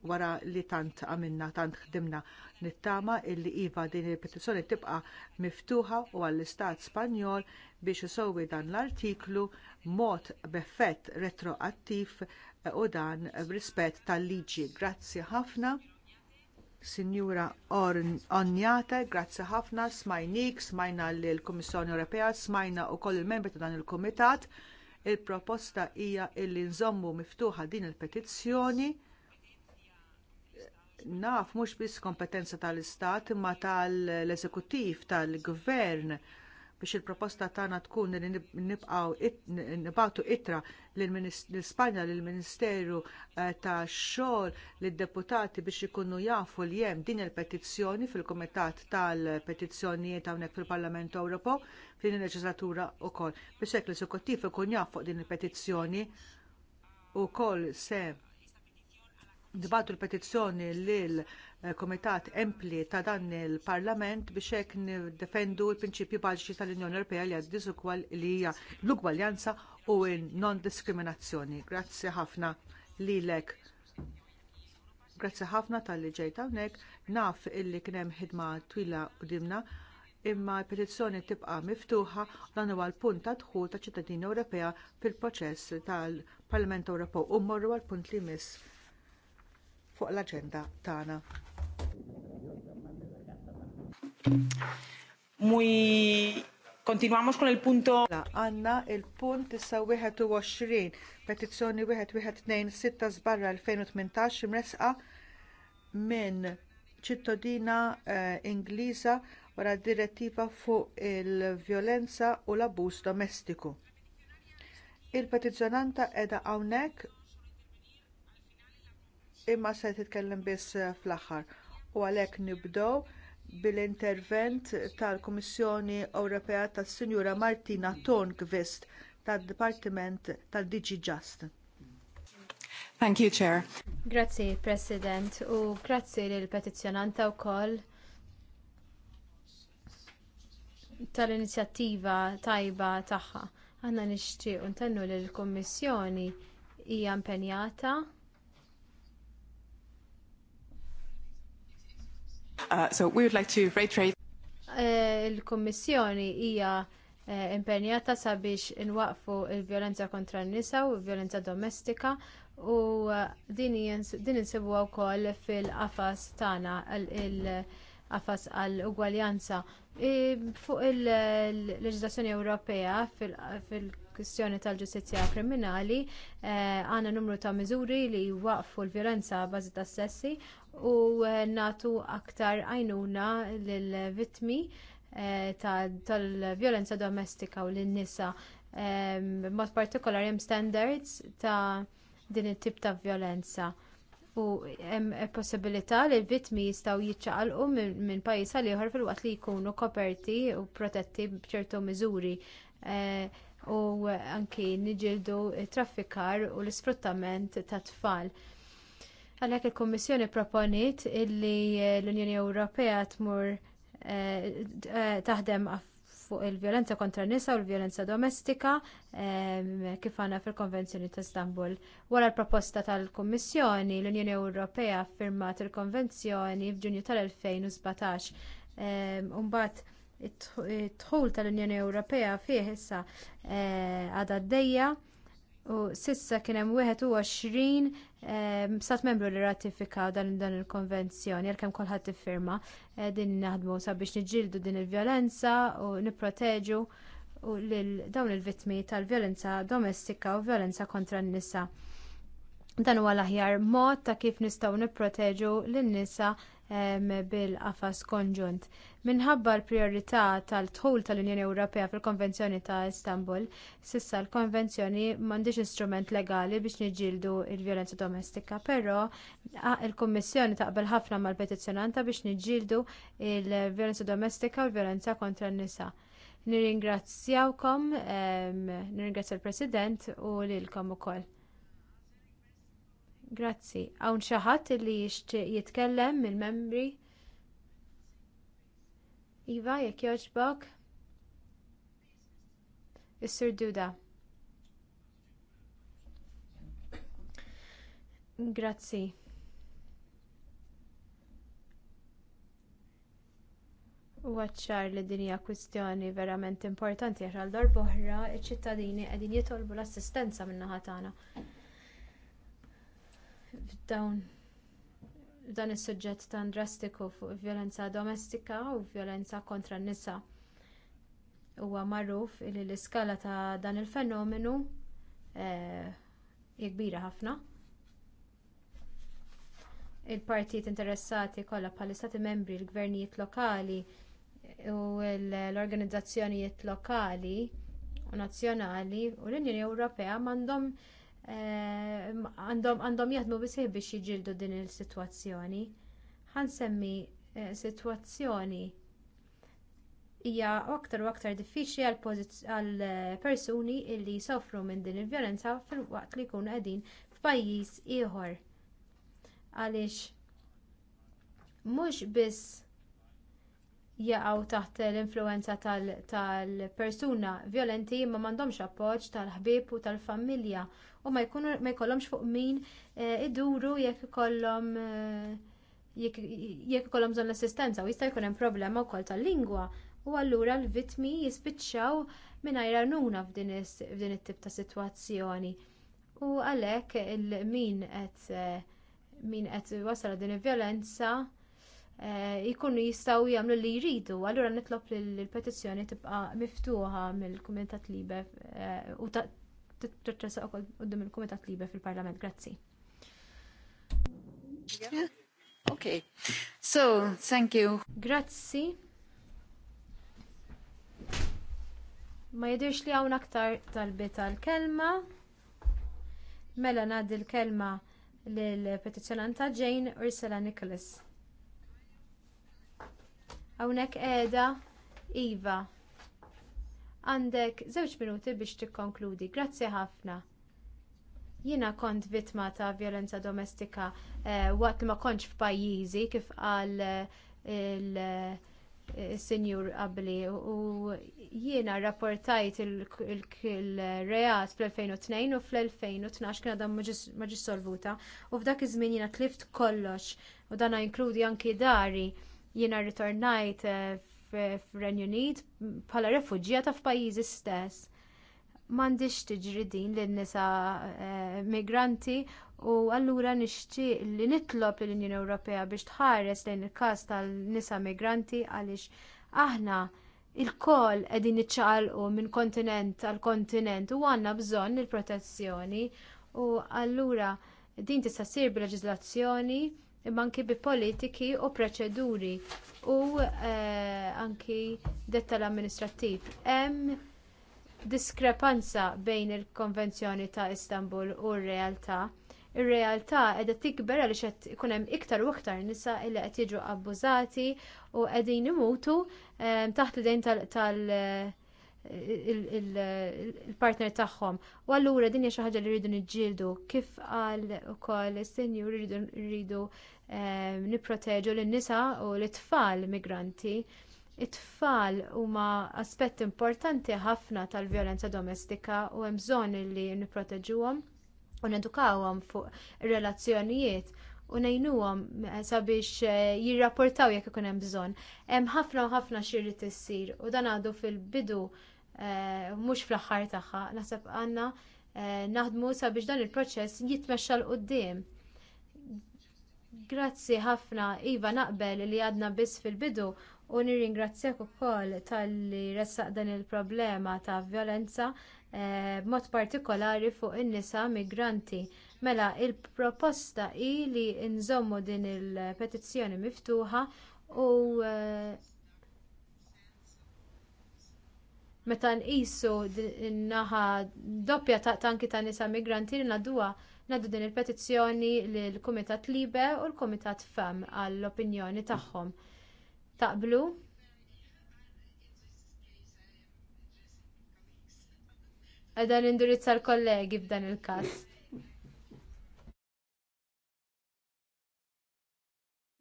wara li tant għamilna, tant ħdimna nittama illi iva din il-petizzjoni tibqa miftuħa u għall-Istat Spanjol biex isowi dan l-artiklu mod b'effett retroattiv u dan b'rispett tal-liġi. Grazzi ħafna. Sinjura Onjata, grazzi ħafna, smajnik, smajna l-Komissjoni Ewropea, smajna wkoll il-membri ta' dan il kumitat Il-proposta hija illi nżommu miftuħa din il-petizzjoni naf mhux biss kompetenza tal-Istat imma tal-Eżekuttiv tal-Gvern biex il-proposta tagħna tkun li nibqgħu nibgħatu ittra l-Ispanja lill-Ministeru eh, tax-xogħol lid-deputati biex ikunu jafu li hemm din il-petizzjoni fil-Kumitat tal-Petizzjonijiet hawnhekk fil-Parlament Ewropew f'din il-leġislatura wkoll biex hekk l-eżekuttiv ikun jaf fuq din il-petizzjoni wkoll se Dibattu l-petizzjoni lill eh, kumitat Empli ta' dan il-Parlament biex hekk niddefendu l-prinċipji bażiċi tal-Unjoni Ewropea li għad li hija l-ugwaljanza u l non diskriminazzjoni Grazzi ħafna lilek. Grazzi ħafna tal-li ġejt hawnhekk naf illi kien hemm ħidma twila qudiemna imma l-petizzjoni tibqa' miftuħa dan huwa l-punt ta' dħul ta' ċittadini Ewropea fil-proċess tal-Parlament Ewropew u mmorru għall punt li miss fuq l aġenda tagħna. Muy Kontinuamos kon il-punto. Mela, Anna il-punt issa 21, petizzjoni 1126 sbarra 2018 mresqa minn ċittadina eh, Ingliża wara d direttiva fuq il-vjolenza u l-abbuż domestiku. Il-petizzjonanta qiegħda hawnhekk imma se titkellem biss fl-aħħar. U għalhekk nibdew bil-intervent tal-Kummissjoni Ewropea tas-Sinjura Martina Tornqvist tad-Dipartiment tal digi Just. Thank you, Chair. Grazzi, President, u grazzi lill petizzjonanta wkoll tal-inizjattiva tajba tagħha. Aħna nixtiequ ntennu li l-Kummissjoni hija impenjata Uh, so we would like to reiterate. Eh, Il-Kommissjoni hija eh, impenjata sabiex inwaqfu il-vjolenza kontra n-nisa u l-vjolenza domestika u eh, din insibu wkoll fil-qafas tagħna il-qafas għal ugwaljanza Fuq il-leġislazzjoni Ewropea fil-kwistjoni tal-ġustizzja kriminali għandna numru ta' miżuri li waqfu l-vjolenza bażi ta' sessi u eh, nagħtu aktar għajnuna lill vittmi eh, tal vjolenza domestika u lin nisa mod partikolari hemm standards ta' din it-tip ta' vjolenza. U hemm possibilità li l-vittmi jistgħu jiċċaqalqu minn pajjiż għal ieħor filwaqt li jkunu koperti u protetti b'ċertu miżuri eh, u anki niġildu t traffikar u l-isfruttament tat tfal. Għalhekk il kummissjoni proponiet illi eh, l-Unjoni Ewropea tmur eh, eh, taħdem fuq il-vjolenza kontra n-nisa u l-vjolenza domestika ehm, kif għana fil-Konvenzjoni ta' Istanbul. Wara l-proposta tal-Kummissjoni, l-Unjoni Ewropea firmat il-Konvenzjoni f'Ġunju tal-2017. Ehm, Umbat, it dħul tal-Unjoni Ewropea fih issa għadha d U sissa kien hemm 21 ehm, stat membru li ratifika dan dan il-konvenzjoni għalkemm kulħadd firma eh, din naħdmu sabiex niġġieldu din il-vjolenza u nipproteġu dawn il-vittmi tal-vjolenza domestika u violenza kontra n-nisa. Dan huwa l-aħjar mod ta' kif nistgħu nipproteġu lin-nisa bil-qafas konġunt. Minħabba l-priorità tal dħul tal-Unjoni Ewropea fil-Konvenzjoni ta' Istanbul, sissa l-Konvenzjoni m'għandhiex instrument legali biex niġġieldu l vjolenza domestika, però il-Kummissjoni taqbel ħafna mal-petizzjonanta biex niġġieldu l vjolenza domestika u l-vjolenza kontra n-nisa. Nirringrazzjawkom, nirringrazzja l-President u lilkom ukoll. Grazzi. Hawn xi ħadd li jixtieq jitkellem mill-membri? Iva, jekk jogħġbok? Is-Sur Duda. Grazzi. Waċċar li din hija kwistjoni verament importanti għal dar oħra, iċ-ċittadini qegħdin jitolbu l-assistenza min-naħa tagħna f'dawn dan is-suġġett tan drastiku fuq violenza domestika u vjolenza kontra n-nisa. Huwa magħruf li l-iskala ta' dan il-fenomenu eh, hija kbira ħafna. Il-partijiet interessati kollha bħal istati membri, l-gvernijiet lokali u l-organizzazzjonijiet lokali u nazzjonali u l-Unjoni Ewropea m'għandhom Eh, għandhom jaħdmu bisih biex jiġildu din il-sitwazzjoni. Ħansemmi eh, sitwazzjoni hija aktar u aktar diffiċli għal eh, persuni li jsofru minn din il-vjolenza fil-waqt li jkunu qegħdin f'pajjiż ieħor. Għaliex mhux biss jaqgħu taħt l-influenza tal-persuna tal vjolenti imma m'għandhomx appoġġ tal-ħbieb u tal-familja u ma jkunu ma jkollhomx fuq min eh, iduru jekk ikollhom eh, jekk ikollhom bżonn assistenza u jista' jkun hemm problema wkoll tal-lingwa u allura l-vittmi jispiċċaw mingħajr għajranuna f'din it-tip ta' sitwazzjoni. U għalhekk il-min qed eh, min qed wasal din il-vjolenza jkunu jistgħu jagħmlu li jridu, allura nitlob li l-petizzjoni tibqa' miftuħa mill-Kumitat Libe u titresa u għoddim il-Komitat Libe fil-Parlament. Grazzi. Ok, so, thank you. Grazzi. Ma jidirx li għawn aktar tal-bita tal-kelma. Mela nad il-kelma l-petizjonanta Jane Ursula Nicholas. Hawnhekk eda Iva. Għandek żewġ minuti biex tikkonkludi. Grazzi ħafna. Jiena kont vittma ta' vjolenza domestika eh, waqt li ma kontx f'pajjiżi kif qal eh, il-senjur eh, qabli u jiena rrapportajt il-reat fl-2002 u fl-2012 kien għadha ma ġis solvuta u f'dak iż-żmien jiena tlift kollox u dan inkludi anki dari jiena rritornajt eh, f'Renju Unit bħala rifuġjata f'pajjiżi stess. M'għandix tiġri din lin nisa eh, migranti u allura nixtieq li nitlob lill-Unjoni Ewropea biex tħares lejn il-każ tal-nisa migranti għaliex aħna il-kol qegħdin niċċaqalqu minn kontinent għal kontinent u għandna bżonn il-protezzjoni u allura din tista' ssir bil-leġiżlazzjoni imma anki bi politiki u proċeduri u eh, anki l amministrattiv. Hemm diskrepanza bejn il-Konvenzjoni ta' Istanbul u r-realtà. Ir-realtà qiegħda tikber għaliex qed ikun hemm iktar u iktar nisa li qed jiġu abbużati u qegħdin imutu eh, taħt dejn tal- il-partner tagħhom. U allura din hija xi ħaġa li rridu niġġieldu kif qal ukoll is-senjur rridu nipproteġu lin-nisa u l-tfal migranti. It-tfal huma aspett importanti ħafna tal-vjolenza domestika u hemm bżonn li nipproteġuhom u nedukawhom fuq relazzjonijiet u ngħinuhom sabiex eh, jirrapportaw jekk ikun hemm bżonn. Hemm ħafna u ħafna xirrid issir u dan għadu fil-bidu eh, mhux fl-aħħar tagħha naħseb għandna eh, naħdmu sabiex dan il-proċess jitmexxa l qudiem Grazzi ħafna, Iva, naqbel li għadna biss fil-bidu u nirringrazzjak ukoll tal-li ressaq dan il-problema ta' vjolenza eh, b'mod partikolari fuq in-nisa migranti. Mela, il-proposta hi li nżommu din il-petizzjoni miftuħa u eh, meta nqisu naħa doppja ta' tanki ta' nisa migranti li naduha Naddu din il-petizzjoni lill-Kumitat Libe u l-Kumitat Fem għall-opinjoni tagħhom. Taqblu? Għedan indirizza l-kollegi f'dan il każ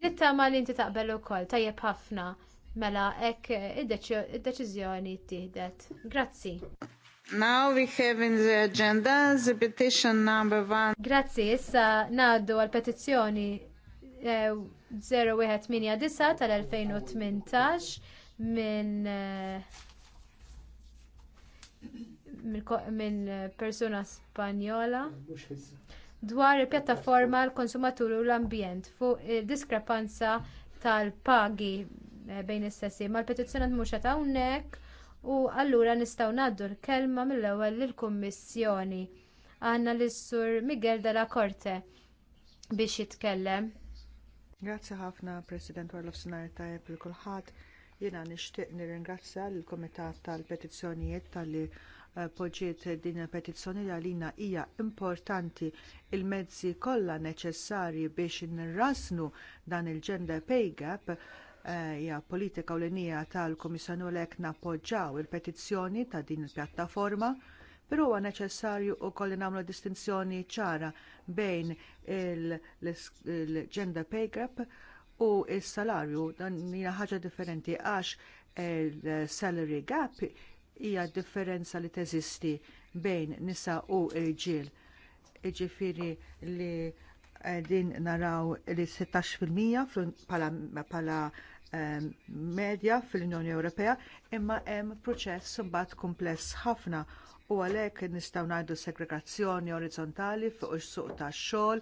Nittama li inti taqbel koll, tajjeb ħafna mela hekk id-deċiżjoni ttieħdet. Grazzi. Now we have in the agenda the petition number one. Grazzi, issa naddu għal petizzjoni 0189 eh, tal-2018 minn eh, minn persuna spanjola dwar il-pjattaforma l-konsumatur u l-ambjent fuq il-diskrepanza tal-pagi eh, bejn is-sessi. Ma l-petizzjonat mhux qed hawnhekk U allura nistgħu ngħaddu l-kelma mill-ewwel lill-Kummissjoni. Għandna l sur Miguel Della Corte biex jitkellem. Grazzi ħafna President Warlof Sinar tajjeb il kulħadd. Jiena nixtieq nirringrazzja lill kumitat tal-Petizzjonijiet tal-li eh, poġġiet din il-petizzjoni li għalina hija importanti il-mezzi kollha neċessarji biex nirrasnu dan il-gender pay gap hija politika u l-inija tal-Komissjoni lek nappoġġaw il-petizzjoni ta' din il-pjattaforma, però huwa neċessarju wkoll nagħmlu distinzjoni ċara bejn il-gender pay gap u s salarju dan hija ħaġa differenti għax il-salary gap hija differenza li teżisti bejn nisa u irġiel. Jiġifieri li din naraw li 16% bħala medja fil-Unjoni Ewropea imma hemm proċess imbagħad kumpless ħafna u għalhekk nistgħu ngħidu segregazzjoni orizzontali fuq is-suq tax-xogħol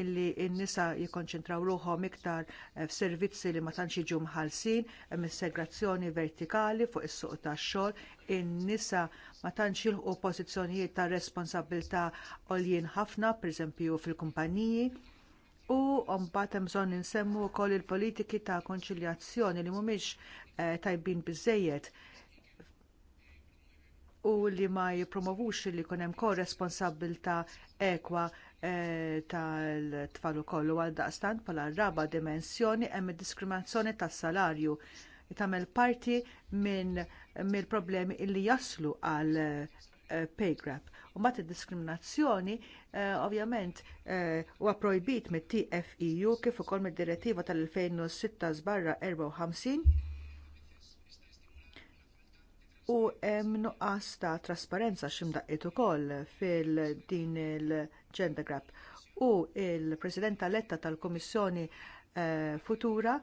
illi n-nisa jikkonċentraw ruħhom iktar eh, f'servizzi li ma tantx jiġu mħallsin, hemm is-segrazzjoni vertikali fuq is-suq tax-xogħol, in-nisa ma tantx jilħqu pożizzjonijiet ta' responsabilità għoljien ħafna, pereżempju fil-kumpaniji, U mbagħad hemm bżonn insemmu wkoll il-politiki ta' konċiljazzjoni li mhumiex eh, tajbin biżżejjed u li ma jippromovux li jkun hemm korresponsabbilta ekwa eh, tal-tfal ukoll u għaldaqstant bħala raba dimensjoni hemm id-diskriminazzjoni tas-salarju tagħmel parti minn mill-problemi li jaslu għal eh, pay grab. U mat id-diskriminazzjoni eh, ovvjament eh, huwa projbit mit-TFEU kif ukoll mid-direttiva tal-2006 żbarra 54 u hemm nuqqas ta' trasparenza x'imdaqqiet ukoll fil-din il-gender grab. U l president Letta tal-Kummissjoni eh, Futura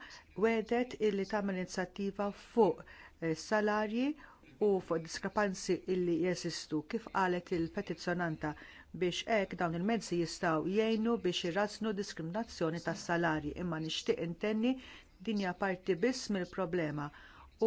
wedet illi tagħmel inizjattiva fuq salarji u fuq diskrepanzi illi jeżistu kif qalet il-petizzjonanta biex hekk dawn il-mezzi jistgħu jgħinu biex irrasnu diskriminazzjoni tas-salarji imma nixtieq intenni din hija parti biss mill-problema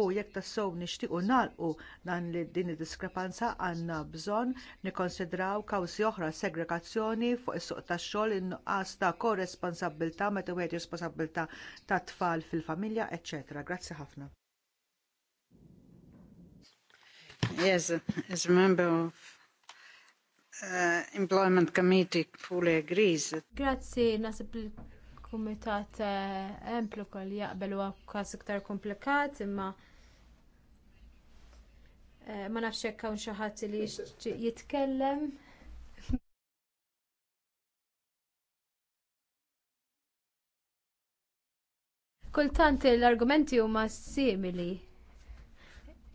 u jekk tassew nixtiequ nagħlqu dan li din id-diskrepanza għandna bżonn nikkonsidraw kawżi oħra segregazzjoni fuq is-suq tax-xogħol in-nuqqas ta' korresponsabilità meta wieħed responsabilità ta' tfal fil-familja, eċċetera. Grazzi ħafna. Yes, as a member of uh, Employment Committee fully agrees. Grazie, Grazzi, nasib il-Kumitat uh, eh, Emplu kol jaqbel għakas iktar komplikat imma eh, ma nafx hekk hawn xi ħadd li jitkellem. Kultant l-argumenti huma simili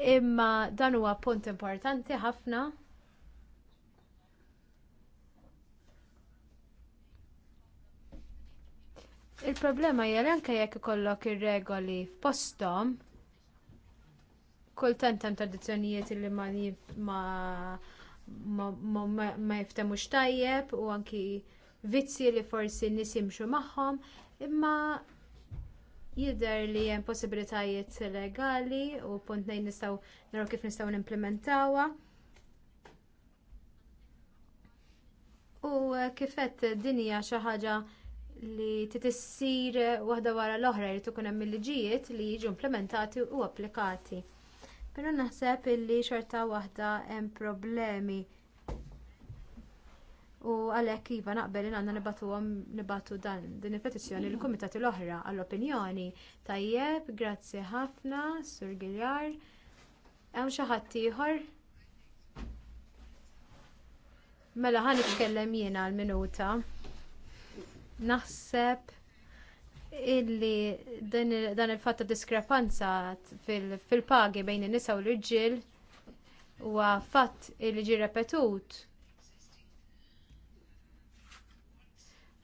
imma dan huwa punt importanti ħafna Il-problema hija anke jekk ikollok ir-regoli f'posthom, kultant hemm tradizzjonijiet li ma ma ma, ma jiftemux tajjeb u anki vizzi li forsi nisimxu magħhom, imma Jidher li hemm possibilitajiet legali u punt nejn nistgħu naraw kif nistgħu nimplementawha. U kif qed din hija xi ħaġa li titissir waħda wara l-oħra li ikun hemm il-liġijiet li jiġu implementati u applikati. Però naħseb li xorta waħda hemm problemi U għalhekk iva naqbel in għandna għom nibatu dan din il-petizzjoni l komitati l-oħra għall-opinjoni. Tajjeb, grazzi ħafna, Sur Giljar. Hemm xi ħadd ieħor? Mela ħan itkellem jiena għal-minuta. Naħseb illi dan il-fatt ta' diskrepanza fil-pagi bejn in-nisa u l-irġiel huwa fatt illi ġie repetut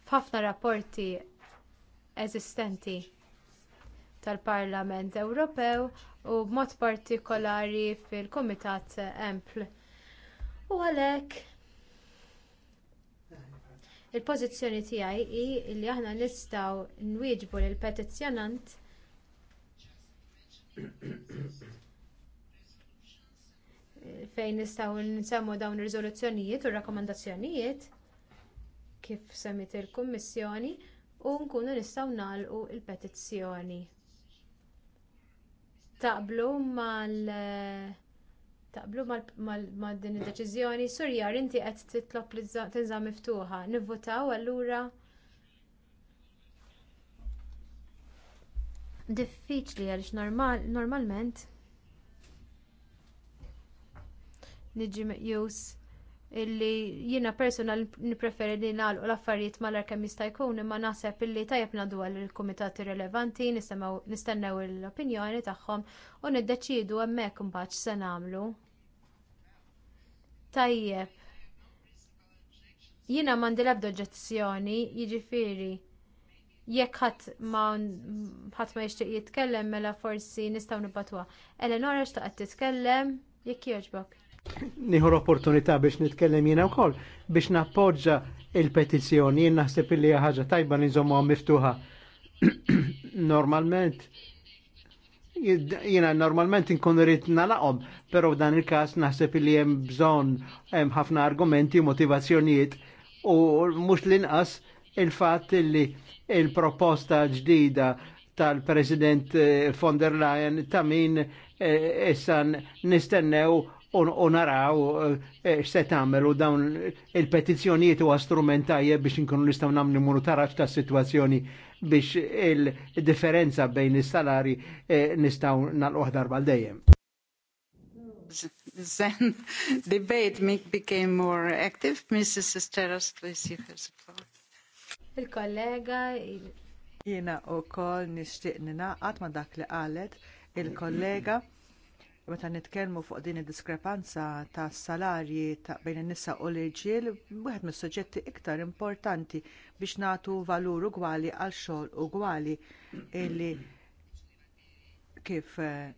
f'ħafna rapporti eżistenti tal-Parlament Ewropew u b'mod partikolari fil-Kumitat Empl. U għalhekk il-pożizzjoni tiegħi hi li aħna nistgħu nwieġbu lill petizzjonant fejn nistgħu nsemmu dawn ir-riżoluzzjonijiet u r rakkomandazzjonijiet kif semmit il-Kummissjoni u nkunu nistgħu nagħlqu l petizzjoni Taqblu mal taqblu mal din id-deċiżjoni, Surjar inti qed titlob li tinżam miftuħa. Nivvutaw allura diffiċli għaliex normalment niġi meqjus illi jiena personal nipreferi li nagħlqu l-affarijiet mal kemm jista' jkun imma naħseb illi tajjeb nagħdu il kumitati rilevanti, nistennew l-opinjoni tagħhom u niddeċiedu hemmhekk imbagħad se nagħmlu. Tajjeb. Jiena m'għandi l-ebda oġġezzjoni, jiġifieri jekk ħadd ma ħadd ma jixtieq jitkellem mela forsi nistgħu nibatwa. Eleonora xtaqgħet titkellem, jekk jogħġbok nieħu opportunità biex nitkellem jiena wkoll biex nappoġġa il-petizzjoni jina naħseb li hija ħaġa tajba nizomu nżommuha miftuħa. normalment jina normalment inkun rrit nalaqhom, pero dan il-każ naħseb li hemm bżonn hemm ħafna argumenti u motivazzjonijiet u mhux l-inqas il fat li il-proposta ġdida tal-President eh, von der Leyen ta' min eh, nistennew u naraw eh, eh, x'se tagħmel u dawn il petizjoniet u strument biex nkunu nistaw nistgħu nagħmlu monitoraġġ ta' situazzjoni biex il-differenza bejn il salari eh, nistaw nal nagħlqu darba dejjem. Then debate became more active. Mrs. Esteras, please, you have the floor. Il-kollega jiena u kol nishtiq ninaqat ma dak li qalet il-kollega meta nitkellmu fuq din id-diskrepanza tas salarji ta' bejn in-nisa u l-irġiel, wieħed mis-suġġetti iktar importanti biex nagħtu valur ugwali għal xogħol ugwali illi kif eh,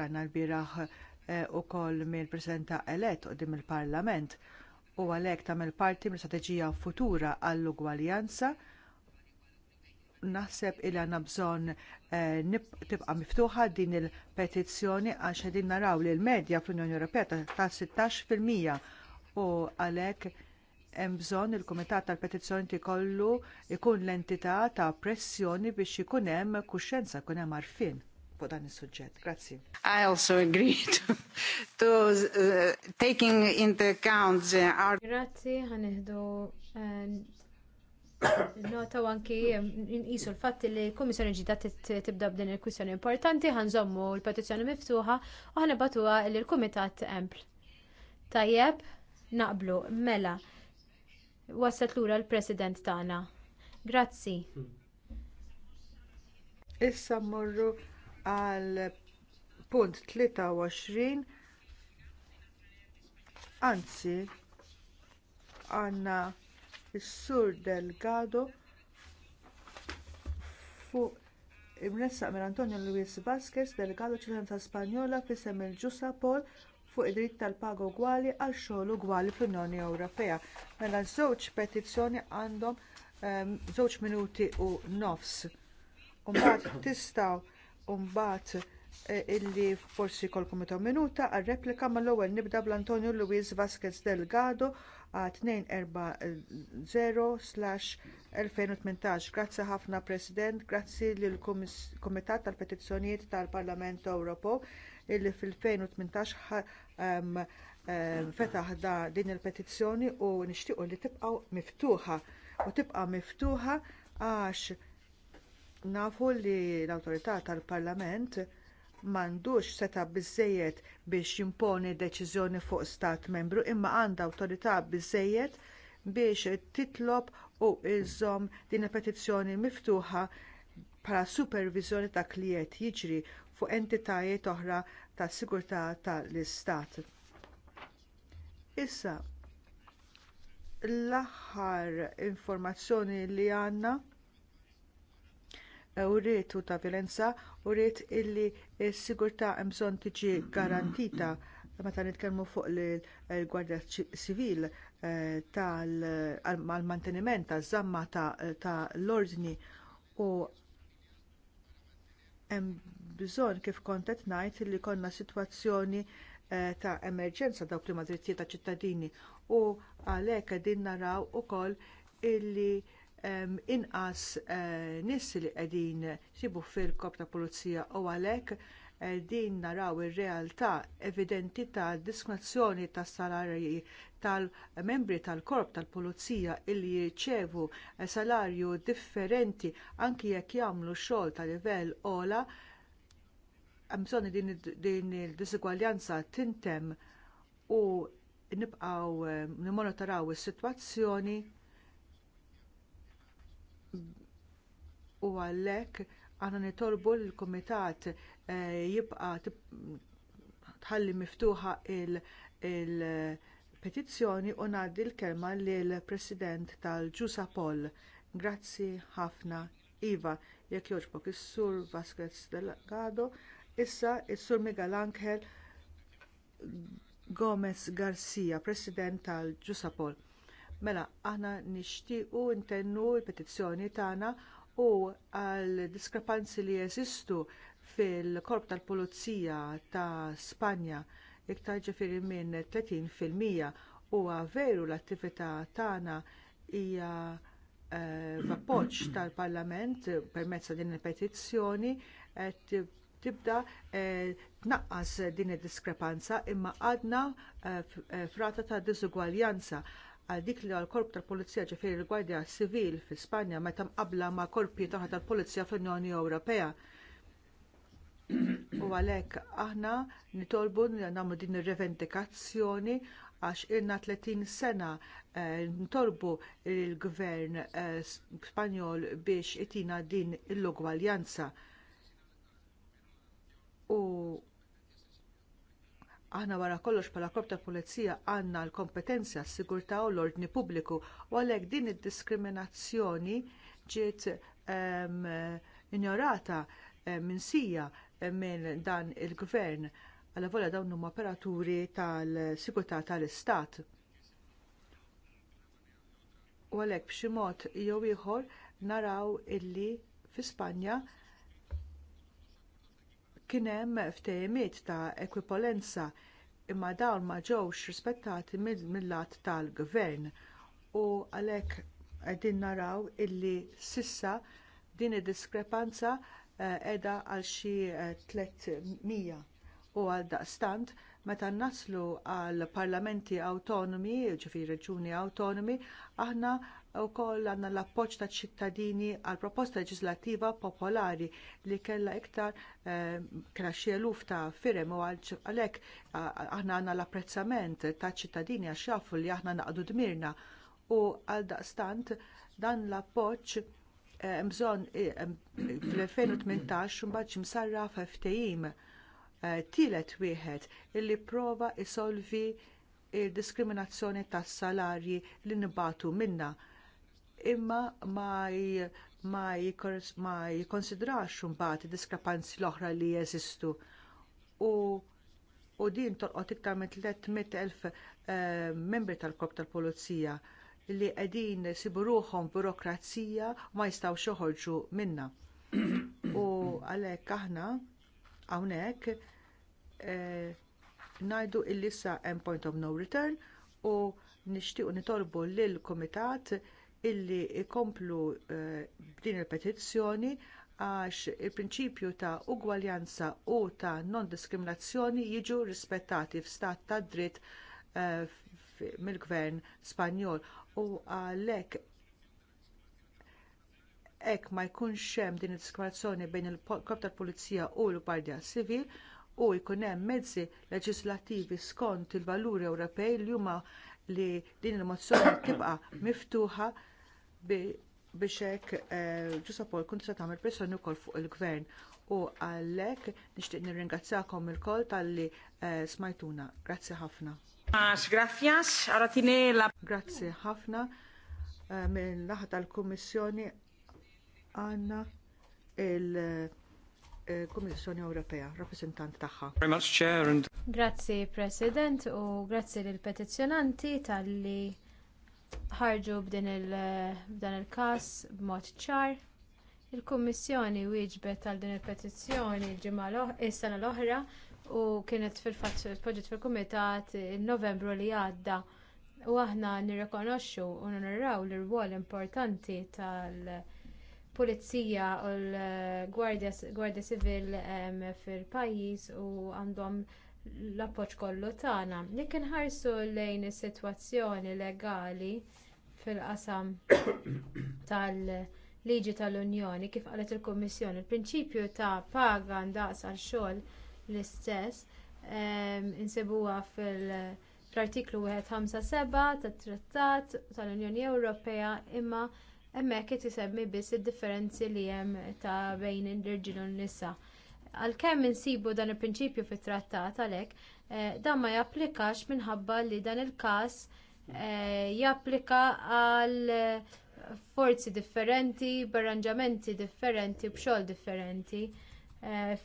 rajna l-biraħ eh, ukoll mill Presenta elett quddiem il-Parlament u għalhekk tagħmel parti mill-strateġija futura għall-ugwaljanza naħseb il għandna bżonn eh, tibqa miftuħa din il-petizzjoni għax qegħdin naraw li l-medja fl-Unjoni Ewropea ta' 16% u għalhekk hemm bżonn il-Kumitat tal-Petizzjoni tikollu jkun l-entità ta' pressjoni biex ikun hemm kuxjenza jkun hemm għarfien fuq dan is-suġġett. Grazzi. I also agree to, to uh, taking into account the our Grazzi ħanieħdu eh, nota anki nqisu l-fatt li l-Kummissjoni ġdida tibda b'din il-kwissjoni importanti ħanżommu l-petizzjoni miftuħa u ħanibatuha l kumitat Empl. Tajjeb, naqblu, mela. Waslet lura l-President tagħna. Grazzi. Issa mmorru għal punt 23 anzi għandna is-sur Delgado fuq imressaq minn Antonio Luis Vasquez, Delgado ċittadinanza Spanjola f'isem il-Ġusa Pol fuq id-dritt tal pago gwali għal xogħol ugwali fl-Unjoni Ewropea. Mela żewġ petizzjoni għandhom ehm, żewġ minuti u nofs. Umbagħad tistgħu mbagħad e, illi forsi jkollkom minuta għal replika mal-ewwel nibda bl-Antonio Luis Vasquez Delgado 240-2018. Grazzi ħafna President, grazzi lill kumitat tal-Petizzjonijiet tal-Parlament Ewropew illi fil-2018 fetaħ da din il-petizzjoni u nixtiequ li tibqa' miftuħa u tibqa' miftuħa għax nafu li l-awtorità tal-Parlament m'għandux seta' biżżejjed biex jimponi deċiżjoni fuq stat membru imma għandha awtorità biżżejjed biex titlob u iżżomm din il-petizzjoni miftuħa bħala superviżjoni ta' klijiet jiġri fuq entitajiet oħra tas-sigurtà tal-istat. Issa, l-aħħar informazzjoni li għandna u rritu ta' violenza u rrit illi s-sigurtà hemm bżonn tiġi garantita meta nitkellmu fuq il-Gwardja Sivil eh, tal-manteniment taż-żamma tal-ordni u hemm bżonn kif kont qed ngħid li jkollna sitwazzjoni eh, ta' emerġenza dawk li ma' drittijiet ta' ċittadini u għalhekk qegħdin naraw ukoll illi inqas eh, nies li qegħdin sibu fil korp ta' pulizija u għalhekk din naraw ir-realtà evidenti ta' diskrezzjoni tas salarji tal-membri tal-korp tal-pulizija illi jirċevu eh, salarju differenti anki jekk jagħmlu xogħol ta' livell ola hemm bżonn din il-disigwaljanza tintem u nibqgħu eh, nimmonitoraw is-sitwazzjoni u għalhekk aħna nitolbu lill kumitat eh, jibqa tħalli miftuħa il-petizzjoni u ngħaddi l-kelma lill president tal-Ġusa Poll. Grazzi ħafna, Iva, jekk jogħġbok is-Sur Vasquez Delgado, issa is-Sur Miguel Angel Gomez Garcia, president tal-Ġusa Poll. Mela, aħna nixtiequ ntennu l petizzjoni tagħna u għal diskrepanzi li jeżistu fil-korp tal-Pulizija ta' Spanja iktar ġifieri minn 30% fil-mija huwa veru l-attività tagħna hija b'appoġġ eh, tal-Parlament permezz ta' din il-petizzjoni qed tibda eh, tnaqqas din id-diskrepanza imma għadna eh, frata ta' diżugwaljanza għal dik li għall korp tal-Polizija ġifieri l-Gwardja Sivil fi Spanja meta mqabbla ma' korpi tagħha tal-Polizija fl-Unjoni Ewropea. U għalhekk aħna nitolbu nagħmlu din ir-revendikazzjoni għax irna 30 sena eh, ntorbu lill gvern eh, Spanjol biex itina din l-ugwaljanza. U Aħna wara kollox bħala korp ta' pulizija għandna l-kompetenza s-sigurtà u l-ordni pubbliku u għalhekk din id-diskriminazzjoni ġiet injorata ehm, ignorata ehm, minsija ehm, minn dan il-gvern għal vola dawn huma operaturi tal-sigurtà tal-istat. U għalhekk b'xi mod jew ieħor naraw illi fi Spanja Kien hemm ftehimiet ta' ekwipolenza imma dawn ma ġewx rispettati mill-lat tal-gvern u għalhekk qegħdin naraw illi sissa din id-diskrepanza eh, qiegħda għal xi 300 eh, u għaldaqstant meta naslu għal parlamenti awtonomi, ġifi reġuni awtonomi, aħna koll għandna l appoġġ taċ ċittadini għall proposta leġislattiva popolari li kellha iktar eh, kena xieluf ta' firem u għalhekk aħna għandna l-apprezzament taċ ċittadini għax jafu li aħna naqdu dmirna u għaldaqstant dan l appoġġ bżonn eh, eh, fl-2018 mbagħad msarra f'ftehim tielet wieħed illi prova isolvi d diskriminazzjoni tas salarji li nibatu minnha imma ma jikkonsidrax imbagħad id-diskrepanzi l-oħra li jeżistu. U, u din torqod iktar minn 300,000 eh, membri tal-korp tal-Pulizija li qegħdin sibu ruhom burokrazija ma jistgħux joħorġu minnha. u għalhekk aħna hawnhekk eh, ngħidu illi hemm point of no return u nixtiequ nitolbu lill kumitat illi jkomplu eh, din il-petizzjoni għax il-prinċipju ta' ugwaljanza u ta' non-diskriminazzjoni jiġu rispettati f'stat ta' dritt eh, mill-gvern Spanjol u għalhekk hekk ma jkunx hemm din id-diskriminazzjoni bejn il-korp tal-Pulizija u l-Gwardja Sivil u jkun hemm mezzi leġislattivi skont il-valuri Ewropej li huma li din il-mozzjoni tibqa' miftuħa biex hekk eh, ġusapol kun se tagħmel pressjoni wkoll fuq il-gvern u għalhekk nixtieq nirringrazzakom ilkoll talli eh, smajtuna. Grazzi ħafna. Grazzi ħafna eh, minn laħa tal-Kummissjoni għandna il-Kummissjoni Ewropea, rappresentant tagħha. Grazzi President u grazzi lill petizzjonanti talli ħarġu b'din il-dan il-kas b'mod ċar. Il-Kummissjoni wieġbet għal din il-petizzjoni ġimgħa is-sena l-oħra u kienet fil-fatt poġġet fil-Kumitat in-Novembru li għadda u aħna nirrikonoxxu u nirraw l-rwol importanti tal-Pulizija u l-Gwardja civil fil-pajjiż u għandhom l-appoġġ kollu tagħna. Jekk inħarsu lejn is-sitwazzjoni legali fil-qasam tal-liġi tal-Unjoni kif qalet il-Kummissjoni, il-prinċipju ta' paga ndaqs għal xogħol l-istess insibuha fil-artiklu 157 tat-Trattat tal-Unjoni Ewropea imma hemmhekk qed isemmi biss id-differenzi li hemm ta' bejn ir-riġiel u n-nisa Għalkemm insibu dan il-prinċipju fit-trattat għalhekk dan ma japplikax minħabba li dan il-każ japplika għal forzi differenti, barranġamenti differenti, b'xogħol differenti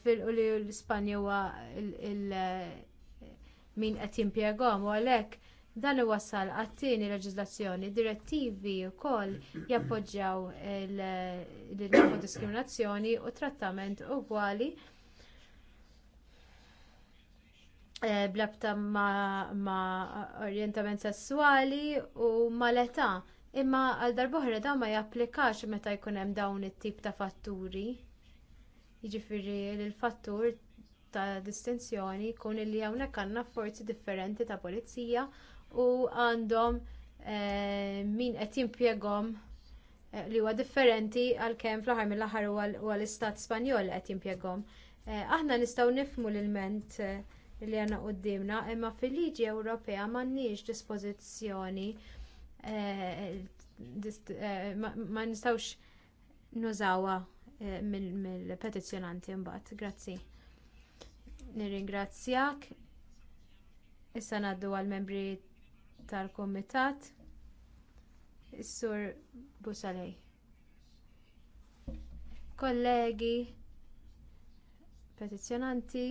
fil li l-Ispanja huwa min qed jimpjegahom u għalhekk dan iwassal għat-tieni leġiżlazzjoni direttivi wkoll jappoġġjaw l diskriminazzjoni u trattament ugwali Eh, blabta ma, ma orientament sessuali u ma l-età. Imma għal darbohra da ma japplikax meta jkun hemm dawn it-tip ta' fatturi. Jiġifieri l-fattur ta' distinzjoni jkun li hawnhekk għandna forzi differenti ta' polizija u għandhom eh, min qed jimpjegom eh, li huwa differenti għalkemm fl-aħħar mill-aħħar huwa l-istat Spanjol qed jimpjegom. aħna nistgħu nifhmu l-ilment li għandna quddiemna, imma fil-liġi Ewropea m'għandniex dispożizzjoni eh, eh, ma nistgħux nużawha eh, mill-petizzjonanti mbagħad. Grazzi. Nirringrazzjak. Issa ngħaddu għall membri tal kumitat Is-Sur Busalej. Kollegi, petizzjonanti,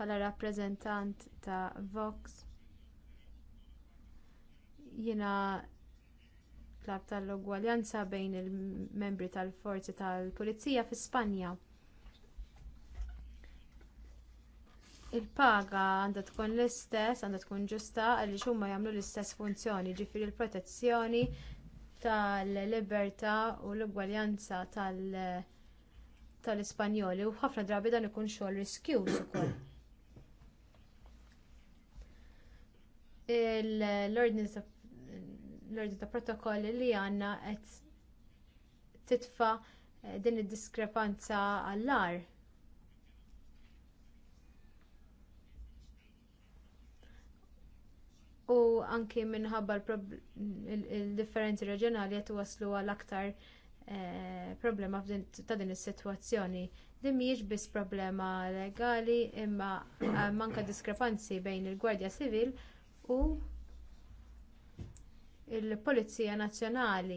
bħala rappreżentant ta' Vox jiena klab tal-ugwaljanza bejn il-membri tal-forzi tal-pulizija fi Spanja. Il-paga għandha tkun l-istess, għandha tkun ġusta għaliex huma jagħmlu l-istess funzjoni, ġifieri l-protezzjoni tal-libertà u l-ugwaljanza tal-Ispanjoli u ħafna drabi dan ikun xogħol riskjuż ukoll. l ordinanza ta' protokoll li għandna qed titfa eh, din id-diskrepanza għall-ar. u anki minħabba l-differenzi reġjonali qed waslu għal aktar eh, problema ta' din is-sitwazzjoni. Din mhijiex biss problema legali imma eh, manka diskrepanzi bejn il-Gwardja Sivil u il-Polizija Nazzjonali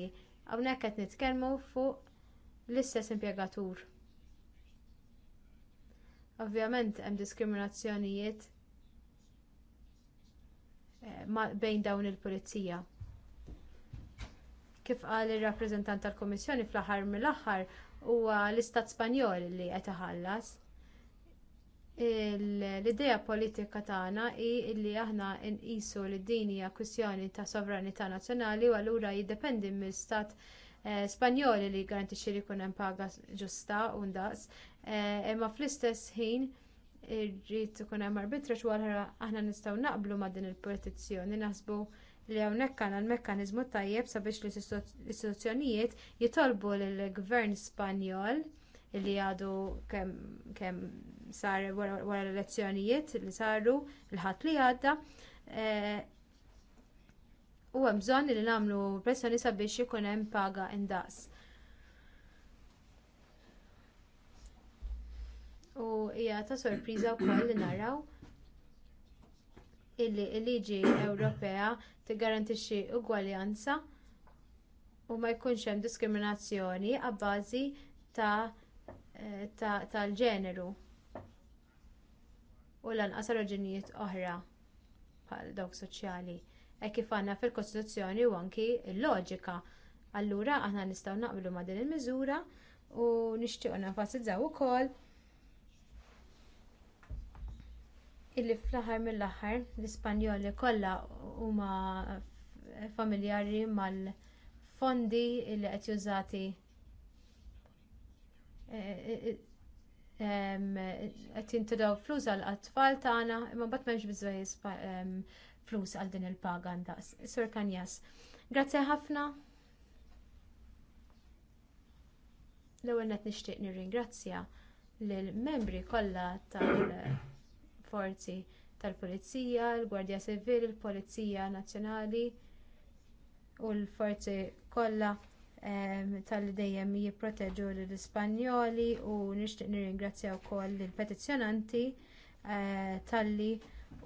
hawnhekk qed nitkellmu fuq l-istess impjegatur. Ovvjament hemm diskriminazzjonijiet eh, bejn dawn il-pulizija. Kif qal ir-rappreżentant tal-Kummissjoni fl-aħħar mill-aħħar huwa l-Istat Spanjol li qed iħallas l-idea politika tagħna hi li aħna nqisu li din hija kwistjoni ta' sovranità nazzjonali u allura jiddependi mill-istat eh, Spanjoli li jgarantixxi li jkun hemm paga ġusta u ndaqs. Eh, imma fl-istess ħin irrid ikun hemm arbitraġ u aħna nistgħu naqblu ma' din il-petizzjoni naħsbu li hawnhekk għandna l-mekkaniżmu tajjeb sabiex l-istituzzjonijiet jitolbu lill-Gvern Spanjol li għadu kemm sar wara l-elezzjonijiet li saru il-ħadd li għadda. Eh, u hemm bżonn li nagħmlu pressjoni sabiex ikun hemm paga indaqs. U hija ta' sorpriża wkoll li naraw illi l-liġi Ewropea tiggarantixxi ugwaljanza u ma jkunx hemm diskriminazzjoni għabbażi ta' tal-ġeneru u lanqas raġunijiet oħra bħal dawk soċjali. E kif għandna fil-Kostituzzjoni u anki l-loġika. Allura aħna nistgħu naqblu ma' din il-miżura u nixtiequ nenfasizzaw ukoll illi fl-aħħar mill-aħħar l-Ispanjoli kollha huma familjari mal-fondi li qed jużati qed jintudaw flus għal tfal tagħna, imma mbagħad m'hemmx biżżejjed flus għal din il-paga ndaqs. Sur Kanjas. Grazzi ħafna. L-ewwel qed nixtieq nirringrazzja lill membri kollha tal-forzi tal-Pulizija, l-Gwardja Sivil, il-Polizija Nazzjonali u l-forzi kollha tal-li dejjem jipproteġu l-Ispanjoli u nixtieq nirringrazzja wkoll il-petizzjonanti eh, tal-li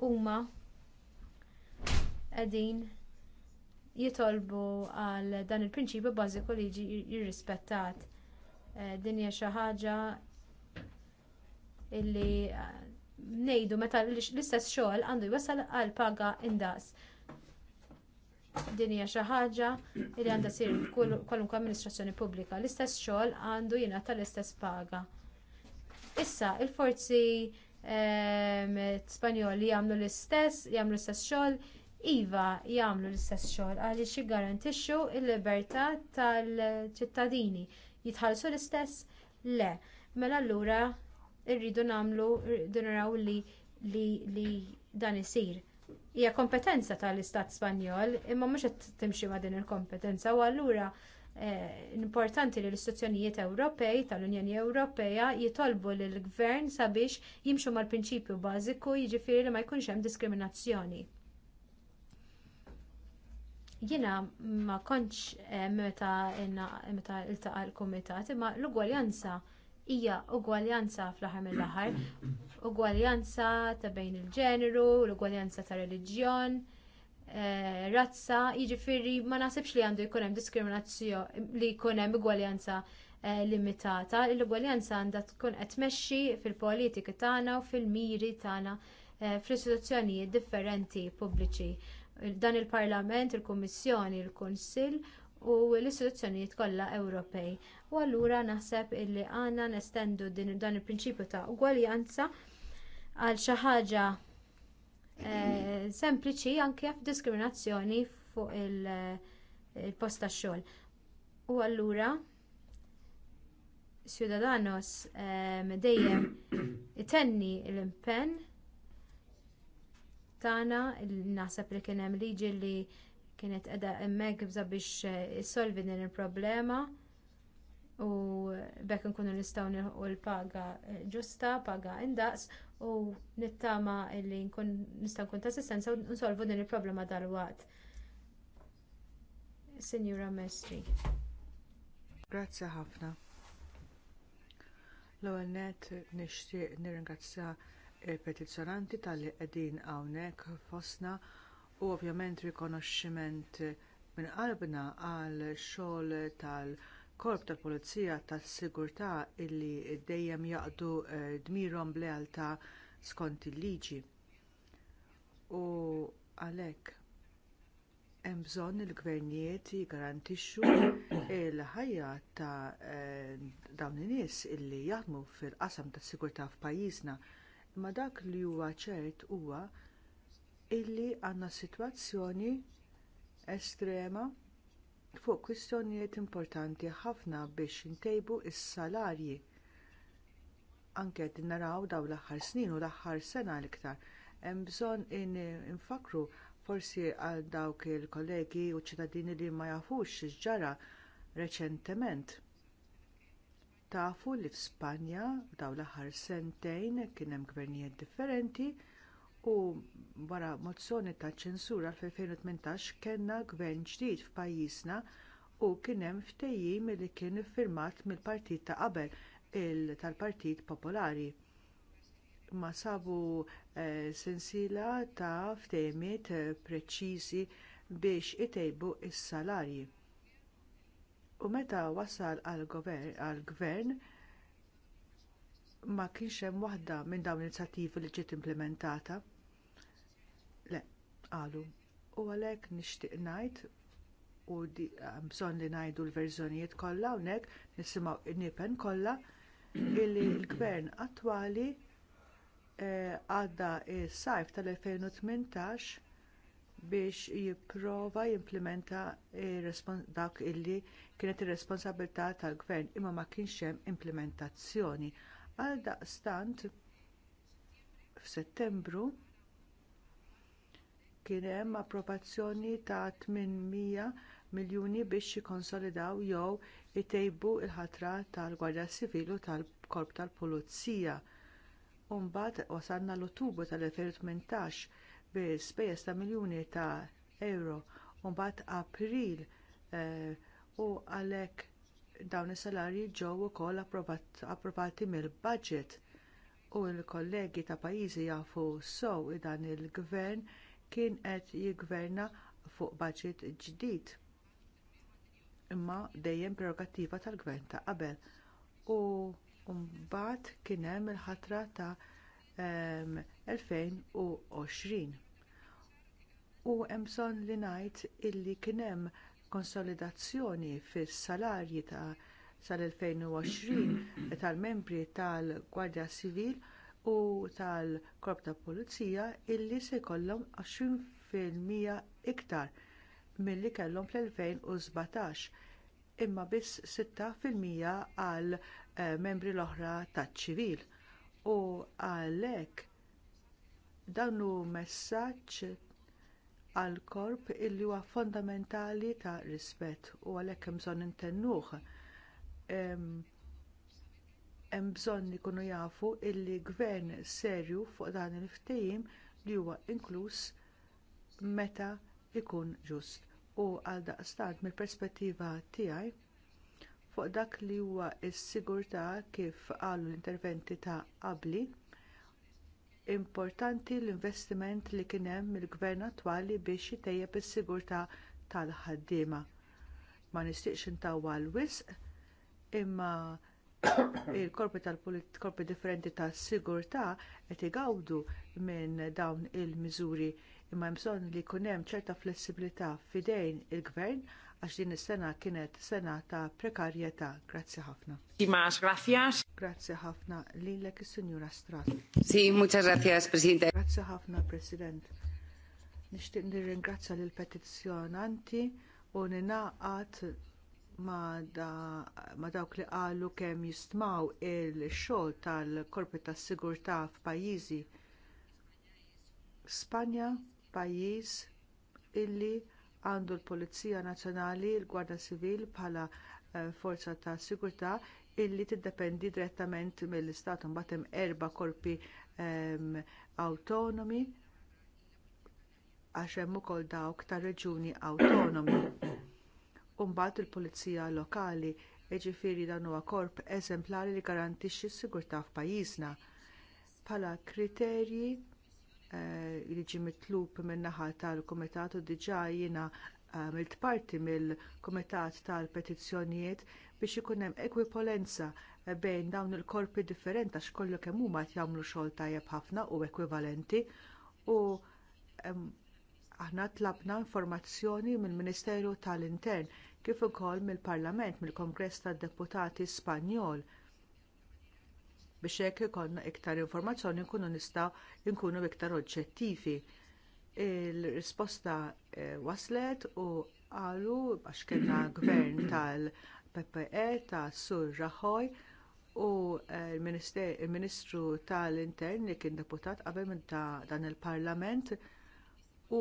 huma qegħdin jitolbu għal dan il-prinċipju bażiku li jiġi jirrispettat. Eh, din hija xi ħaġa illi eh, ngħidu meta l-istess xogħol għandu jwassal għal paga indaqs. Din hija xi ħaġa li għandha sir kwalunkwe amministrazzjoni pubblika. L-istess xogħol għandu jingħata l-istess paga. Issa, il-forzi ehm, Spanjoli jagħmlu l-istess, jagħmlu l-istess xogħol, iva jagħmlu l-istess xogħol għaliex jiggarantixxu l-libertà tal-ċittadini. Jitħallsu l-istess? Le. Mela allura irridu nagħmlu rridu naraw li, li, li dan isir hija kompetenza tal-Istat Spanjol, imma mhux qed timxi ma' din il-kompetenza u allura eh, importanti li l-istituzzjonijiet Ewropej tal-Unjoni Ewropea jitolbu lill gvern sabiex jimxu mal-prinċipju bażiku jiġifieri li ma jkunx hemm diskriminazzjoni. Jiena ma kontx eh, meta iltaqa' l kumitat imma l-ugwaljanza hija ugwaljanza fl-aħħar mill-aħħar, ugwaljanza ta' bejn il-ġeneru, l-ugwaljanza ta' reliġjon, eh, razza, jiġifieri ma naħsibx li għandu jkun hemm diskriminazzjoni li jkun hemm ugwaljanza eh, limitata, l-ugwaljanza għandha tkun qed tmexxi fil-politika tagħna u fil-miri tagħna eh, fl-istituzzjonijiet differenti pubbliċi. Dan il-Parlament, il-Kummissjoni, il-Kunsill u l-istituzzjonijiet kollha Ewropej. U allura naħseb illi għandna nestendu din dan il-prinċipju ta' ugwaljanza għal xi ħaġa eh, sempliċi anke f'diskriminazzjoni fuq eh, il-post il tax-xogħol. U allura Ciudadanos eh, dejjem itenni l-impenn tagħna naħseb li kien hemm liġi li kienet edha emmek bza biex eh, din il-problema u bekk nkunu nistgħu nilħu l-paga eh, ġusta, paga indaqs u nittama li nkun nista' nkun ta' assistenza u nsolvu din il-problema dal-waqt. Signora Mestri. Grazzi ħafna. L-ewwel net nixtieq nirringrazzja il-petizzjonanti tal-li qegħdin hawnhekk fosna u ovvjament rikonoxximent minn qalbna għal xogħol tal-korp tal-pulizija tas-sigurtà illi dejjem jaqdu eh, dmirhom blealtà skont il-liġi. U għalhekk hemm bżonn il-gvernijiet jiggarantixxu l ħajja ta' eh, dawn in-nies illi jaħdmu fil-qasam tas-sigurtà f'pajjiżna. Imma dak li huwa ċert huwa illi għandna sitwazzjoni estrema fuq kwistjonijiet importanti ħafna biex intejbu s salarji Anke qed naraw dawn l-aħħar snin u l-aħħar sena l-iktar. Hemm bżonn infakru forsi għal dawk il-kollegi u ċittadini li ma jafux x'ġara reċentement. Tafu li f'Spanja dawn l-aħħar sentejn kien hemm gvernijiet differenti u wara mozzjoni ta' ċensura fl-2018 kellna gvern ġdid f'pajjiżna u kien hemm ftehim li kien iffirmat mill-partit ta' qabel tal-Partit Popolari. Ma sabu eh, sensiela ta' ftehimiet eh, preċiżi biex itejbu s salarji U meta wasal għall gvern ma kienx hemm waħda minn dawn l-inizjattivi li ġiet implementata qalu. U għalhekk nixtieq ngħid u bżonn li ngħidu l-verżjonijiet kollha hawnhekk nisimgħu nipen kollha illi l-gvern attwali eh, għadda s sajf tal-2018 biex jipprova jimplementa dak illi kienet ir-responsabilità tal-gvern imma ma kienx hemm implementazzjoni. Għaldaqstant f'Settembru kien hemm approvazzjoni ta' 800 miljuni biex jikkonsolidaw jew itejbu l ħatra tal-Gwardja Sivilu tal-Korp tal-Pulizija. U mbagħad wasalna l-Ottubru tal-2018 bi spejjeż ta' miljuni ta' euro u mbagħad April eh, u għalhekk dawn is-salarji ġew ukoll approvati mill-budget u l-kollegi ta' pajjiżi jafu sew dan il-gvern kien qed jiggverna fuq baġit ġdid imma dejjem prerogattiva tal-gvern ta' qabel. U mbagħad kien hemm il-ħatra ta' 2020. U hemm bżonn li ngħid illi kien hemm konsolidazzjoni fis-salarji ta' sal-2020 tal-membri tal-Gwardja Sivil u tal-Korp ta' Pulizija illi se jkollhom 20% iktar milli kellhom fl-2017 imma biss 6% għal eh, membri l-oħra taċ-ċivil. U għalhekk dan hu messaġġ għall korp illi huwa fondamentali ta' rispett u għalhekk hemm bżonn intennuh hemm bżonn li jkunu jafu illi gvern serju fuq dan il-ftehim li huwa inkluż meta jkun ġust. U għaldaqstant mill-perspettiva tiegħi fuq dak li huwa s-sigurtà kif qalu l-interventi ta' qabli, importanti l-investiment li kien hemm mill-gvern attwali biex jitejjeb is-sigurtà tal-ħaddiema. Ma nistiqx intawwa l-wisq imma il-korpi tal-korpi differenti ta' sigurtà qed igawdu minn dawn il-miżuri imma bżonn li jkun hemm ċerta flessibilità f'idejn il-gvern għax din is-sena kienet sena ta' prekarjetà. Grazzi ħafna. Dimas, gracias. Grazzi ħafna lilek is-Sinjura Strat. Si, muchas gracias, Presidente. Grazzi ħafna, President. Nixtieq nirringrazzja lill petizzjonanti u ninaqat ma, da, ma dawk li qalu kemm jistmaw il-xogħol tal-korpi tas-sigurtà f'pajjiżi. Spanja pajjiż illi għandu l-Pulizija Nazzjonali, l-Gwarda Sivil bħala eh, forza ta' sigurtà illi tiddependi direttament mill-istat mbagħad hemm erba' korpi um, autonomi għax hemm ukoll dawk ta' reġuni autonomi u mbagħad il-Pulizija Lokali, jiġifieri dan huwa korp eżemplari li garantixxi s-sigurtà f'pajjiżna. Bħala kriterji eh, li ġi mitlub min-naħa tal-Kumitat u diġà jiena eh, għamilt parti mill-Kumitat tal-Petizzjonijiet biex ikun hemm ekwipolenza eh, bejn dawn il-korpi differenti għax kollok hemm huma jagħmlu xogħol tajjeb ħafna u ekwivalenti u Aħna tlabna informazzjoni mill-Ministeru tal-Intern kif ukoll mill-Parlament mill-Kongress tad-Deputati Spanjol biex hekk ikollna iktar informazzjoni nkunu nistgħu nkunu iktar oġġettivi. Il-risposta eh, waslet u qalu għax kellna gvern tal-PPE ta' Sur Rajoy u eh, l-Ministru tal-Intern li kien deputat qabel minn dan il-Parlament u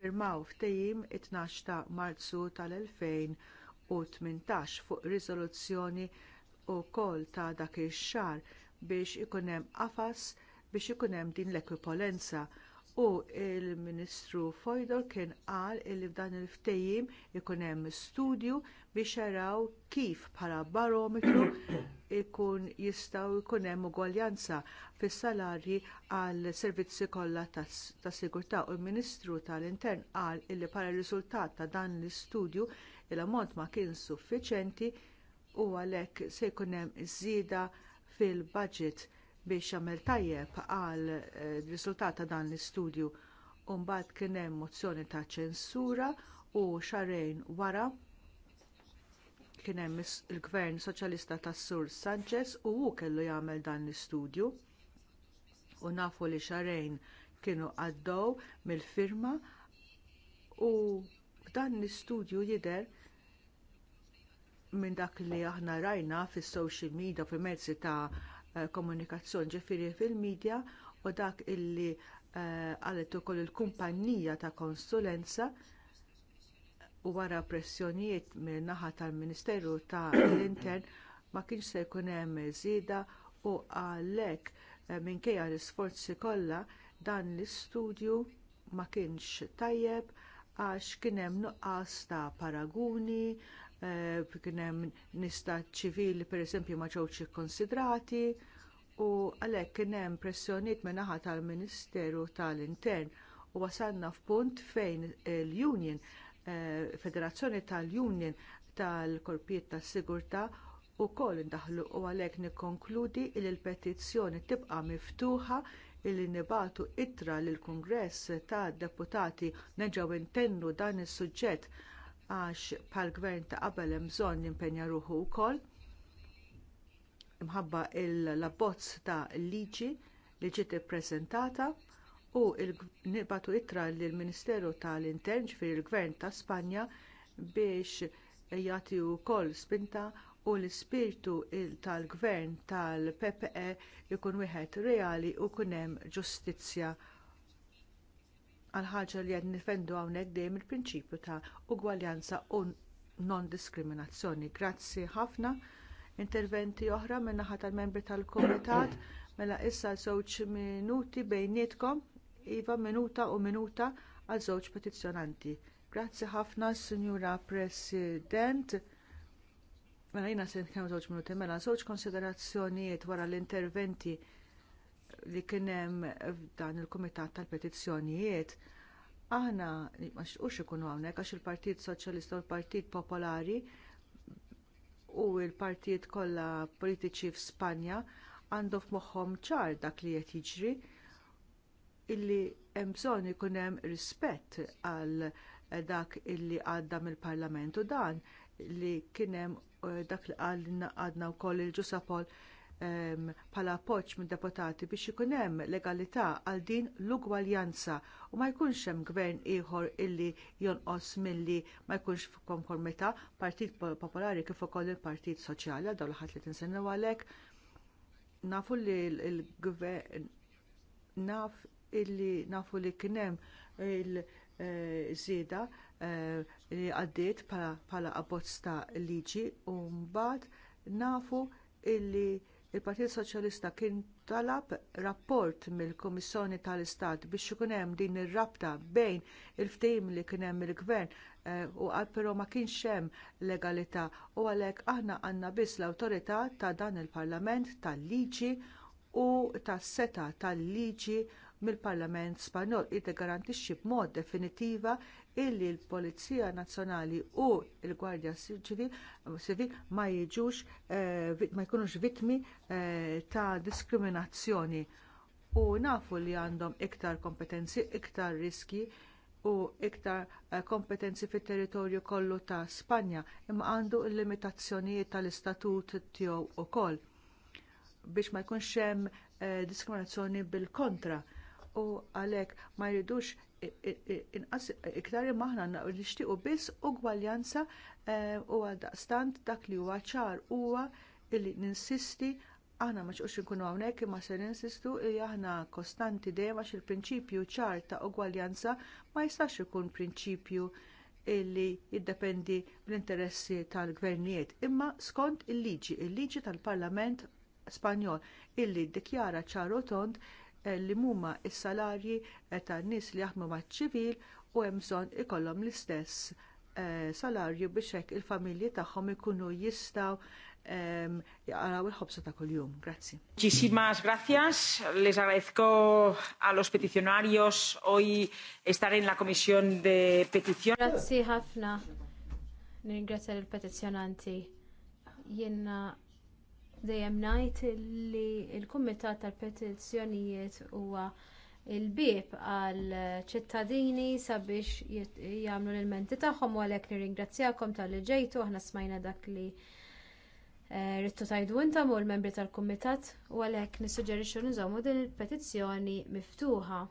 firmaw ftehim 12 ta' Marzu tal-2018 fuq riżoluzzjoni wkoll ta' dak ix-xahar biex ikun hemm qafas biex ikun hemm din l-ekwipolenza u l ministru Fojdor kien qal li f'dan il-ftejjim ikun hemm studju biex jaraw kif bħala barometru ikun jistgħu jkun hemm ugwaljanza fis-salarji għal servizzi kollha tas sigurtà u l-Ministru tal-Intern qal li bħala riżultat ta' dan l-istudju l-ammont ma kien suffiċenti u għalhekk se jkun hemm iż fil-budget biex jagħmel tajjeb għal eh, riżultat ta' dan l-istudju. u mbagħad kien hemm mozzjoni ta' ċensura u xarejn wara kien hemm il-Gvern Soċjalista tas Sur Sanchez u hu kellu jagħmel dan l-istudju. U nafu li xarejn kienu għaddew mill-firma u dan l-istudju jidher minn dak li aħna rajna fis-social media fil mezzi ta' Eh, komunikazzjoni ġifieri fil-medja u dak illi qalet eh, ukoll il-kumpanija ta' konsulenza u wara pressjonijiet min naħa tal-Ministeru tal-Intern ma kienx se jkun hemm żieda u għalhekk eh, minkejja l-isforzi kollha dan l-istudju ma kienx tajjeb għax kien hemm nuqqas ta' paraguni, Eh, kien hemm nista ċivili pereżempju ma ġewx ikkonsidrati u għalhekk kien hemm pressjonijiet min-naħa tal-Ministeru tal-Intern u wasalna f'punt fejn l-Union eh, Federazzjoni tal-Union tal-Korpijiet tas-Sigurtà wkoll indaħħlu u għalhekk nikkonkludi li l-petizzjoni tibqa' miftuħa illi nibatu ittra lill kungress tad deputati neġgħu intennu dan is-suġġett għax bħall gvern ta' qabel hemm bżonn nimpenja ruħu wkoll imħabba l-abbozz ta' liġi li ġiet ippreżentata u nibatu ittra lill ministeru tal-Intern ġifieri l-Gvern ta' Spanja biex jagħti wkoll spinta u l-ispirtu tal-gvern tal-PPE jkun wieħed reali u jkun hemm ġustizzja għal ħaġa li qed nifendu hawnhekk dejjem il-prinċipju ta' ugwaljanza u non-diskriminazzjoni. Grazzi ħafna interventi oħra min-naħa tal-membri tal-Kumitat mela issa żewġ minuti bejnietkom iva minuta u minuta għal żewġ petizzjonanti. Grazzi ħafna, Sinjura President. Mela jina se nitkellem żewġ minuti, mela żewġ konsiderazzjonijiet wara l-interventi li kien hemm f'dan il kumitat tal-Petizzjonijiet aħna ma xqux xikunu hawnhekk għax il-Partit Soċjalista u l-Partit Popolari u l partit kollha politiċi f'Spanja għandhom f'moħħhom ċar dak li qed jiġri illi hemm bżonn ikun hemm rispett għal dak illi għadda mill-Parlament u dan li kien hemm eh, dak li għadna wkoll il-ġusapol il il ġusapol bħala appoġġ minn deputati biex ikun hemm legalità għal din l-ugwaljanza u ma jkunx hemm gvern ieħor illi jonqos milli ma jkunx f'konformità Partit Popolari kif ukoll il-Partit Soċjali għal dawn l-ħadd li tinsennew għalhekk nafu li l-gvern naf illi nafu li kien hemm il-żieda eh, eh, li għaddiet bħala abbozz ta' liġi u mbagħad nafu illi il-Partit Soċjalista kien talab rapport mill-Kummissjoni tal-Istat biex ikun hemm din ir-rabta bejn il-ftehim li kien hemm il-Gvern eh, u għal però ma kienx hemm legalità u għalhekk aħna għandna biss l-awtorità ta' dan il-Parlament tal-liġi u tas-seta tal-liġi mill-Parlament Spanjol li garantixxi b'mod definitiva illi l-Polizija Nazzjonali u l-Gwardja Sivil ma jiġux eh, ma jkunux vittmi eh, ta' diskriminazzjoni u nafu li għandhom iktar kompetenzi, iktar riski u iktar eh, kompetenzi fit territorju kollu ta' Spanja imma għandu l-limitazzjonijiet tal-istatut tiegħu wkoll biex ma jkunx hemm diskriminazzjoni bil-kontra u għalhekk ma jridux inqas iktar maħna nixtiequ biss ugwaljanza eh, u għaldaqstant dak li huwa ċar huwa li ninsisti aħna ma ċuqx nkunu hawnhekk imma se ninsistu li aħna kostanti dejjem għax il-prinċipju ċar ta' ugwaljanza ma jistax ikun prinċipju illi jiddependi bl-interessi tal-gvernijiet imma skont il-liġi, il-liġi tal-Parlament Spanjol illi ddikjara u tont Eh, li huma s salarji eh, tan nies li jaħdmu maċ-ċivil u hemm bżonn ikollhom l-istess eh, salarju biex hekk il-familji tagħhom ikunu jistgħu ehm, jaqraw il-ħobsa ta' kuljum. Grazzi. Muchísimas gracias. Les agradezco a los peticionarios hoy estar en la comisión de petición. Grazzi ħafna. Ningrazzja l petizzjonanti Jenna dejjem ngħid li l-Kumitat tal-Petizzjonijiet huwa il-bib għal ċittadini sabiex jagħmlu l-menti tagħhom u għalhekk nirringrazzjakom tal-li ġejtu aħna smajna dak li rrittu eh, tajdu intom u l-membri tal-kumitat u għalhekk nissuġġerixxu nżommu din il-petizzjoni miftuħa.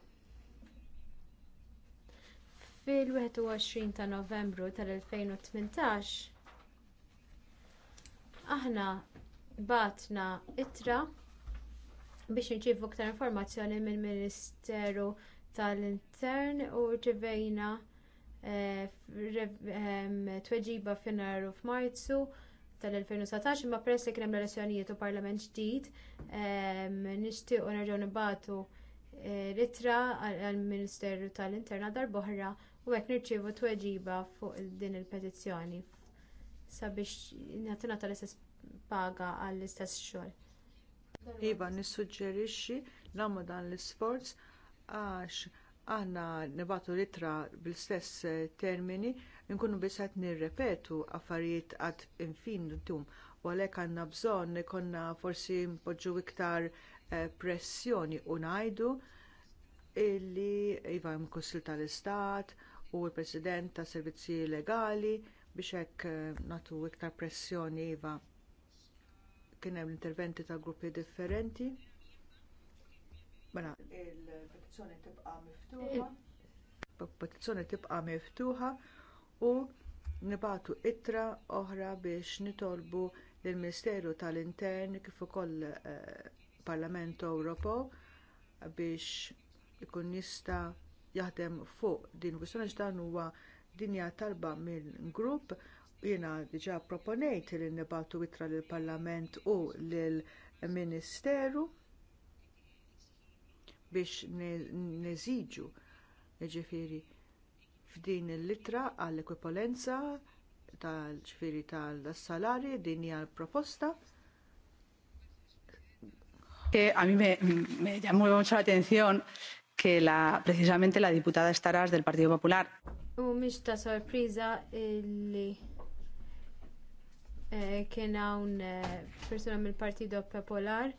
Fil-21 ta' Novembru tal-2018 aħna batna ittra biex nirċievu aktar informazzjoni mill-Ministeru tal-Intern u rċivejna eh, ehm, tweġiba f'Jannar u f'Marzu tal 2017 imma press li kien hemm elezzjonijiet u parlament ġdid ehm, nixtiequ nerġgħu nibatu eh, itra għall-Ministeru tal-Interna darb'oħra u hekk nirċievu tweġiba fuq din il-petizzjoni sabiex nagħtina tal-istess paga għall-istess xogħol. Iva, nissuġġerixxi nagħmlu dan l-isforz għax aħna nibatu litra bl-istess eh, termini nkunu biss qed nirrepetu affarijiet għad infinitum u għalhekk għandna bżonn ikonna forsi mpoġġu iktar eh, pressjoni u ngħidu illi iva hemm tal-istat u l-president tas servizzi legali biex hekk eh, nagħtu iktar pressjoni iva kien hemm interventi ta' gruppi differenti. Mela, il-petizzjoni tibqa' miftuħa. Petizzjoni tibqa' miftuħa u nibatu ittra oħra biex nitolbu lill Ministeru tal-Intern kif ukoll eh, Parlament Ewropew biex ikun jista' jaħdem fuq din kwistjoni x'dan huwa dinja talba mill-grupp Jiena diġà proponejt li nibatu witra lill parlament u lill ministeru biex neżiġu ġifiri f'din il-litra għall-ekwipolenza tal-ġifiri tal-salari din hija proposta. A mí me, me llamó mucho la atención que la, precisamente la diputada Estaras del Partido Popular. Un mixta sorpresa el... li Eh, kien hawn eh, persuna mill-Partito Popolar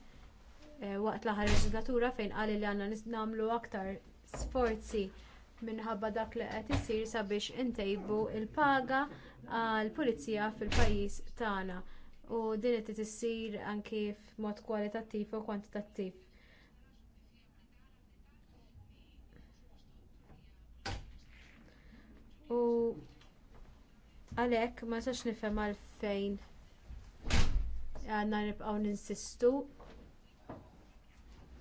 eh, waqt l-aħħar leġislatura fejn qal li għandna nagħmlu aktar sforzi minħabba dak li qed isir sabiex intejbu l paga għall pulizija fil-pajjiż tagħna u din qed issir anki f'mod kwalitattiv u kwantitattiv. U Għalhekk ma sax nifhem għalfejn għandna nibqgħu ninsistu.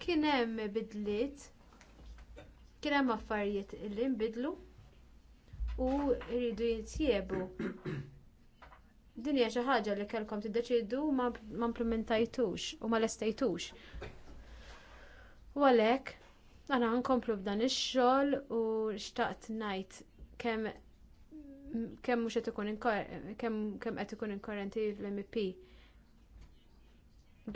Kien hemm bidliet, kien hemm affarijiet li nbidlu u rridu jitjiebu. Din hija xi ħaġa li kellkom u ma implementajtux u ma lestajtux. U għalhekk, għana nkomplu b'dan ix-xogħol u xtaqt ngħid kemm kemm mhux qed ikun kemm kemm qed ikun inkorrenti l-MP.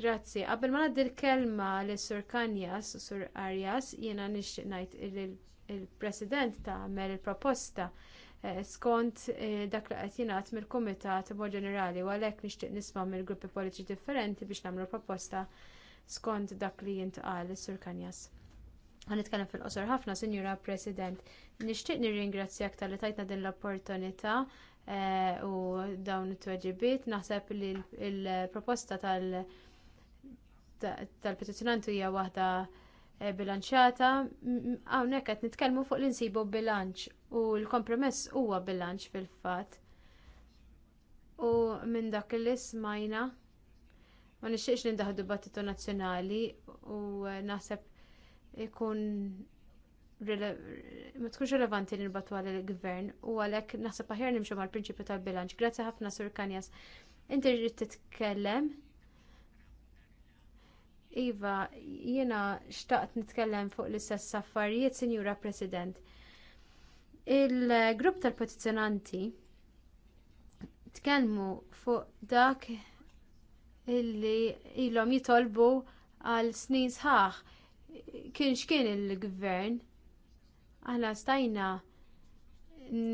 Grazzi. Qabel ma ngħaddi l-kelma lis Sur Kanjas u Sur Arias, jiena nixtieq ngħid il-President tagħmel il-proposta eh, skont eh, dak li qed jingħad mill-Kumitat mod ġenerali u għalhekk nixtieq nisma' mill-gruppi politiċi differenti biex nagħmlu proposta skont dak li jintqal is-Sur Kanjas. Għanitkellem fil-qosor ħafna, Sinjura President. Nixtieq nirringrazzjak tal-li tajtna din l-opportunità eh, u dawn it-tweġibiet. Naħseb li l-proposta tal-petizjonantu hija waħda eh, bilanċjata. Hawnhekk qed nitkellmu fuq l-insibu bilanċ u l-kompromess huwa bilanċ fil-fatt. U minn dak li smajna ma nixtieqx nindaħdu battitu nazzjonali u eh, naħseb ikun ma tkunx relevanti li nbatu għal il-gvern u għalhekk naħseb aħjar nimxu mal-prinċipju tal-bilanċ. Grazzi ħafna Sur Kanjas. Inti rrid titkellem. Iva, jiena xtaqt nitkellem fuq l-istess affarijiet, Sinjura President. Il-grupp tal-petizzjonanti tkellmu fuq dak illi ilhom jitolbu għal snin sħaħ kien xkien il-gvern, aħna stajna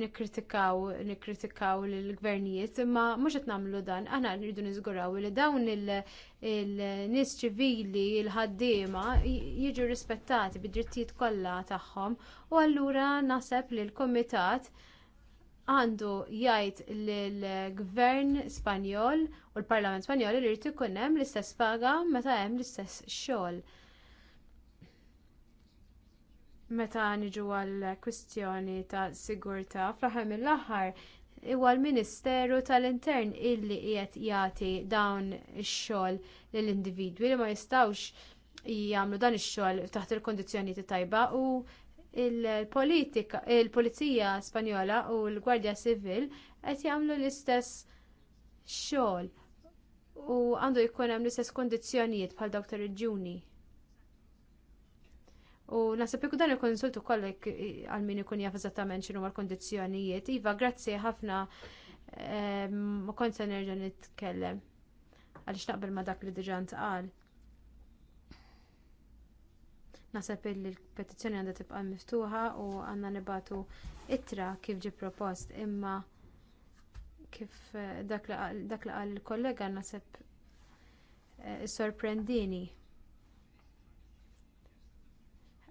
nikkritikaw nikkritikaw l-gvernijiet, imma mhux qed nagħmlu dan, aħna rridu niżguraw li dawn il-nies ċivili, il-ħaddiema jiġu rispettati bid-drittijiet kollha tagħhom u allura naħseb li l-Kumitat għandu jgħid lill-Gvern Spanjol u l-Parlament Spanjol li ikun hemm l-istess paga meta hemm l-istess xogħol meta niġu għal kwistjoni ta' sigurtà fl-aħħar mill-aħħar huwa l-Ministeru tal-Intern illi qiegħed jagħti dawn ix-xogħol lill-individwi li ma jistgħux jagħmlu dan ix-xogħol taħt il-kondizzjonijiet tajba u l pulizija Spanjola u l-Gwardja Sivil qed jagħmlu l-istess xogħol u għandu jkun hemm l-istess kondizzjonijiet bħal dawk tar-reġjuni. U nasib ikun dan il-konsultu kollek għal min ikun jaf eżattament xinu l-kondizzjonijiet. Iva, grazzi ħafna ma konsa nerġa' nitkellem għaliex naqbel ma dak li diġà ntqal. Nasab li l-petizzjoni għandha tibqa' miftuħa u għandna nibatu ittra kif ġie propost imma kif eh, dak li għal il-kollega naħseb eh, sorprendini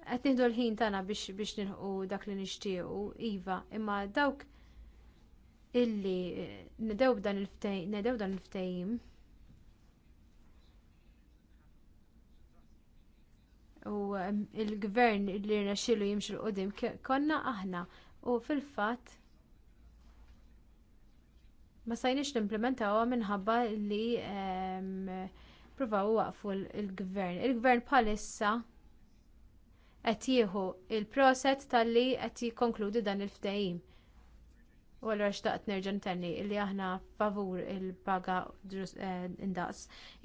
qed nieħdu l-ħin tagħna biex biex dak li nixtiequ iva, imma dawk illi eh, nedew dan il-ftehim u il-gvern li rnexxielu jimxi l qodim konna aħna u fil-fatt ma sajniex nimplementawha minħabba li provaw waqfu l-gvern. Il-gvern bħalissa qed jieħu l proset talli qed jikkonkludi dan il-ftehim. U għallura xtaqt nerġan tenni illi aħna favur il-paga eh, indaqs.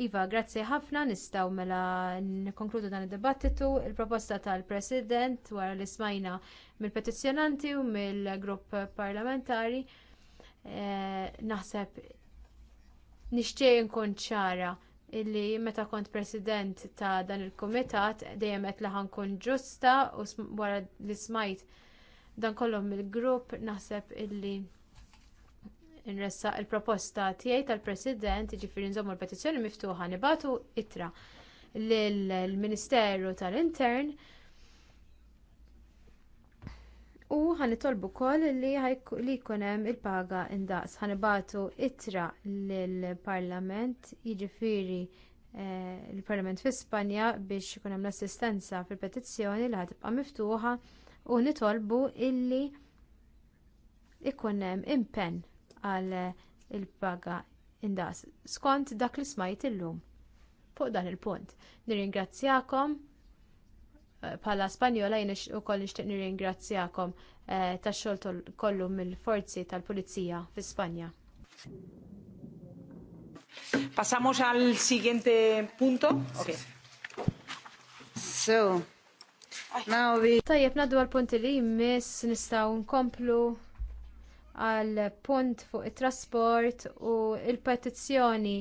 Iva, grazzi ħafna nistaw mela nikonkludu dan id-dibattitu il-proposta tal-President wara li smajna mill-petizjonanti u mill-grupp parlamentari. Eh, naħseb nixtieq nkun ċara illi meta kont president ta' dan il kumitat dejjem qed laħan kun ġusta u wara li smajt dan kollu mill-grupp naħseb illi nressa il-proposta tiegħi tal-President jiġifieri nżommu l-petizzjoni miftuħa nibatu itra lill-Ministeru tal-Intern U ħanitolbu wkoll li jkun hemm il-paga indaqs. Ħanibatu ittra lill-Parlament, jiġifieri eh, l-Parlament fi Spanja biex ikun hemm l-assistenza fil-petizzjoni li ħatibqa' miftuħa u nitolbu illi ikun hemm impenn għal il-paga indaqs skont dak li smajt illum fuq dan il-punt. Nirringrazzjakom Pala Spanjola jien ukoll nixtieq nirringrazzjakom eh, tax-xogħol kollu mill-forzi tal-Pulizija fi Spanja. Pasamos al siguiente punto. Okay. So, now we... Tajjeb, naddu għal-punti li jmiss nistaw nkomplu għal punt fuq it trasport u l petizzjoni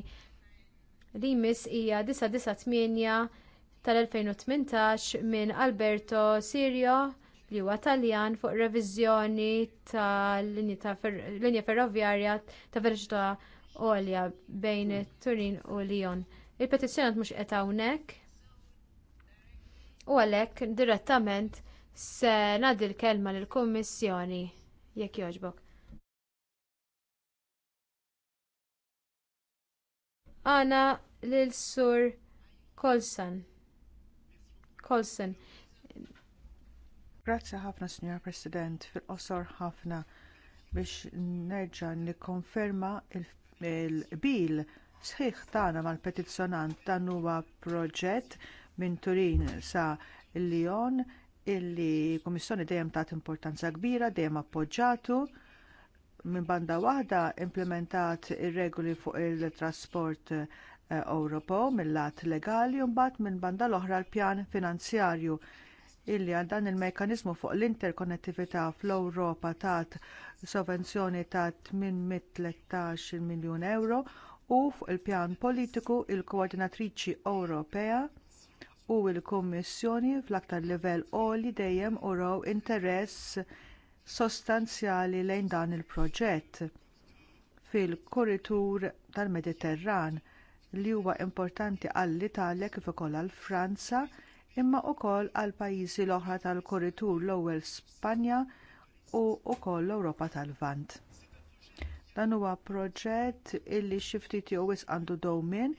li jmiss hija 998 tal-2018 minn Alberto Sirio li huwa Taljan fuq reviżjoni tal-linja ferroviarja ta' veloċità għolja bejn Turin u Lyon. Il-petizzjonat mhux qed hawnhekk u għalhekk direttament se ngħaddi l-kelma lill-Kummissjoni jekk jogħġbok. Għana lil sur Kolsan. Colson. Grazzi ħafna, Signor President, fil-qosor ħafna biex nerġa' nikkonferma il-bil sħiħ tagħna mal-petizzjonant dan huwa proġett minn Turin sa Lyon illi kummissjoni dejjem tat importanza kbira, dejjem appoġġatu minn banda waħda implementat ir-regoli fuq il-trasport Ewropew mill-lat legali u mbagħad minn banda l-oħra l-pjan finanzjarju illi għal dan il-mekanizmu fuq l-interkonnettività fl-Ewropa tat sovvenzjoni ta' 813 miljun euro u fuq il-pjan politiku l il koordinatriċi Ewropea u l-Kummissjoni fl-aktar livell għoli dejjem uraw interess sostanzjali lejn dan il-proġett fil-kuritur tal-Mediterran li huwa importanti għall-Italja kif ukoll għall-Franza imma wkoll għall pajjiżi l-oħra tal kuritur l-ewwel Spanja u wkoll l-Ewropa tal-Vant. Dan huwa proġett illi xi ftit jew wisq għandu dowmin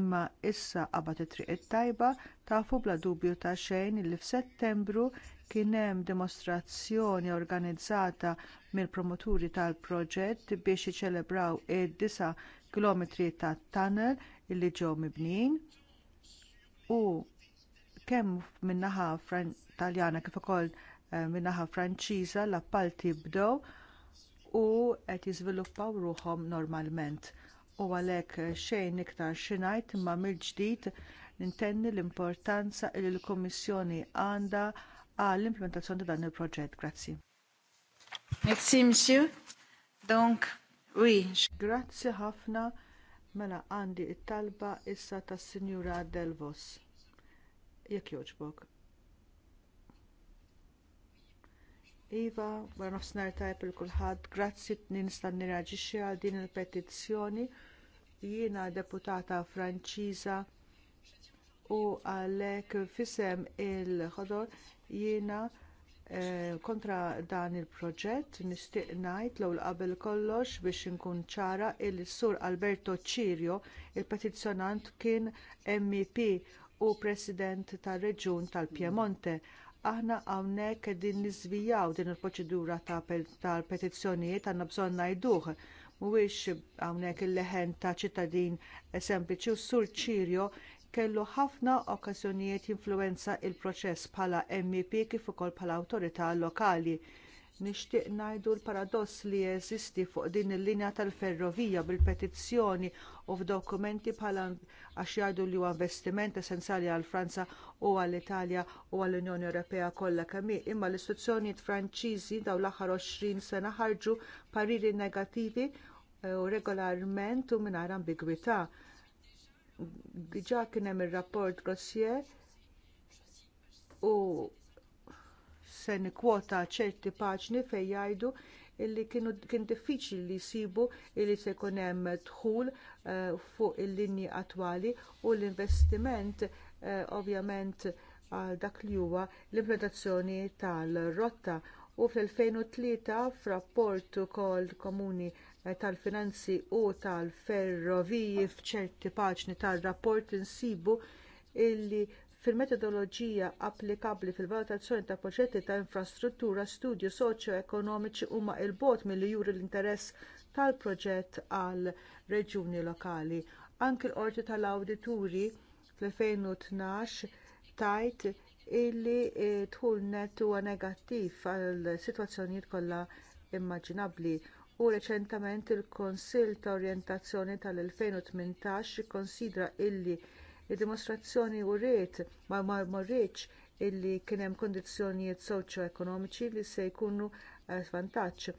imma issa qabad it-triq it-tajba tafu bla dubju ta' xejn li f'Settembru kien hemm dimostrazzjoni organizzata mill-promoturi tal-proġett biex jiċċelebraw id-disa kilometri ta' tunnel illi ġew mibnijin u kemm min-naħa Taljana kif ukoll eh, min-naħa Franċiża l-appalti bdew u qed jiżviluppaw ruhom normalment. U għalhekk eh, xejn iktar xi ngħid imma mill-ġdid nintenni l-importanza li l-Kummissjoni għandha għall implementazzjoni ta' dan il-proġett. Grazzi. Merci, monsieur. Donc, Oui. Grazzi ħafna mela għandi it talba issa tas Sinjura Delvos. Jekk jogħġbok. Iva, għan nofsnar tajp il-kulħad, grazzi t-nin stanni raġiċi għal din il-petizzjoni. Jiena deputata Franċiża u għalek fisem il-ħodor jiena Eh, kontra dan il-proġett nixtieq ngħid l qabel kollox biex inkun ċara il sur Alberto Cirio, il-petizzjonant kien MEP u President tar reġjun tal-Piemonte aħna hawnhekk qegħdin niżvijaw din il-proċedura tal-petizzjonijiet għandna bżonn ngħiduh mhuwiex hawnhekk il-leħen ta' ċittadin sempliċi u sur ċirjo kellu ħafna okkażjonijiet jinfluwenza l proċess bħala MEP kif ukoll bħala awtorità lokali. Nixtieq ngħidu l-paradoss li jeżisti fuq din il-linja tal-ferrovija bil-petizzjoni u f'dokumenti bħala għax jgħidu li huwa investiment essenzjali għall Franza u għall Italja u għall Unjoni Ewropea kollha kemm imma l-istituzzjonijiet Franċiżi dawn l-aħħar 20 sena ħarġu pariri negattivi eh, u regolarment u mingħajr ambigwità Diġà kien hemm ir rapport Grossier u se kwota ċerti paġni fejn jgħidu illi kienu kien diffiċli li jsibu illi se jkun hemm dħul uh, fuq il-linji attwali u l-investiment uh, ovvjament għal dak li huwa l-implementazzjoni tal-rotta u fl-2003 f'rapport ukoll komuni Eh, tal-finanzi u tal-ferroviji f'ċerti paġni tar-rapport insibu illi fil-metodoloġija applikabbli fil-valutazzjoni ta' proġetti ta' infrastruttura studju soċjo-ekonomiċi huma il-bot milli juri l-interess tal-proġett għal reġjuni lokali. Anki l-qorti tal-awdituri fl-2012 tajt illi eh, dħul net huwa negattiv għal sitwazzjonijiet kollha immaġinabbli u reċentament il konsill ta' Orjentazzjoni tal-2018 ikkonsidra illi d dimostrazzjoni u rrit ma marmorriċ illi kien hemm kundizzjonijiet soċjo-ekonomiċi li se jkunu eh, svantaġġ.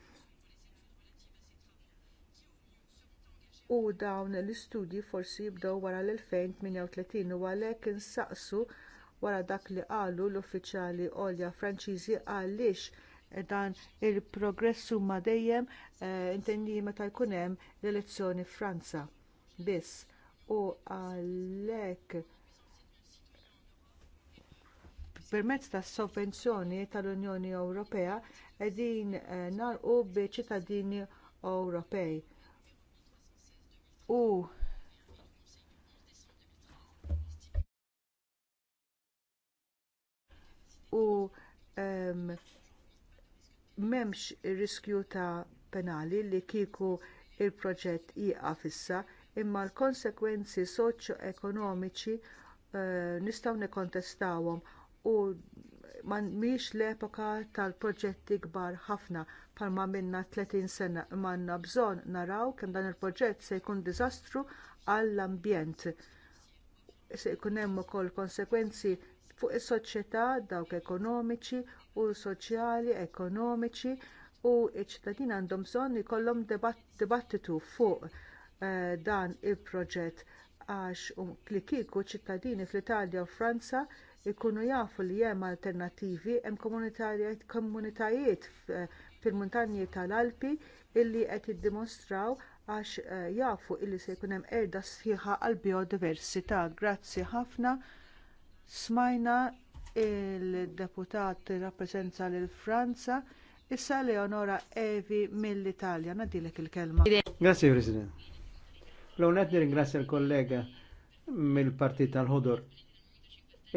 U dawn l-istudji forsi jibdew wara l-2038 u għalhekk insaqsu wara dak li qalu l-uffiċjali għolja Franċiżi għaliex dan il-progress huma dejjem eh, intendi meta jkun hemm l-elezzjoni Franza biss u għalhekk permezz tas sovvenzjoni tal-Unjoni Ewropea qegħdin eh, narqu bi ċittadini Ewropej. U u ehm, m'hemmx riskju ta' penali li kieku l proġett jieqaf issa imma l-konsekwenzi soċjo-ekonomiċi eh, nistgħu nikkontestawhom u mhix l-epoka tal-proġetti kbar ħafna bħalma minna 30 sena imma għandna bżonn naraw kemm dan il-proġett se jkun diżastru għall-ambjent. Se jkun hemm ukoll konsegwenzi fuq is-soċjetà dawk ekonomiċi u soċjali, ekonomiċi u ċ-ċittadini għandhom bżonn ikollhom dibattitu fuq eh, dan il-proġett għax li kieku ċittadini fl-Italja u Franza ikunu jafu li hemm alternattivi hemm komunitajiet eh, fil-muntanji tal-Alpi illi qed jiddimostraw għax eh, jafu illi se jkun hemm erda sħiħa għall biodiversità Grazzi ħafna smajna il-deputat rappresenza lil Franza, issa Leonora Evi mill-Italja. Nadilek il-kelma. Grazie, President. L-għonet nirringrazzja l-kollega mill-partit tal-ħodor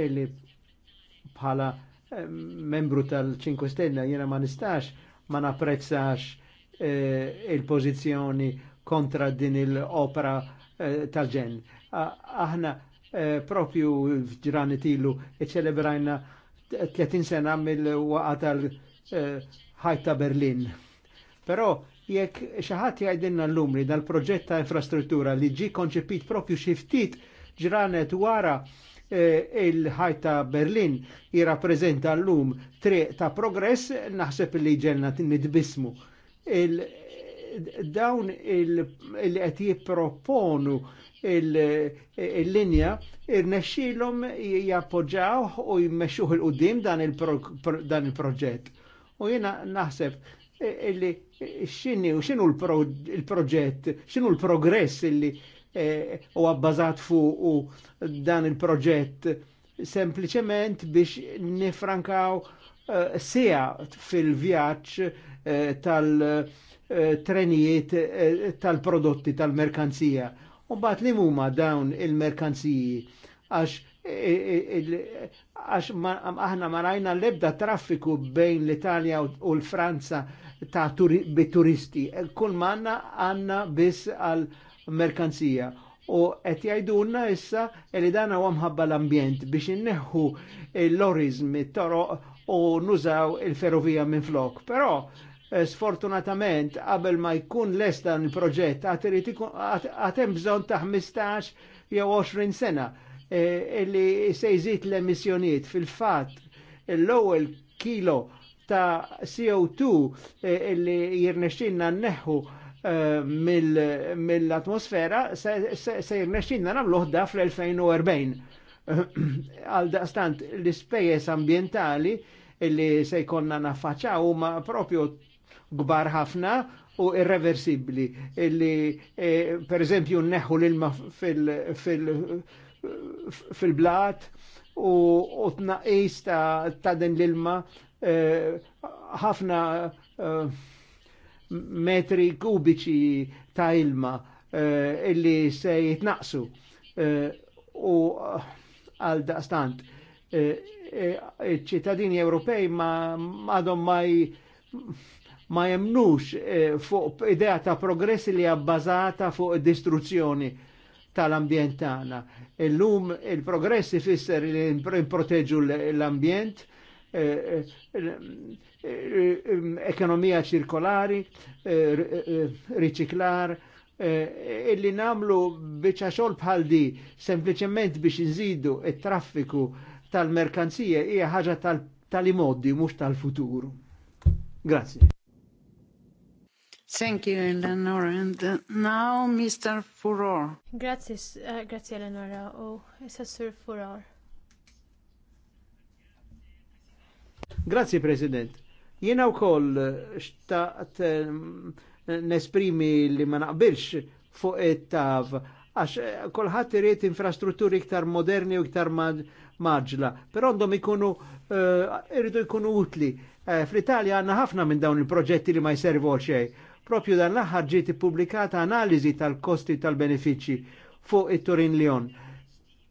illi bħala eh, membru tal-5 Stella jena ma nistax ma naprezzax eh, il-pozizjoni kontra din il-opera eh, tal-ġen. Aħna Eh, propju ġrani tilu iċelebrajna 30 sena mill-waqa tal-ħajta eh, Berlin. Però jekk xaħat jgħidinna l-lum li dal-proġett ta' infrastruttura li ġi konċepit propju xiftit ġranet wara eh, il-ħajta Berlin jirrapprezenta l-lum triq ta' progress naħseb li ġenna nidbismu. dawn il-li qed jipproponu il-linja il-nexxilom jappoġġaw u jimmexxuħ il-qudiem dan il-proġett. U jena naħseb e- illi x'inhi u x'inhu l-proġett, xinu l-progress illi e- u għabbażat fuq u dan il-proġett sempliċement biex nifrankaw e, sija fil-vjaċ tal- trenijiet tal-prodotti tal-merkanzija u bat li muma dawn il-merkanziji għax aħna ma rajna l-ebda traffiku bejn l-Italja u l-Franza ta' turisti. Kull manna għanna biss għal merkanzija. U qed jgħidulna issa li dana huwa mħabba l-ambjent biex inneħħu l-lorizm, toro u nużaw il-ferrovija minn flok. Però Eh, sfortunatament qabel ma jkun les dan il-proġett għatem bżon ta' 15 jew 20 sena eh, illi se jżid l-emissjoniet fil-fat l-ewwel kilo ta' CO2 eh, illi jirnexxinna nneħħu mill-atmosfera se jirnexxinna nagħmlu da fl-2040. Għal daqstant l-ispejjeż ambientali illi se jkollna naffaċċaw ma propju gbar ħafna u irreversibli illi eh, per eżempju neħu l-ilma fil-blat fil, fil, u, u tnaqis ta', ta din l-ilma eh, ħafna eh, metri kubiċi ta' ilma eh, illi se jitnaqsu eh, u għal daqstant ċittadini Ewropej ma għadhom ma ma jemnux eh, fuq idea ta' progressi li għabbażata fuq distruzzjoni tal-ambjent tagħna. Illum il-progressi fisser li nproteġu l-ambjent, eh, eh, ekonomija ċirkolari, riċiklar, illi namlu biċa xol bħal di, sempliciment biex nżidu il traffiku tal-merkanzija hija ħaġa tal-imoddi, mhux tal-futuru. Grazie. Thank you, Eleanor. And uh, now, Mr. Furor. Grazie, uh, grazie Eleonora. oh, Assessor Furor. Grazie, President. Jena u koll eh, xtaqt eh, mm, nesprimi li ma naqbilx fuq it-tav għax kolħat irrit infrastrutturi iktar moderni u iktar maġla, Però għandhom ikunu uh, irridu jkunu utli. Fl-Italja għanna ħafna minn dawn il-proġetti li ma jservu xej Propju dan l-aħħar ġiet ippubblikata analiżi tal-kosti tal-benefiċċji fuq it-Turin Lyon.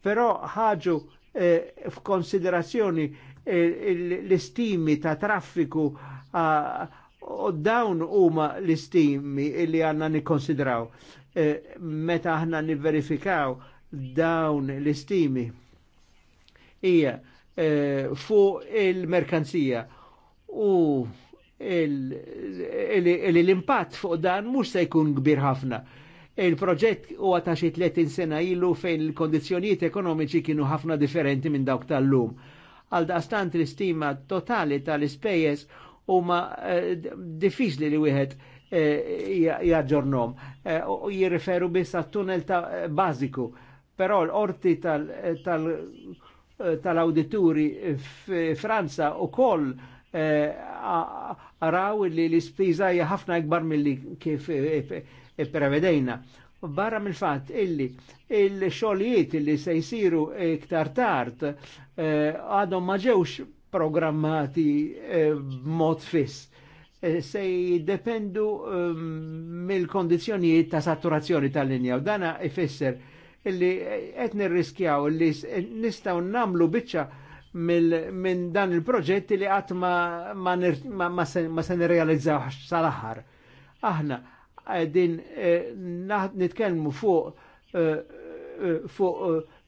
Però ħaġu eh, f'konsiderazzjoni eh, l-istimi ta' traffiku u ah, dawn huma l-istimi li għanna nikkonsidraw. Eh, meta aħna niverifikaw dawn l-istimi hija fuq il-merkanzija u uh, l-impatt fuq dan mhux se jkun kbir ħafna. Il-proġett u ta' xi 30 sena ilu fejn il-kondizzjonijiet ekonomiċi kienu ħafna differenti minn dawk tal-lum. Għal daqstant l-istima totali tal-ispejjeż huma eh, diffiċli li wieħed eh, jaġġornhom. U eh, jirriferu biss għat-tunnel ta' bażiku. Però l-orti tal-awdituri f'Franza u koll Eh, araw li l-ispiża hija ħafna ikbar milli kif eh, eh, prevedejna. Barra mill-fatt illi il-xogħlijiet illi se jsiru iktar tard għadhom ma ġewx programmati b'mod fiss se jiddependu ehm, mill-kondizjonijiet ta' saturazzjoni tal-linja u dana ifisser illi qed nirriskjaw li nistgħu nagħmlu biċċa minn dan il-proġett li għat ma, ma, ma, ma, se nirrealizzaw sal axar Aħna qegħdin eh, nitkelmu fuq eh, eh, fuq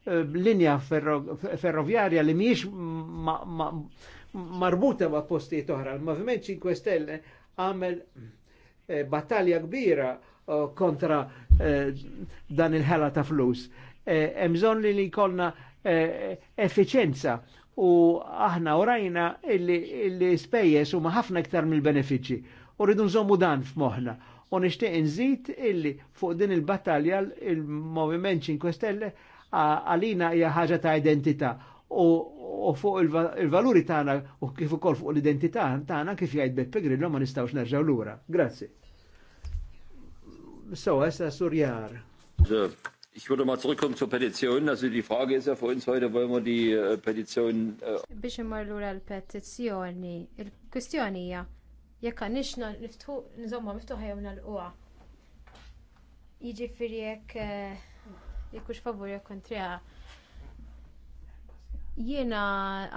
eh, linja ferro, ferroviarja li miex ma, ma, marbuta ma' postijiet oħra. Il-Movement 5 Stelle għamel eh, battalja kbira oh, kontra eh, dan il-ħela ta' flus. Eh, hemm eh, li li jkollna efficienza u aħna urajna illi spejjes u ħafna iktar mill-benefiċi. U rridu nżommu dan f'moħna. U nishtiq nżid illi fuq din il-battalja il-Moviment 5 Stelle għalina hija ħaġa ta' identità u fuq il-valuri tagħna u kif ukoll fuq l-identità tagħna kif jgħid Beppe Grillo ma nistgħux nerġgħu lura. Grazzi. So, essa surjar. Sure. Ich würde mal zurückkommen zur Petition. Also die Frage ist ja für uns heute, wollen wir die äh, Petition... Äh, Biex immarlu l-petizjoni, il-kustjoni hija, jekk għanix niftu nżomma miftuħa jew nal-qwa. Jiġifieri jekk eh, jekkux favur jekk kontriha. Jiena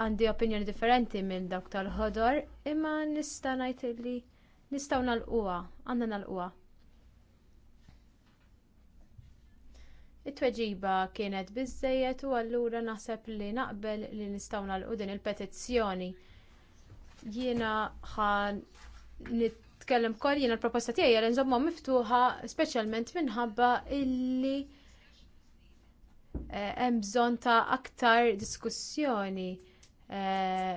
għandi opinjoni differenti minn dawk tal-ħodor, imma nista' ngħid li nistgħu nal-qwa, għandna nal-qwa. It-tweġiba kienet biżżejjed u allura naħseb li naqbel li nistgħu nagħlqu din il-petizzjoni. Jiena ħan nitkellem kol jiena l-proposta tiegħi li nżommha miftuħa speċjalment minħabba illi eh, hemm bżonn ta' aktar diskussjoni. Eh,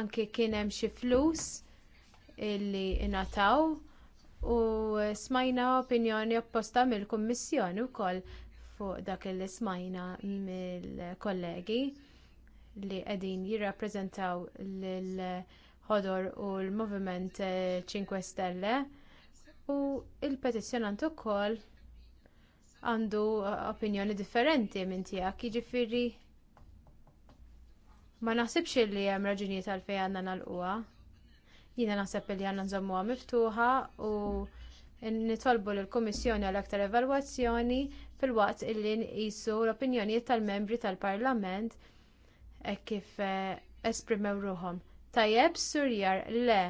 anke kien hemm xi flus illi ingħataw u smajna opinjoni opposta mill-Kummissjoni wkoll fuq dak li smajna mill-kollegi li qegħdin jirrappreżentaw l-ħodor u l-Moviment 5 eh, Stelle u l petizzjonant ukoll għandu opinjoni differenti minn tiegħek, jiġifieri ma naħsibx li hemm raġunijiet għalfejn għandna nagħlquha. Jiena naħseb li għandna nżommuha miftuħa u nitolbu lill kummissjoni għal aktar evalwazzjoni fil-waqt illi nqisu l-opinjonijiet tal-membri tal-Parlament hekk kif e, esprimew ruhom. Tajjeb surjar le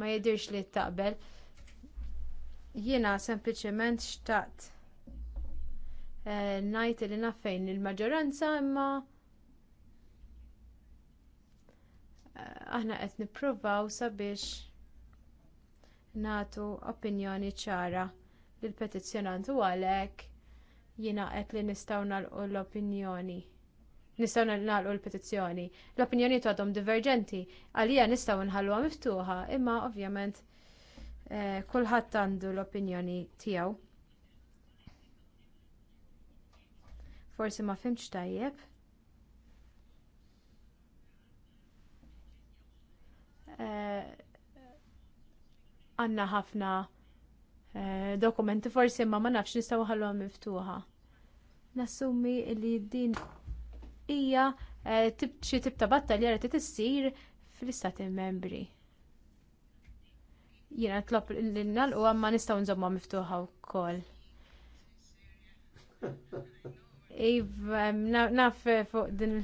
ma jidhirx li taqbel. Jiena sempliċement xtaqt e, ngħid li nafejn il-maġġoranza imma e, aħna qed nippruvaw sabiex nagħtu opinjoni ċara lill petizzjonant u għalhekk jina għet li nistgħu nagħlqu l-opinjoni. Nistgħu nagħlqu l-petizzjoni. L-opinjoni għadhom diverġenti, għalija nistgħu nħalluha miftuħa, imma ovvjament kullħat eh, kulħadd għandu l-opinjoni tiegħu. Forsi ma fimx tajjeb. Eh, għanna ħafna Eh, dokumenti forsi ma ma nafx nistgħu ħallu miftuħa. Nassumi li din hija eh, xi tip ta' battalja li t-tessir fl-istati membri. Jiena tlob l-nalqu għamma nistgħu nżomma miftuħa wkoll. Iv, naf eh, fuq din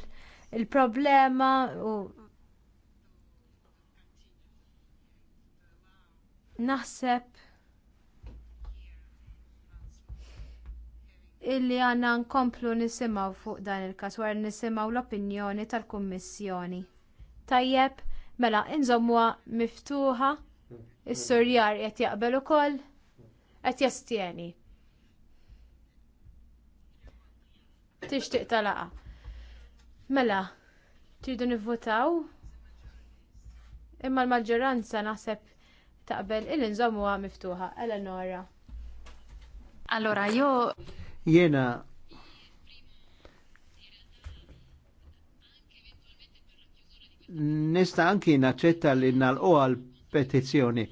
il-problema u naħseb illi għandna nkomplu nisimgħu fuq dan il każ wara nisimgħu l-opinjoni tal-Kummissjoni. Tajjeb, mela inżommuha miftuħa, is-surjar qed jaqbel ukoll, qed jastieni. Tixtieq talaqa. Mela, tridu nivvotaw? Imma l-maġġoranza naħseb taqbel il-inżommuha miftuħa. Eleonora. Allora, jo Jena nista anki naċċetta li nalqo għal petizjoni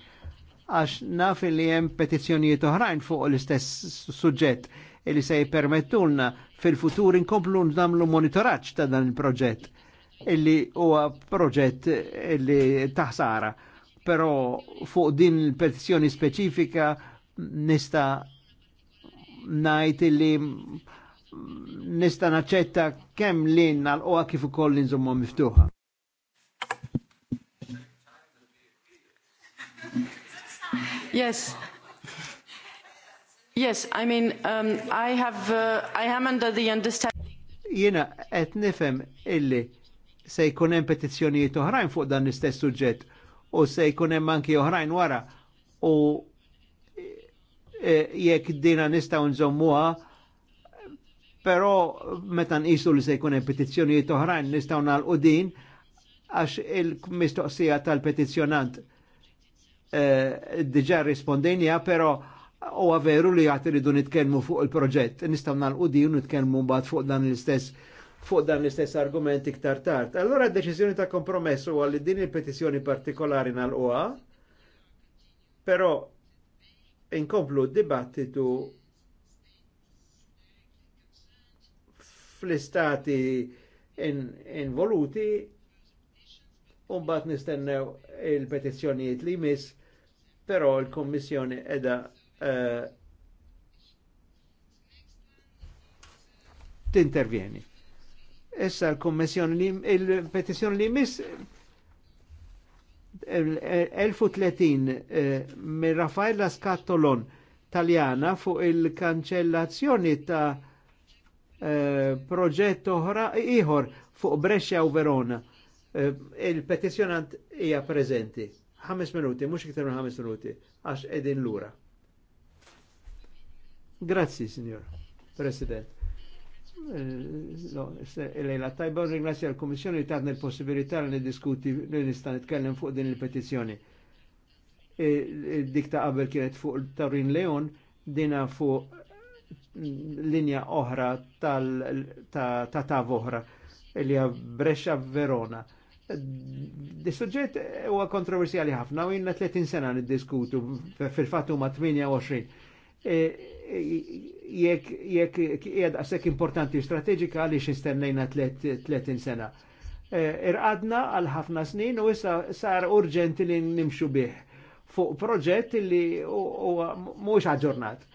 għax naf li jem petizjoni oħrajn fuq l-istess suġġett li se jipermettulna fil-futur inkomplu nagħmlu monitoraċ ta' dan il-proġett illi huwa proġett illi taħsara. Però fuq din il petizjoni speċifika nista' najt li nista naċċetta kemm lin nalqoha kif ukoll li nżommu miftuħa. Yes. Yes, I mean, um, I have, uh, I am under the understanding. Jina, et nifem illi se jkun hemm petizzjonijiet oħrajn fuq dan l-istess suġġett u se jkun hemm anki oħrajn wara u Eh, jekk dina nistaw nżommuha, pero meta nqisu li se jkun hemm petizzjonijiet oħrajn nistgħu nagħlqu din għax il-mistoqsija tal-petizzjonant eh, diġà rispondejnija, però huwa veru li jagħti ridu nitkellmu fuq il-proġett. Nistgħu nagħlqu din u nitkellmu mbagħad fuq dan l-istess fuq dan l-istess argument iktar tard. Allora d-deċiżjoni ta' kompromessu huwa li din il-petizzjoni partikolari nagħlquha, però inkomplu dibattitu fl-istati involuti in un bat nistennew il-petizzjonijiet li mis pero il kommissjoni edha uh, t-intervjeni. Issa il kommissjoni il petizjoni li mis 1030 me Raffaella Scattolon Taljana fuq il kancellazzjoni ta' eh, proġett oħra ieħor fuq Brescia u Verona. Eh, il-petizjonant hija preżenti. Ħames minuti, mhux iktar minn ħames minuti, għax qegħdin lura. Grazzi, signor President. Eh, eh, eh, Lejla tajba ringrazzja l-Komissjoni li tatna l-possibilità li diskuti li nista' nitkellem fuq din il-petizzjoni. Dikta qabel kienet fuq Tarin Leon, dina fuq mm, linja oħra ta' ta' oħra li hija Brescia Verona. Dis-suġġett huwa kontroversjali ħafna u jinna 30 sena niddiskutu fil-fatt huma 28 jekk jgħed għasek importanti strategika li xistennejna 30 sena. Eh, irqadna għal ħafna snin u issa sar urġenti li nimxu bih fuq proġett li mhux aġġornat.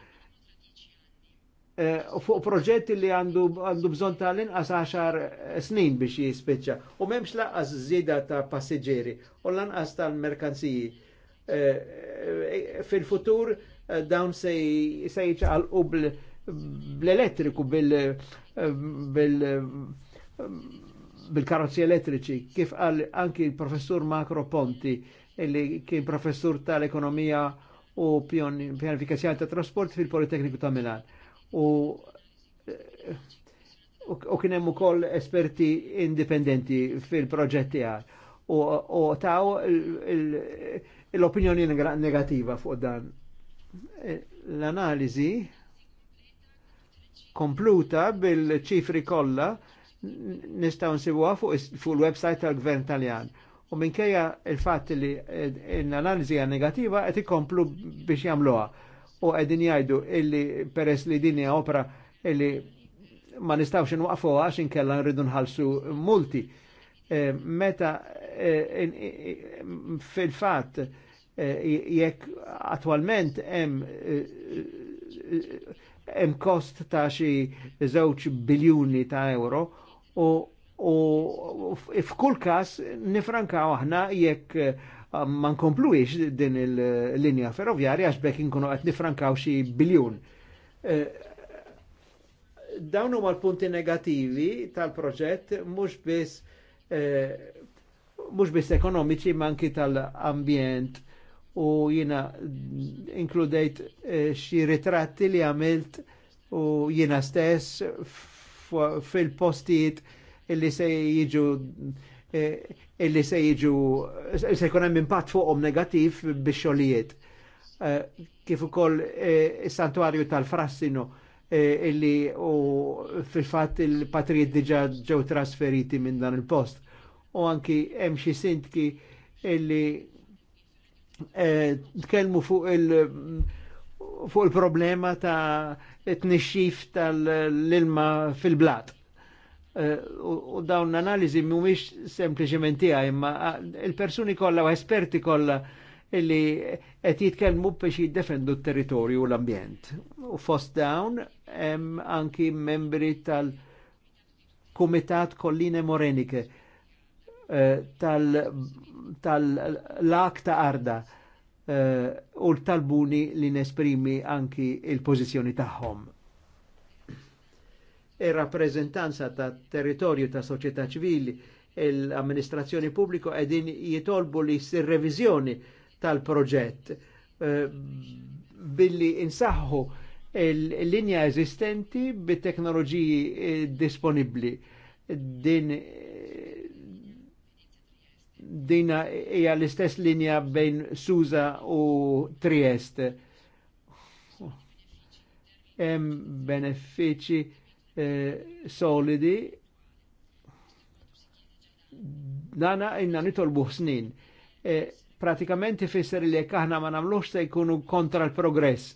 Eh, fuq proġett li għandu, għandu bżon tal-inqas 10 snin biex jispiċċa. U memx laqqas zida ta' passiġġieri u lanqas tal-merkanziji. Eh, fil-futur Eh, dawn se jċaqalqu bl-elettriku eh, eh, bil-karozzi bil bil elettriċi, kif qal anki il-professur Macro Ponti, illi kien professur tal-ekonomija u pjanifikazzjoni ta' trasport fil-Politekniku ta' Milan. U u kien hemm ukoll esperti indipendenti fil-proġetti għal. U taw l-opinjoni negativa fuq dan l-analiżi kompluta bil-ċifri kollha nistgħu nsibuha fuq il-website tal-Gvern Taljan. U minkejja il-fatt li eh, l analizi hija negattiva qed ikomplu biex jagħmluha. U qegħdin jgħidu illi peress li din hija opera illi ma nistgħux inwaqfuha għax inkella nridu nħallsu multi. Eh, meta eh, fil-fatt Eh, jekk attualment hemm eh, eh, hemm kost ta' xi żewġ biljuni ta' euro u u f'kull każ nifrankaw aħna jekk ma nkomplux din il-linja ferroviarja għax bekk inkunu qed nifrankaw xi biljun. Dawn huma l-punti negativi tal-proġett mhux biss mhux biss ekonomiċi ma anki tal-ambjent u jina inkludejt eh, xi ritratti li għamilt u jina stess fil-postijiet illi se jiġu eh, illi se jiġu se jkunem impatt fuqhom negativ bix xolijiet. Eh, kif ukoll is-santwarju tal frassinu illi u fil-fatt il-patrijiet diġà ġew trasferiti minn dan il-post. U anki hemm xi sintki illi Eh, tkellmu fuq il- fuq il-problema ta' t-nixxif tal-ilma fil-blat. Eh, u dawn l-analizi mumiex sempliciment tiegħi, imma ah, il-persuni kolla u esperti kolla illi qed jitkellmu biex jiddefendu t-territorju u l-ambjent. U fost dawn hemm anki membri tal-Kumitat Kolline Morenike Eh, tal-lak ta' arda eh, u l talbuni li nesprimi anki il-pozizjoni tagħhom. Ir-rappreżentanza ta' territorju ta' soċjetà ċivili l-amministrazzjoni pubbliku edin jitolbu li s revizjoni tal-proġett eh, billi insaħħu il linja eżistenti bit-teknoloġiji disponibli. Din dina hija l-istess linja bejn Suza u Triest. Hemm benefiċi eh, solidi Dana inna nitolbu snin. Eh, pratikament ifisser li kaħna aħna ma nagħmlux se jkunu kontra l-progress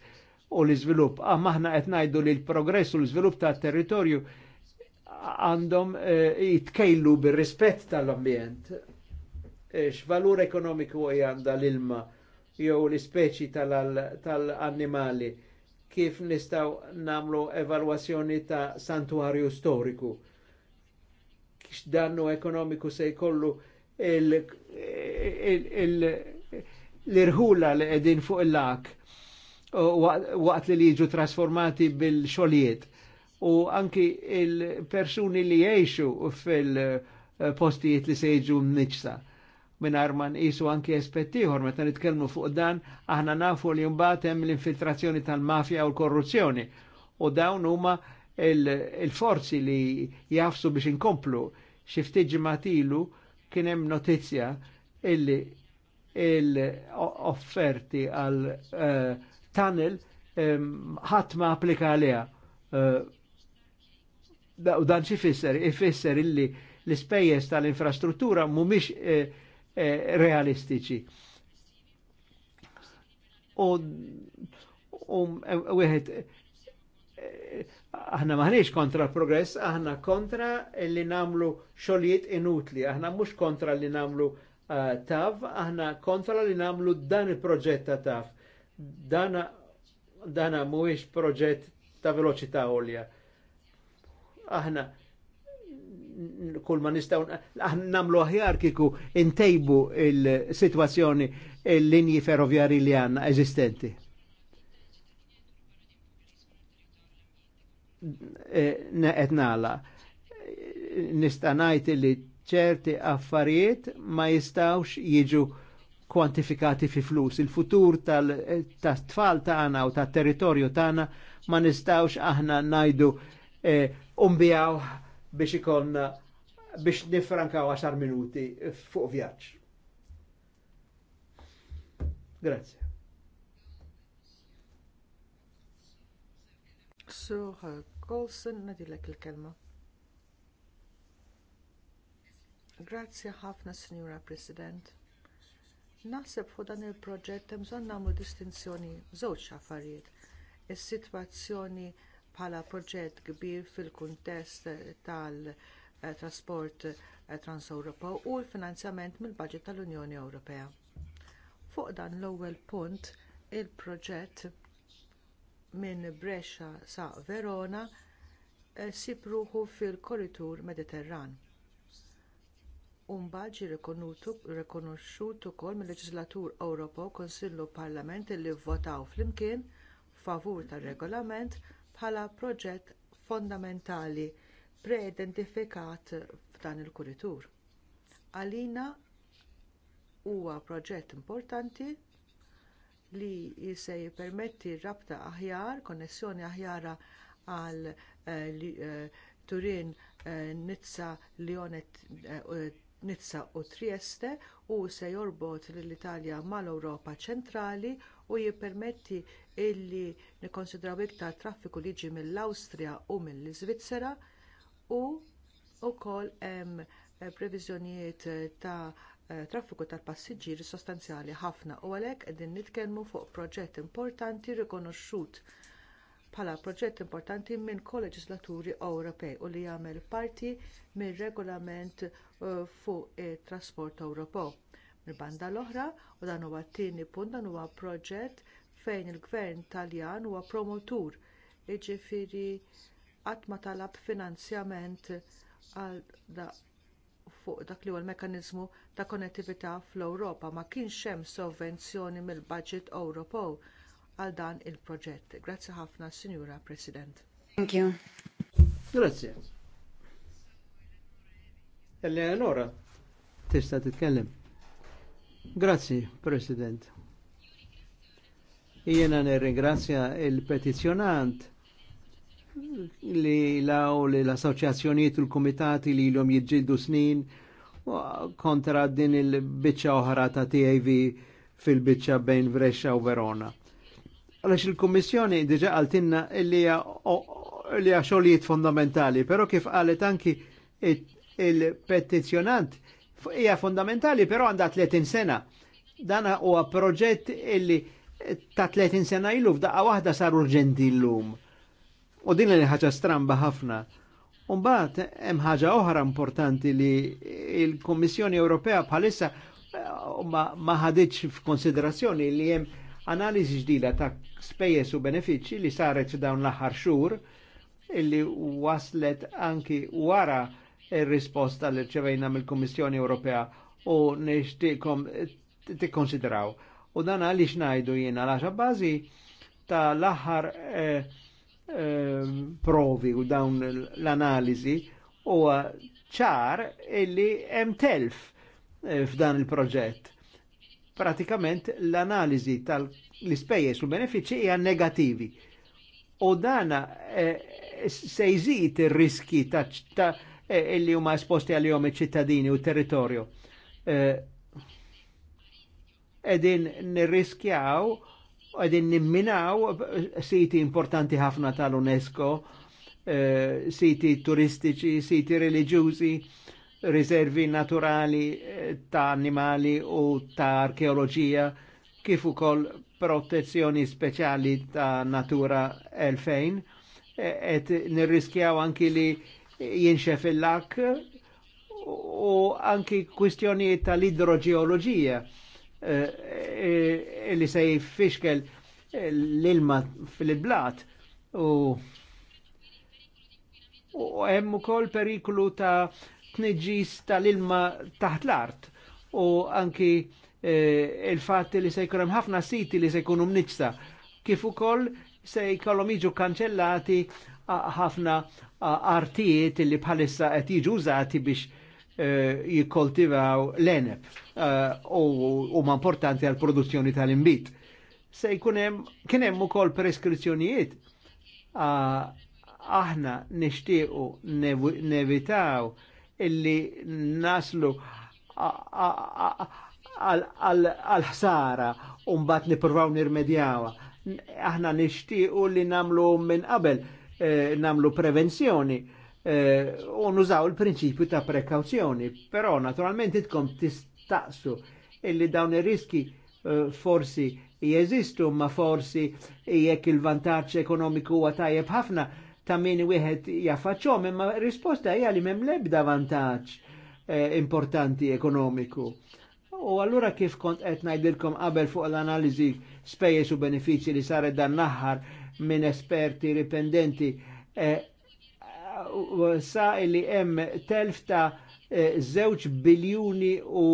u l-iżvilupp. Ah, maħna qed ngħidu li l-progress u l-iżvilupp ta' territorju għandhom eh, jitkejlu bir-rispett tal-ambjent x'valur ekonomiku għanda l-ilma jew l-ispeċi tal-annimali kif nistaw namlu evalwazzjoni ta' santuarju storiku. Kix dannu ekonomiku se jkollu l-irħula li edin fuq il-lak waqt li liġu trasformati bil-xoliet u anki il-persuni li jiexu fil-postijiet li se jiġu mniċsa minn arman isu anki espettiħor, meta nitkellmu fuq dan, aħna nafu li mbagħad hemm l-infiltrazzjoni tal-mafja u l-korruzzjoni. U dawn huma il-forzi li jafsu biex inkomplu. xiftiġi matilu kien hemm notizja illi il-offerti għal uh, tunnel eh, ħadd ma applika għaliha. Uh, dan xi fisser? Ifisser illi l-ispejjeż tal-infrastruttura mhumiex uh, Eh, realistiċi. U um, aħna maħniex kontra progress, aħna kontra li namlu xogħlijiet inutli, aħna mux kontra li namlu uh, eh, taf, aħna kontra li namlu dan il-proġett ta' taf. Dana, dana mhuwiex proġett ta' veloċità olja. Aħna kull ma nistgħu nagħmlu aħjar kiku intejbu il-sitwazzjoni il-linji ferroviari li għandna eżistenti. E, Neqet nala. Nista' ngħid li ċerti affarijiet ma jistawx jiġu kwantifikati fi flus. Il-futur tal-tfal tagħna u tat-territorju tagħna ma nistawx aħna najdu e, umbijaw biex ikonna biex nifrankaw 10 minuti fuq vjaġġ. Grazie. Suħa, Colson, nadilek il-kelma. Grazie ħafna, Signora President. Naseb fuq dan il-proġett hemm bżonn nagħmlu distinzjoni żewġ affarijiet. Is-sitwazzjoni bħala proġett kbir fil-kuntest tal- Eh, trasport eh, trans-Europa u l-finanzjament mill-Baġit tal-Unjoni Ewropea. Fuq dan l-ewwel punt il-proġett minn Brescia sa Verona eh, sipruħu fil-korritur Mediterran. Umbaġ rikonoxxut ukoll mill-Leġislatur u Konsillu Parlament li fl flimkien favur tar-regolament bħala proġett fondamentali preidentifikat f'dan il-kuritur. Għalina huwa proġett importanti li se jippermetti rabta aħjar, konnessjoni aħjara għal eh, eh, Turin, eh, Nizza, Lione, Nizza u Trieste u se jorbot l-Italja mal-Europa ċentrali u jippermetti illi nikkonsidraw iktar traffiku li jiġi mill-Awstrija u mill-Iżvizzera u wkoll hemm eh, previżjonijiet ta' eh, traffiku tal-passiġġieri sostanzjali ħafna u għalhekk qegħdin nitkellmu fuq proġett importanti rikonoxxut bħala proġett importanti minn koleġislaturi Ewropej u li jagħmel parti mir regolament eh, fuq it trasport Ewropew. Mill-banda l-oħra, u dan huwa t-tieni punt dan huwa proġett fejn il-Gvern Taljan huwa promotur, jiġifieri qatt ma talab finanzjament għal da fuq dak li huwa l-mekkaniżmu ta' konnettività fl-Ewropa ma kienx hemm sovvenzjoni mill-Budget Ewropew għal dan il-proġett. Grazzi ħafna, Sinjura President. Thank you. Grazzi. Eleonora, tista' titkellem. Grazzi, President. Jiena nirringrazzja il-petizjonant li law li l-assoċjazzjonijiet u l-komitati li l-om jidġiddu snin kontra din il-bicċa oħra ta' TAV fil-bicċa bejn Vresċa u Verona. Għalax il-Kommissjoni diġa għaltinna li li għaxolijiet fondamentali, pero kif għalet anki il-petizjonant hija fondamentali, pero għanda 30 sena. Dana huwa proġett illi ta' 30 sena ilu f'daqqa waħda sar urġenti l-lum. U din li ħaġa stramba ħafna. Umbat, hemm ħaġa oħra importanti li il-Kommissjoni Ewropea bħalissa eh, ma ħadiċ f'konsiderazzjoni li hemm analiżi ġdida ta' spejjeż u benefiċċji li saret dawn l-aħħar xhur illi waslet anki wara ir-risposta li rċevejna mill kommissjoni Ewropea u nixtiekom tikkonsidraw. U dan għaliex ngħidu jiena l-għaxa bażi ta' l-aħħar eh, Ehm, provi u dawn l-analizi u ċar illi hemm telf eh, f'dan il-proġett. Pratikament l-analizi tal-ispejjeż u benefiċċji hija negativi. U dan eh, se jżid ir-riski ta' eh, illi huma esposti għalihom iċ-ċittadini u territorju. Edin nirriskjaw għedin nimminaw siti importanti ħafna tal-UNESCO, eh, siti turistiċi, siti religjużi, riservi naturali eh, ta' animali u ta' arkeologija, kif ukoll protezzjoni speċjali ta' natura 2000, eh, et nirriskjaw anki li jinxef il-lak u anki kwistjoni tal idroġeologija Eh, li se jfixkel l-ilma fil-blat u u hemm ukoll periklu ta' tniġġis tal-ilma taħt l-art u anki eh, il-fatt li se jkun hemm ħafna siti li se jkunu mniġsa kif ukoll se jkollhom jiġu kanċellati ħafna artijiet li bħalissa qed jiġu użati biex Eh, jikkoltivaw l enep eh, u ma importanti għal produzzjoni tal-imbit. Se jkunem, kienem u kol preskrizzjonijiet aħna nishtiqu nevitaw illi naslu għal-ħsara un-bat nipurvaw nirmedjawa. Aħna nishtiqu li namlu minn qabel, eh, namlu prevenzjoni Eh, u nużaw il-prinċipju ta' prekawzjoni, però naturalment itkom tistaqsu illi dawn ir-riski eh, forsi jeżistu, ma forsi jekk il-vantaġġ ekonomiku huwa tajjeb ħafna ta' min wieħed jaffaċċhom, imma risposta hija li m'hemm l-ebda vantaġġ eh, importanti ekonomiku. U allura kif kont qed ngħidilkom qabel fuq l-analiżi spejjeż u benefiċċji li saret dan naħar minn esperti ripendenti sa li hemm telf ta' żewġ biljuni u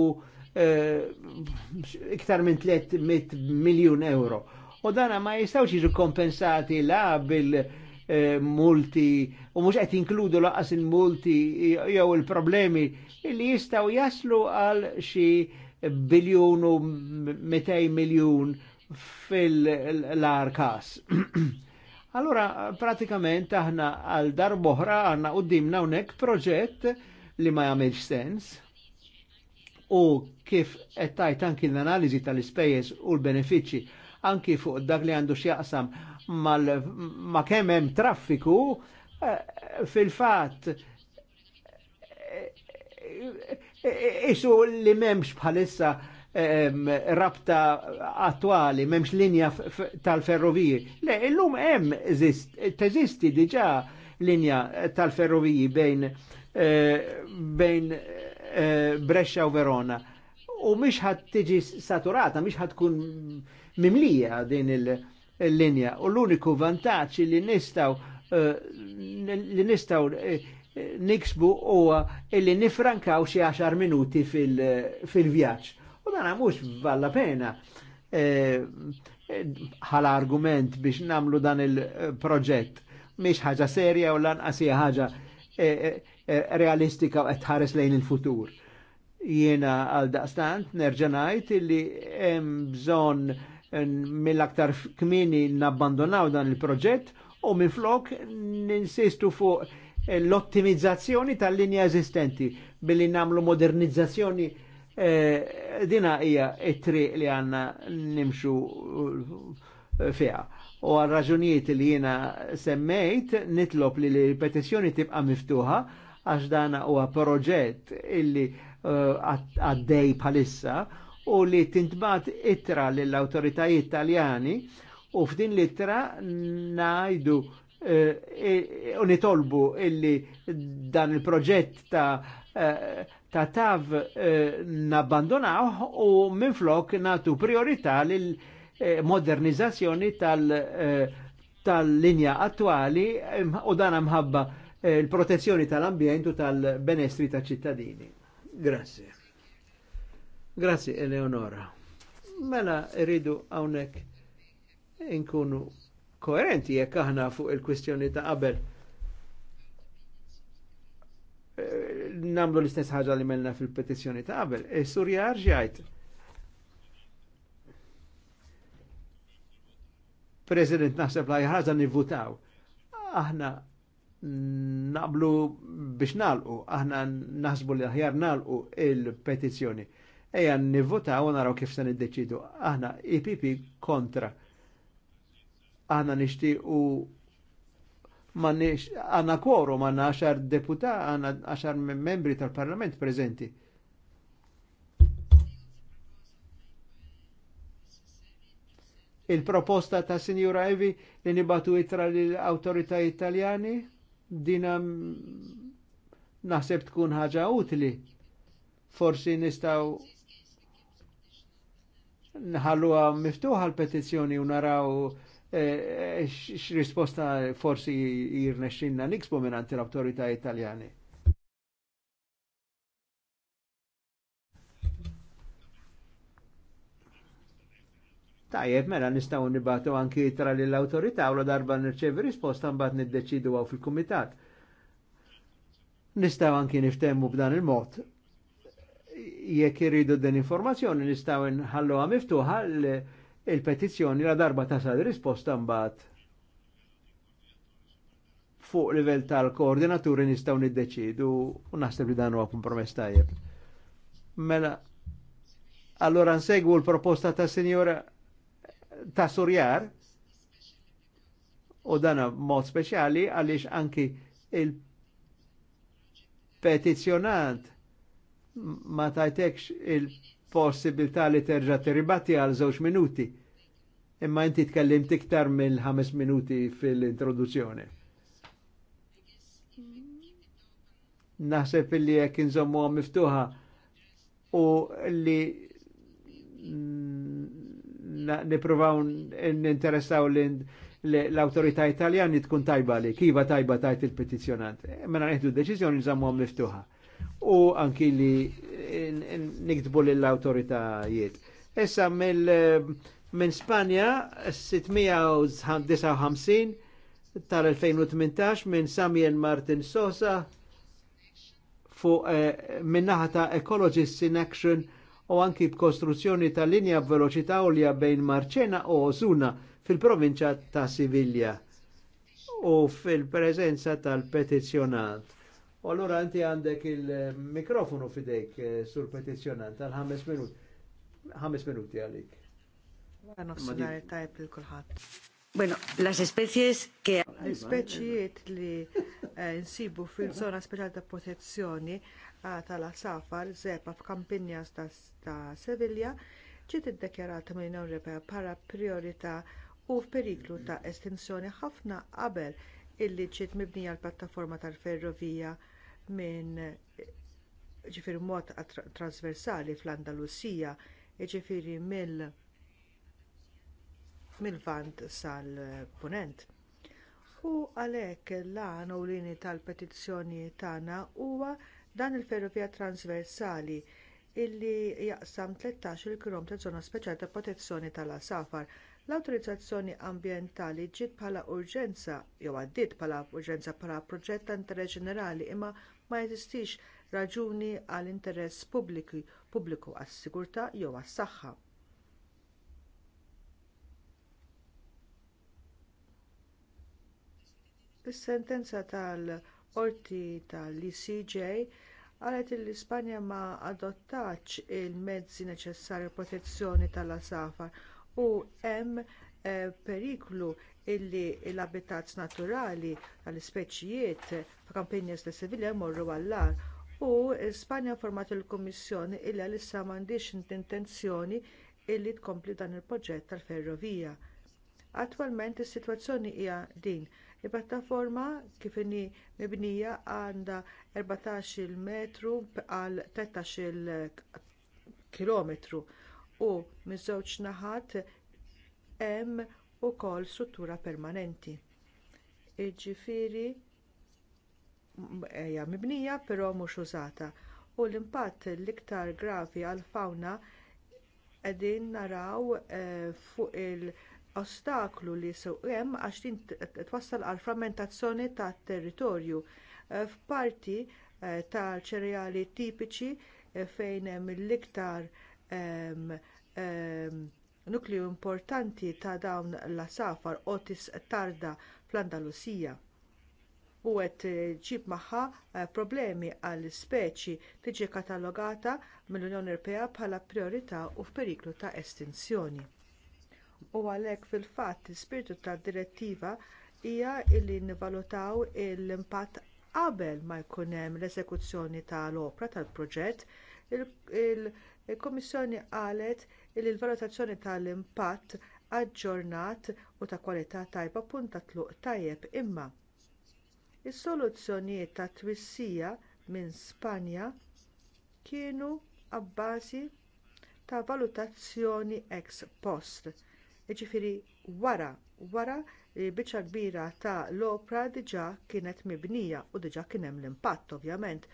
iktar minn 300 miljun euro. U dana ma jistawx jiġu kompensati la bil multi u mhux qed inkludu laqas il-multi jew il-problemi li jistgħu jaslu għal xi biljun u 200 miljun fil-arkas. Allora, pratikament aħna għal darboħra għanna u dimna unek proġett li ma jamilx sens u kif ettajt anki l-analizi tal-ispejjeż u l-benefiċċji anki fuq dak li għandu xjaqsam ma kemm hemm traffiku eh, fil-fatt eh, eh, isu li memx bħalissa rabta attuali, memx linja tal-ferroviji. Le, illum hemm teżisti diġa linja tal-ferroviji bejn eh, bejn eh, Brescia u Verona. U mhix ħad tiġi saturata, mhix ħad tkun mimlija din il-linja. U l-uniku vantaġġ li nistaw eh, li nistaw niksbu huwa li nifrankaw xi 10 minuti fil-vjaġġ. U dan mhux valla pena eh, eh, ħala argument biex namlu dan il-proġett. Mhix ħaġa serja u lanqas hija ħaġa eh, realistika u qed ħares lejn il-futur. Jiena għal daqstant nerġa' ngħid illi hemm bżonn mill-aktar kmini nabbandonaw dan il-proġett u minn flok ninsistu fuq l-ottimizzazzjoni tal-linja eżistenti billi namlu modernizzazzjoni Eh, dina hija it-triq li għanna nimxu eh, fiha. U għal raġunijiet li jiena semmejt nitlob li l-petizzjoni tibqa' miftuħa għax dana huwa proġett illi eh, għaddej uh, bħalissa u li tintbat itra lill-autoritajiet Taljani u f'din l itra najdu u nitolbu illi dan il-proġett ta' ta' tav eh, nabbandonaw u minflok natu priorità l eh, modernizzazzjoni eh, tal-linja attuali u dan mħabba il-protezzjoni tal-ambjent u tal-benestri ta' ċittadini. Grazie. Grazie Eleonora. Mela rridu hawnhekk inkunu koerenti jekk aħna fuq il-kwistjoni ta' qabel namlu l-istess ħaġa li melna fil-petizjoni ta' qabel. E Surjar ġajt. President naħseb la jħarza nivvutaw. Aħna naqblu biex nalqu, aħna naħsbu li ħjar nalqu il-petizjoni. Eja nivvutaw u naraw kif se niddeċidu. Aħna IPP e kontra. Aħna nixtiequ għanna kworum għanna għaxar deputa għanna għaxar membri tal-parlament prezenti. Il-proposta ta' Sinjura Evi li nibatu itra l autorita italjani dina naħseb tkun ħaġa utli. Forsi nistaw nħalluha miftuħa l-petizzjoni u naraw Eh, eh, x-risposta forsi jirnexxinna nixbu minn l autorita italjani. Tajjeb, mela nistaw nibatu anki tra l autorita u darba nirċevi risposta mbagħad niddeċidu għaw fil-kumitat. Nistaw anki niftemmu b'dan il-mod. Jekk iridu din informazzjoni nistaw nħallu miftuħa l- il-petizzjoni la darba tasal risposta mbagħad fuq livell tal-koordinaturi nistgħu niddeċidu u naħseb li dan huwa kompromess tajjeb. Mela, allora nsegwu l-proposta ta' sinjora ta' Surjar u dan mod speċjali għaliex anki il-petizjonant ma tajtekx il- possibilità li terġa' tirribatti għal żewġ minuti. Imma inti tkellimt iktar mill ħames minuti fil-introduzzjoni. Naħseb li jekk inżommuha miftuħa u li niprovaw n-interessaw l-autorità italjani tkun tajba li, kiva tajba tajt il-petizjonant. Mena neħdu deċizjoni nżammu miftuħa. U anki li nikdbu lill-autoritajiet. Issa eh, minn Spanja 659 tal-2018 minn Samien Martin Sosa minn eh, ta' Ecologists in Action u anki b'kostruzzjoni ta' linja b'veloċità olja bejn Marċena u Osuna fil provinċa ta' Sivilja u fil prezenza tal-petizjonat. U allora inti għandek il-mikrofonu fidejk eh, sur petizjonant għal ħames minuti. Ħames minuti għalik. Bueno, las especies que... L-speċijiet li eh, nsibu fil-zona speċjal ta' protezzjoni eh, tal-asafar zepa f'kampinjas ta' Sevilla ġiet iddekjarata mill unjoni Ewropea para priorità u f'periklu ta' estinzjoni ħafna qabel illi ġiet mibnija l-pattaforma tal-ferrovija minn ġifiri mod trasversali fl-Andalusija, ġifiri mill mill-vant sal-punent. U għalhekk l-għan u lini tal-petizzjoni tagħna huwa dan il-ferrovija transversali illi jaqsam 13 km ta' żona speċjali ta' protezzjoni tal-asafar. L-awtorizzazzjoni ambjentali ġiet bħala urġenza jew għaddiet bħala urġenza bħala proġett ta' interess ġenerali imma ma jeżistix raġuni għal interess pubbliku pubbliku għas-sigurtà jew għas-saħħa. Is-sentenza tal-Qorti tal-ECJ qalet li l-Ispanja ma adottax il-mezzi neċessarji protezzjoni tal-asafar u hemm Eh, periklu illi l-abitats naturali tal-ispeċijiet ta' li stessivili jmorru għall-ar u Spanja format il-Kummissjoni illi għalissa m'għandix intenzjoni illi tkompli dan il-proġett tal-ferrovija. Attwalment is-sitwazzjoni hija din. Il-pattaforma kif inhi mibnija għandha 14-il metru għal 13-il kilometru u miż-żewġ naħat hemm ukoll struttura permanenti. Jiġifieri hija mibnija però mhux użata u l-impatt l-iktar gravi għall fawna qegħdin naraw eh, fuq il-ostaklu li hemm għax din twassal għal frammentazzjoni tat territorju eh, f'parti eh, tal-ċereali tipiċi fejn hemm l-iktar ehm, ehm, nukliju importanti ta' dawn l-asafar otis tarda fl-Andalusija u qed ġib magħha eh, problemi għall speċi tiġi katalogata mill-Unjoni Ewropea bħala priorità u f'periklu ta' estinzjoni. U għalhekk fil-fatt l-ispirtu tad direttiva hija li nvalutaw l-impatt qabel ma jkun hemm l-eżekuzzjoni tal-opra tal-proġett, il-Kommissjoni qalet illi l-valutazzjoni tal-impatt aġġornat u ta' kwalità tajba punta tluq tajjeb imma is-soluzzjonijiet ta' twissija minn Spanja kienu abbażi ta' valutazzjoni ex post. Jiġifieri wara, wara li biċċa kbira ta' l-opra diġà kienet mibnija u diġà kien hemm l-impatt ovvjament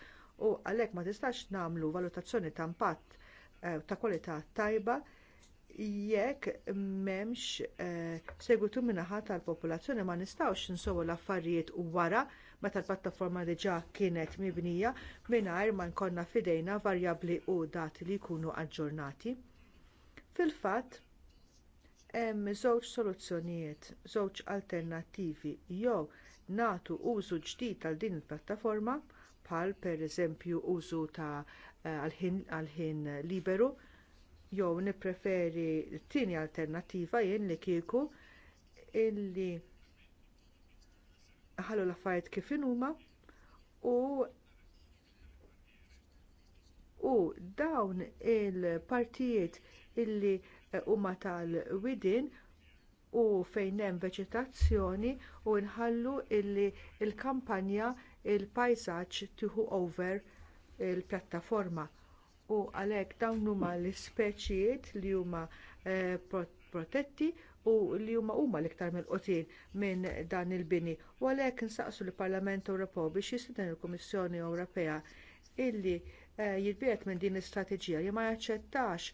u għalhekk ma tistax nagħmlu valutazzjoni ta' impatt Eh, ta' kwalità tajba jekk m'hemmx eh, segwitu min-naħa tal-popolazzjoni ma nistgħux insowu l-affarijiet wara meta l-pattaforma diġà kienet mibnija mingħajr ma nkollna fidejna varjabbli u dati li jkunu aġġornati. Fil-fatt, hemm żewġ soluzzjonijiet, żewġ alternattivi jew nagħtu użu ġdid għal din il-pattaforma bħal pereżempju użu ta' Eh, għal-ħin liberu, jew nippreferi t-tieni alternattiva jien li kieku illi ħallu l-affarijiet kif huma u u dawn il-partijiet illi huma tal-widin u fejn hemm veċetazzjoni u nħallu illi l il kampanja il-pajsaġġ tieħu over il-pjattaforma u għalhekk dawn huma l-ispeċijiet li huma eh, protetti u li huma huma l-iktar mill-qotin minn dan il-bini u għalhekk insaqsu l-Parlament Ewropew biex jistiden il-Kummissjoni Ewropea illi eh, jitbiet minn din l-istrateġija li ma jaċċettax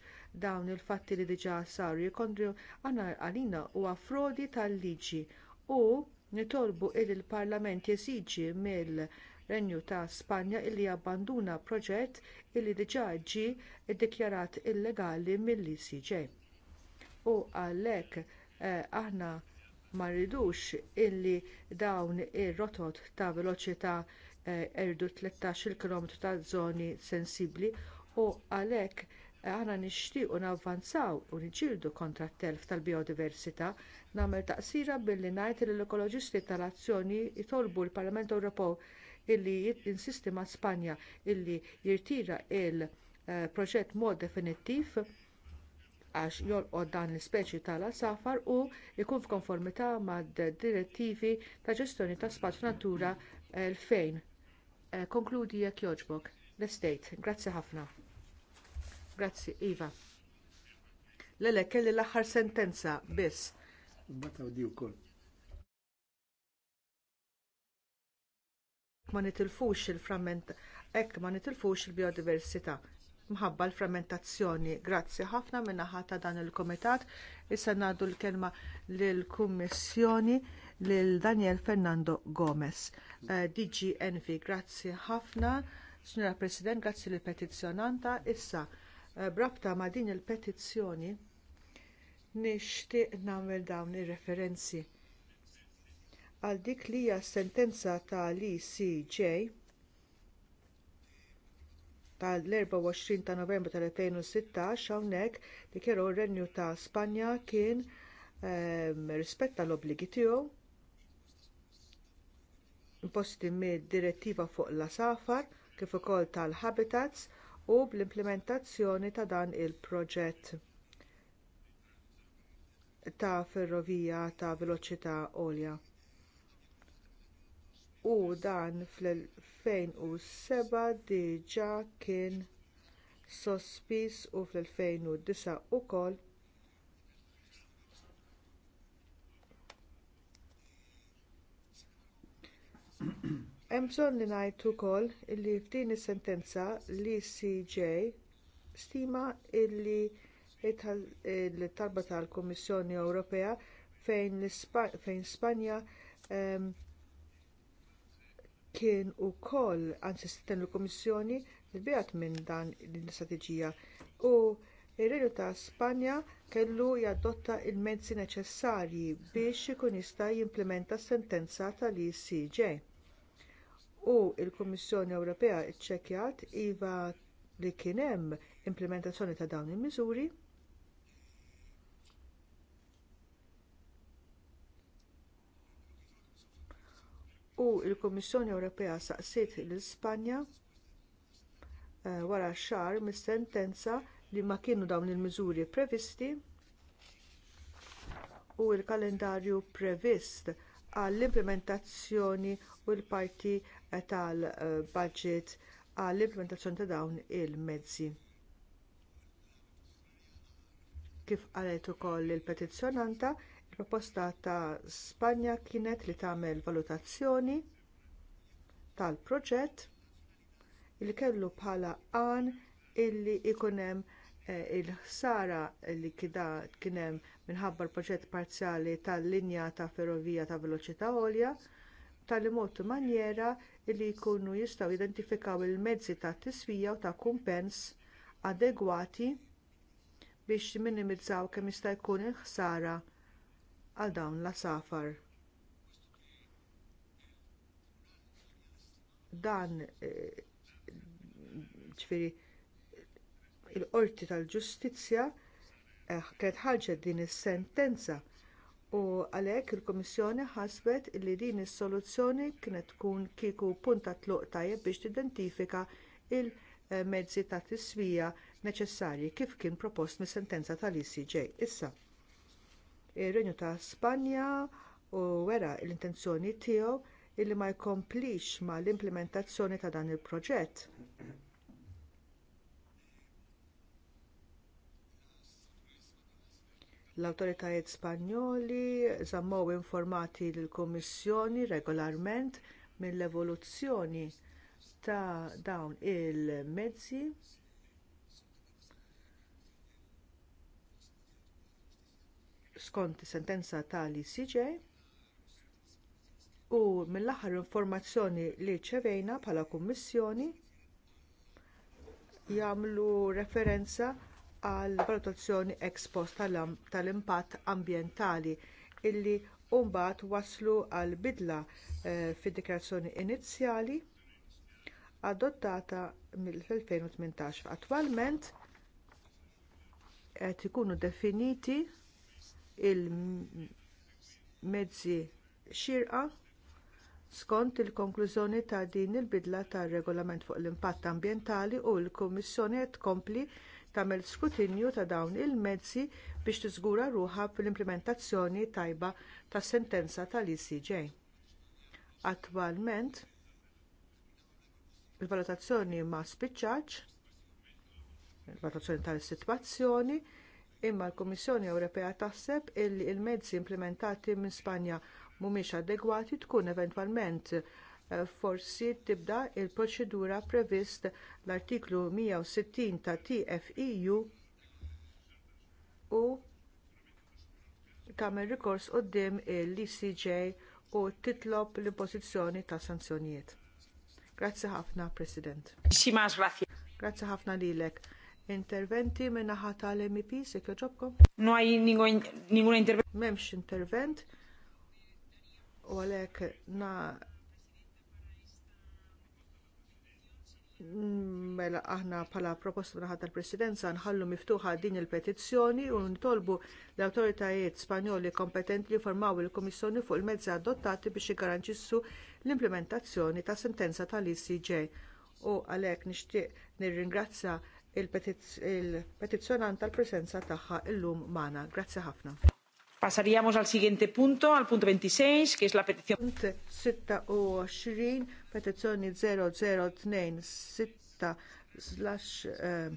dawn il-fatti li diġà saru jikondru għalina huwa frodi tal-liġi u nitolbu il-Parlament jesiġi mill- Renju ta' Spanja illi abbanduna proġett illi diġà ġie ddikjarat illegali mill-ICJ. U għalhekk eh, aħna ma rridux illi dawn ir-rotot ta' veloċità eh, erdu 13 km ta' żoni sensibbli u għalhekk eh, aħna nixtiequ navvanzaw u niġġieldu kontra t-telf tal-biodiversità, nagħmel taqsira billi ngħid lill l-ekoloġisti tal-azzjoni jitolbu l-Parlament Ewropew illi insisti ma' Spanja illi jirtira l eh, proġett mod definittiv għax jolqod dan l-ispeċi tal-safar u jkun f'konformità mad direttivi ta' ġestjoni ta' spazju natura 2000. Eh, konkludi jekk jogħġbok. L-estate, grazzi ħafna. Grazzi, Iva. Lele, kelli l-aħħar sentenza biss. Bata di wkoll. ma nitilfux il-fragment ma nitilfux il-biodiversità mħabba l-frammentazzjoni. Grazzi ħafna min-naħa ta' dan il kumitat Issa ngħaddu l-kelma lill-Kummissjoni lil Daniel Fernando Gomez. Eh, DG Envi, grazzi ħafna. Signora President, grazzi lill petizzjonanta Issa, eh, brabta ma' din il-petizzjoni nixtieq nagħmel dawn ir-referenzi għal dik li hija sentenza tal-ECJ tal-24 ta' Novembru tal-2016 hawnhekk dikjeru r-Renju ta' Spanja kien ehm, rispetta l-obbligi tiegħu imposti mid-direttiva fuq l-asafar kif ukoll tal-habitats u bl-implementazzjoni ta' dan il-proġett ta' ferrovija ta' veloċità għolja u dan fl-2007 diġà kien sospiż u fl-2009 ukoll Hemm bżonn li ngħid ukoll li f'din is-sentenza li CJ stima li t-talba tal-Kummissjoni Ewropea fejn Spanja ehm, kien ukoll anzi siten l-Komissjoni l bijat minn dan l-istrateġija u r renju ta' Spanja kellu jadotta l mezzi neċessarji biex ikun jista' jimplementa s sentenza tal-ICJ. U l kummissjoni Ewropea ċċekkjat iva li kien hemm implementazzjoni ta' dawn il-miżuri u l kummissjoni Ewropea saqsiet l-Ispanja eh, wara xahar mis-sentenza li ma kienu dawn il-miżuri previsti u l-kalendarju previst għall-implementazzjoni u l-parti eh, tal-budget għall-implementazzjoni ta' dawn il-mezzi. Kif qalet ukoll il-petizzjonanta, Proposta ta' Spanja kienet li tagħmel valutazzjoni tal-proġett li kellu bħala għan illi ikun hemm eh, il-ħsara li kien hemm minħabba l-proġett parzjali tal-linja ta' ferrovija ta' veloċità għolja tal mod manjera li jkunu jistgħu jidentifikaw il-mezzi ta' tisvija u ta' kumpens adegwati biex minimizzaw kemm jista' jkun il-ħsara għal dawn l-asafar. Dan ċifiri eh, il-qorti tal-ġustizzja eh, kienet ħarġet din is-sentenza u għalhekk il-Kummissjoni ħasbet li din is-soluzzjoni kienet tkun kieku punta tluq tajjeb biex tidentifika l mezzi ta' tisvija neċessarji kif kien propost mis-sentenza tal-ICJ. Issa, ir-Renju ta' Spanja u wera l-intenzjoni tiegħu illi ma jkomplix mal l-implementazzjoni ta' dan il-proġett. l awtoritajiet Spanjoli żammew informati lill kummissjoni regolarment mill-evoluzzjoni ta' dawn il-mezzi skont sentenza tali CJ u mill-aħħar informazzjoni li ċevejna bħala kummissjoni jagħmlu referenza għal valutazzjoni ex post tal-impatt ambjentali illi mbagħad waslu għal bidla eh, fid-dikrazzjoni inizjali adottata mill-2018. Attwalment qed ikunu definiti il-mezzi xirqa skont il-konklużjoni ta' din il-bidla tar regolament fuq l-impatt ambjentali u l-Kummissjoni qed tkompli tagħmel skrutinju ta' dawn il-mezzi biex tiżgura ruħha fl-implementazzjoni tajba tas sentenza tal-ECJ. Attwalment, il-valutazzjoni ma' spiċċaġġ, il-valutazzjoni tal-sitwazzjoni, imma l-Kummissjoni Ewropea taħseb illi l mezzi implementati minn Spanja mhumiex adegwati tkun eventwalment eh, forsi tibda l proċedura previst l-artiklu 160 ta' TFEU u tagħmel rikors quddiem l-ECJ u titlob l-impożizzjoni ta' sanzjonijiet. Grazzi ħafna, President. Grazzi ħafna lilek interventi min-naħa tal-MP se kjoġobkom? No għaj ningun intervent. Memx intervent. U għalek na mm, mela aħna bħala proposta naħa tal-presidenza nħallu miftuħa din il-petizzjoni u ntolbu l awtoritajiet spanjoli kompetenti li formaw il kummissjoni fuq il-mezzi adottati biex jgarantissu l-implementazzjoni tas sentenza tal-ICJ. U għalhekk nixtieq nirringrazzja il-petizzjonant tal-presenza tagħha illum magħna. Grazie ħafna. Pasaríamos al siguiente punto, al punto 26, que es la petición. Punt 26, petizzjoni 0026-2018 eh,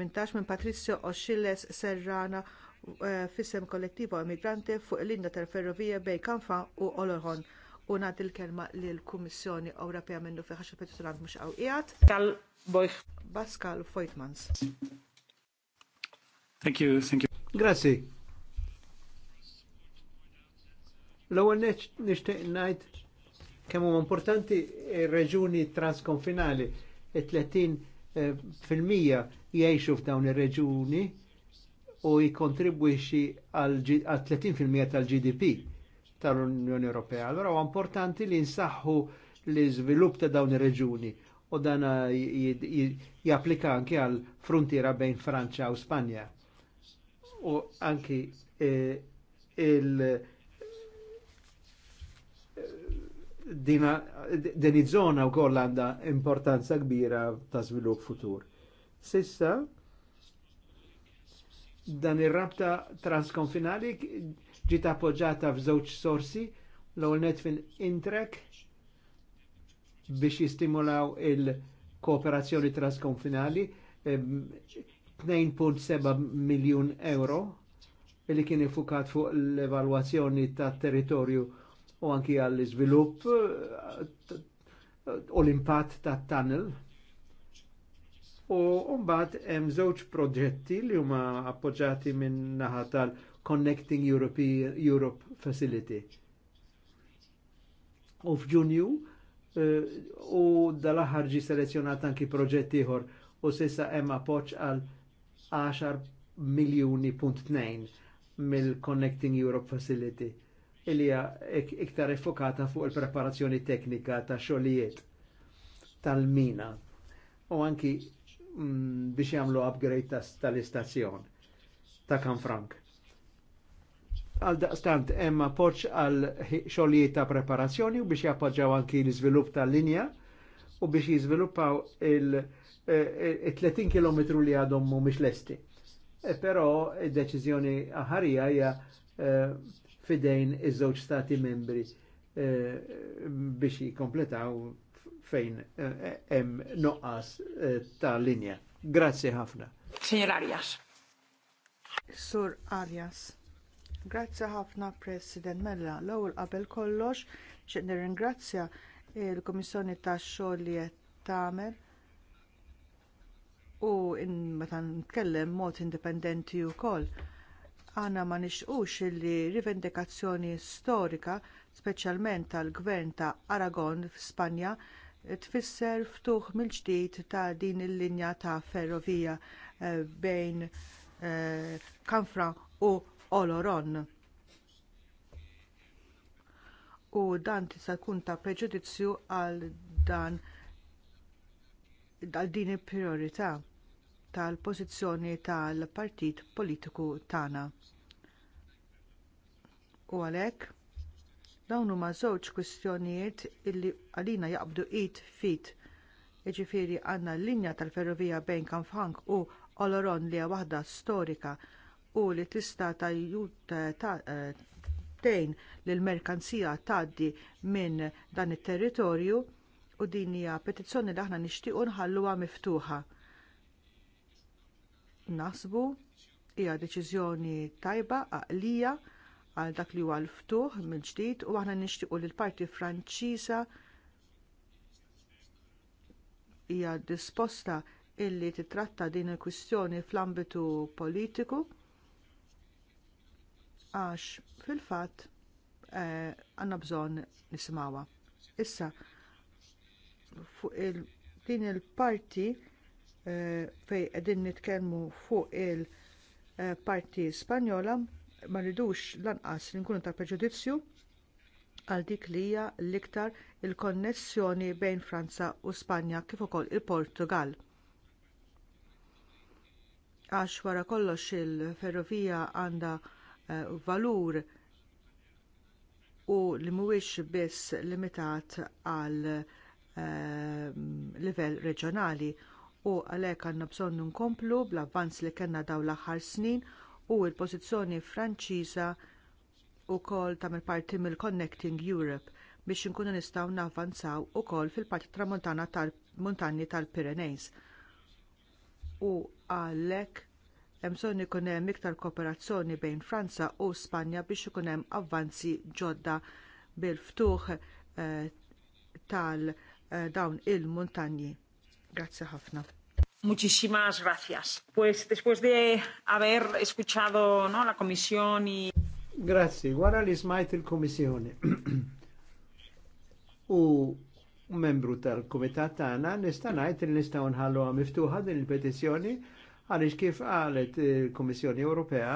minn Patrizio Oxilles Serrana eh, fissem kollettivo emigranti fuq l-inda tal-ferrovija bej Kanfa u Olorhon u nagħti l-kelma lill kummissjoni Ewropea minnu fi ħaxa petitolant mhux qawqijat. Pascal Voigtmans. Thank you, thank you. Grazzi. L-ewwel nixtieq ngħid kemm huma importanti il reġuni transkonfinali. 30 eh, fil-mija jgħixu f'dawn ir-reġuni u jikontribwixi għal 30% tal-GDP tal-Unjoni Ewropea. Allora huwa importanti li nsaħħu li żvilupp ta' dawn ir-reġuni u dan uh, japplika anki għal frontiera bejn Franċa u Spanja. U anki eh, il din iż-żona wkoll għandha importanza kbira ta' żvilupp futur. Sissa dan ir-rabta transkonfinali ġiet appoġġata f'żewġ sorsi l-ewwel net fil-intrek biex jistimulaw il-kooperazzjoni transkonfinali 2.7 miljun euro li kien ifukat fuq l-evalwazzjoni ta' territorju u anki għall iżvilupp u eh, l-impatt ta' tunnel. U mbagħad hemm żewġ proġetti li huma appoġġati minn naħa tal- Connecting Europe, Europe Facility. U f'Ġunju eh, u dal-aħħar selezzjonat anki proġett ieħor u sissa hemm appoġġ għal 10 miljuni punt mill-Connecting Europe Facility illi iktar effokata fuq il-preparazzjoni teknika ta' xogħlijiet tal-mina u anki mm, biex jagħmlu upgrade tal-istazzjon ta' Kanfrank għal daqstant emma poċ għal xogħlijiet ta' preparazzjoni u biex jappoġġaw anki l-iżvilupp tal-linja u biex jiżviluppaw il-30 eh, eh, km li għadhom mhumiex lesti. E Però d deċiżjoni aħarija hija eh, fidejn iż-żewġ stati membri biex jikkompletaw fejn hemm noqqas ta' linja. Grazzi ħafna. Signor Arias. Sur Arias. Grazzi ħafna President Mella. L-ewwel qabel kollox xejn nirringrazzja l kummissjoni tax-xogħol li qed tagħmel u meta nitkellem mod indipendenti wkoll. Aħna ma nixqux li rivendikazzjoni storika, speċjalment tal-gvern ta' Aragon f'Spanja, tfisser ftuħ mill-ġdid ta' din il-linja ta' ferrovija eh, bejn Kanfra eh, u Oloron. U dan tista' jkun ta' preġudizzju għal dan għal din il-priorità tal-pożizzjoni tal-partit politiku tagħna. U għalhekk dawn huma żewġ kwistjonijiet illi għalina jaqbdu id fit. Jiġifieri għandna l-linja tal-ferrovija bejn Kanfrank u Oloron li hija waħda storika u li tista' tajjut eh, eh, tgħin l merkanzija tgħaddi minn dan it-territorju u din hija petizzjoni li aħna nixtiequ nħalluha miftuħa. Nasbu hija deċiżjoni tajba għaqlija għal dak li huwa l-ftuħ minn ġdid u aħna nixtiequ li l-Parti Franċiża hija disposta illi titratta din il-kwistjoni fl-ambitu politiku għax fil-fatt eh, għandna bżon bżonn Issa fuq il din il-parti eh, fej fejn qegħdin nitkellmu fuq il-parti eh, Spanjola ma rridux lanqas li nkunu ta' preġudizzju għal dik li hija l-iktar il-konnessjoni bejn Franza u Spanja kif ukoll il-Portugal. Għax wara kollox il-ferrovija għandha Eh, valur u li mhuwiex biss limitat għal eh, livell reġjonali u għalhekk għandna bżonn nkomplu bl-avvanz li kellna dawn l-aħħar snin u l-pożizzjoni Franċiża wkoll tagħmel parti mill-Connecting Europe biex inkunu nistgħu navvanzaw ukoll fil-parti tramuntana tal-Montanji tal-Pireneys. U għalhekk hemm bżonn ikun hemm iktar kooperazzjoni bejn Franza u Spanja biex ikun hemm avvanzi ġodda bil-ftuħ eh, tal eh, dawn il-muntanji. Grazzi ħafna. Muchísimas gracias. Pues después de haber escuchado ¿no? la comisión y... Grazie, wara li smajt il-Komissjoni. u membru tal-Komitat tagħna nista' ngħid li nistgħu nħalluha miftuħa din il-petizzjoni għalix kif għalet il komissjoni Ewropea,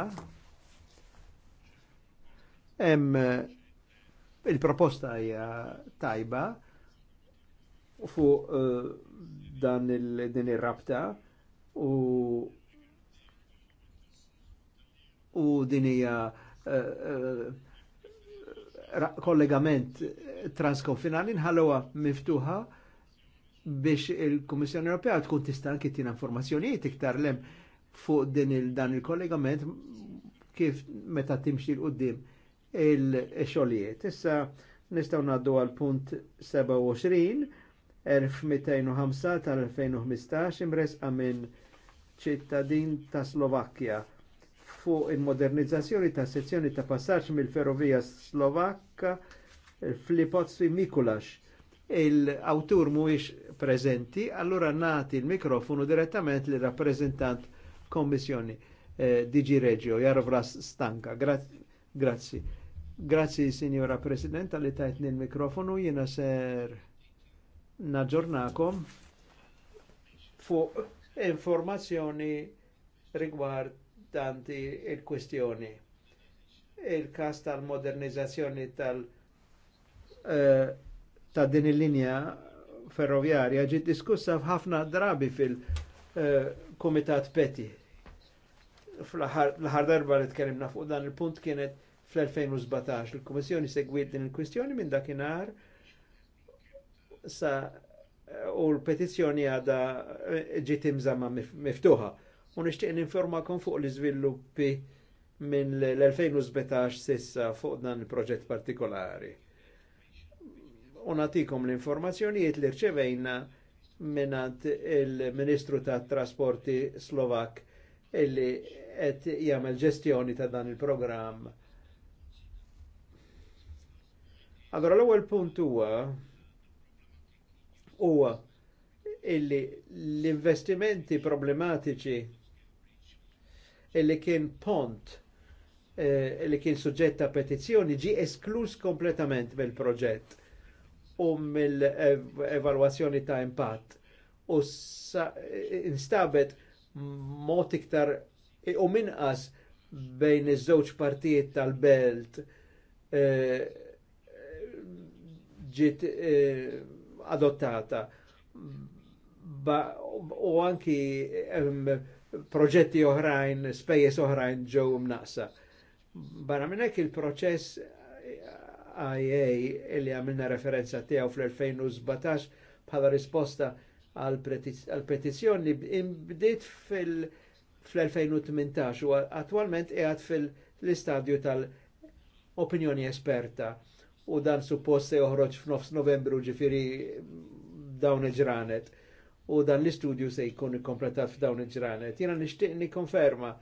hemm il-proposta hija tajba fuq eh, dan il-din ir-rabta u u din hija eh, eh, kollegament transkonfinali nħallowa miftuħa biex il komissjoni Ewropea tkun tista' anke tina informazzjonijiet iktar lem fuq din il dan il-kollegament kif meta timxi l qudiem il-xogħlijiet. Issa nistgħu ngħaddu għal punt 27 tal-2015 imres għamin ċittadin ta' Slovakkja fuq il-modernizzazzjoni ta' sezzjoni ta' passaġġ mill-ferrovija Slovakka fl ipozzi Mikulax il-awtur mhuwiex prezenti, allura nati il-mikrofonu direttament li rappresentant kommissjoni eh, Digi Reggio, Jarov Stanka. Gra grazzi. Grazzi, Signora Presidenta, li tajtni il-mikrofonu, jina ser naġornakom fu informazzjoni riguardanti il-kwestjoni. Il-kas tal-modernizzazzjoni tal-, -modernizzazzjoni tal eh, ta' din il-linja ferroviarja ġiet diskussa f'ħafna drabi fil-Kumitat eh, Peti. L-ħar darba li tkellimna fuq dan il-punt kienet fl-2017. Il-Kummissjoni segwiet din il-kwistjoni minn dakinhar sa u l-petizzjoni għada eh, ġiet imżamma miftuħa. U nixtieq ninformakom fuq l-iżviluppi minn l-2017 sissa fuq dan il-proġett partikolari unatikom l-informazzjonijiet li rċevejna minnant il-Ministru ta' Trasporti Slovak illi qed jagħmel ġestjoni ta' dan il-programm. Allora l-ewwel punt huwa huwa illi l-investimenti problematiċi illi kien pont eh, illi kien suġġett ta' petizzjoni ġi esklus kompletament mill-proġett u mill-evalwazzjoni ta' impatt. U instabet mod iktar u minqas bejn iż-żewġ partijiet tal-belt eh, ġiet eh, adottata u anki proġetti oħrajn, spejjeż oħrajn ġew mnaqsa. Barra minn il-proċess IA li għamilna referenza tiegħu fl-2017 bħala risposta għal petizzjoni imbdiet fil-2018 u attualment qiegħed fil-istadju tal-opinjoni esperta u dan suppost se joħroġ f'nofs Novembru ġifiri dawn il-ġranet u dan l-istudju se jkun ikkompletat f'dawn il-ġranet. Jena nixtieq nikkonferma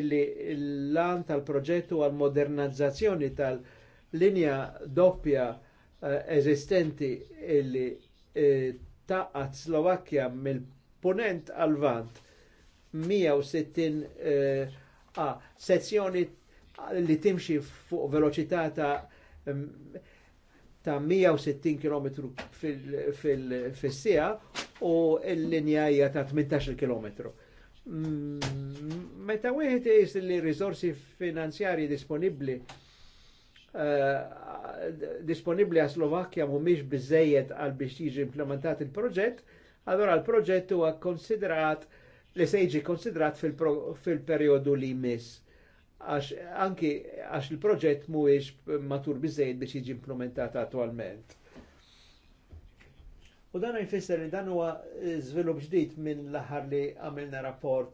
illi l-lan tal-proġett u għal-modernizzazzjoni tal-proġett linja doppja eh, eżistenti illi eh, taqqat Slovakkja mill-punent għal-vant 160 eh, a sezzjoni li timxi fuq veloċità ta' ta' 160 km fil-sija u l-linja hija ta' 18 km. Mm, meta wieħed is li riżorsi finanzjarji disponibbli Eh, disponibli għal Slovakkja mhumiex biżejjed għal biex jiġi implementat il-proġett, allora l-proġett huwa konsiderat li se jiġi konsidrat fil-perjodu li jmiss. Għax anki għax il-proġett mhuwiex matur biżejjed biex jiġi implementat attualment. U dan jfisser li dan huwa eh, żvilupp ġdid minn l-aħħar li għamilna rapport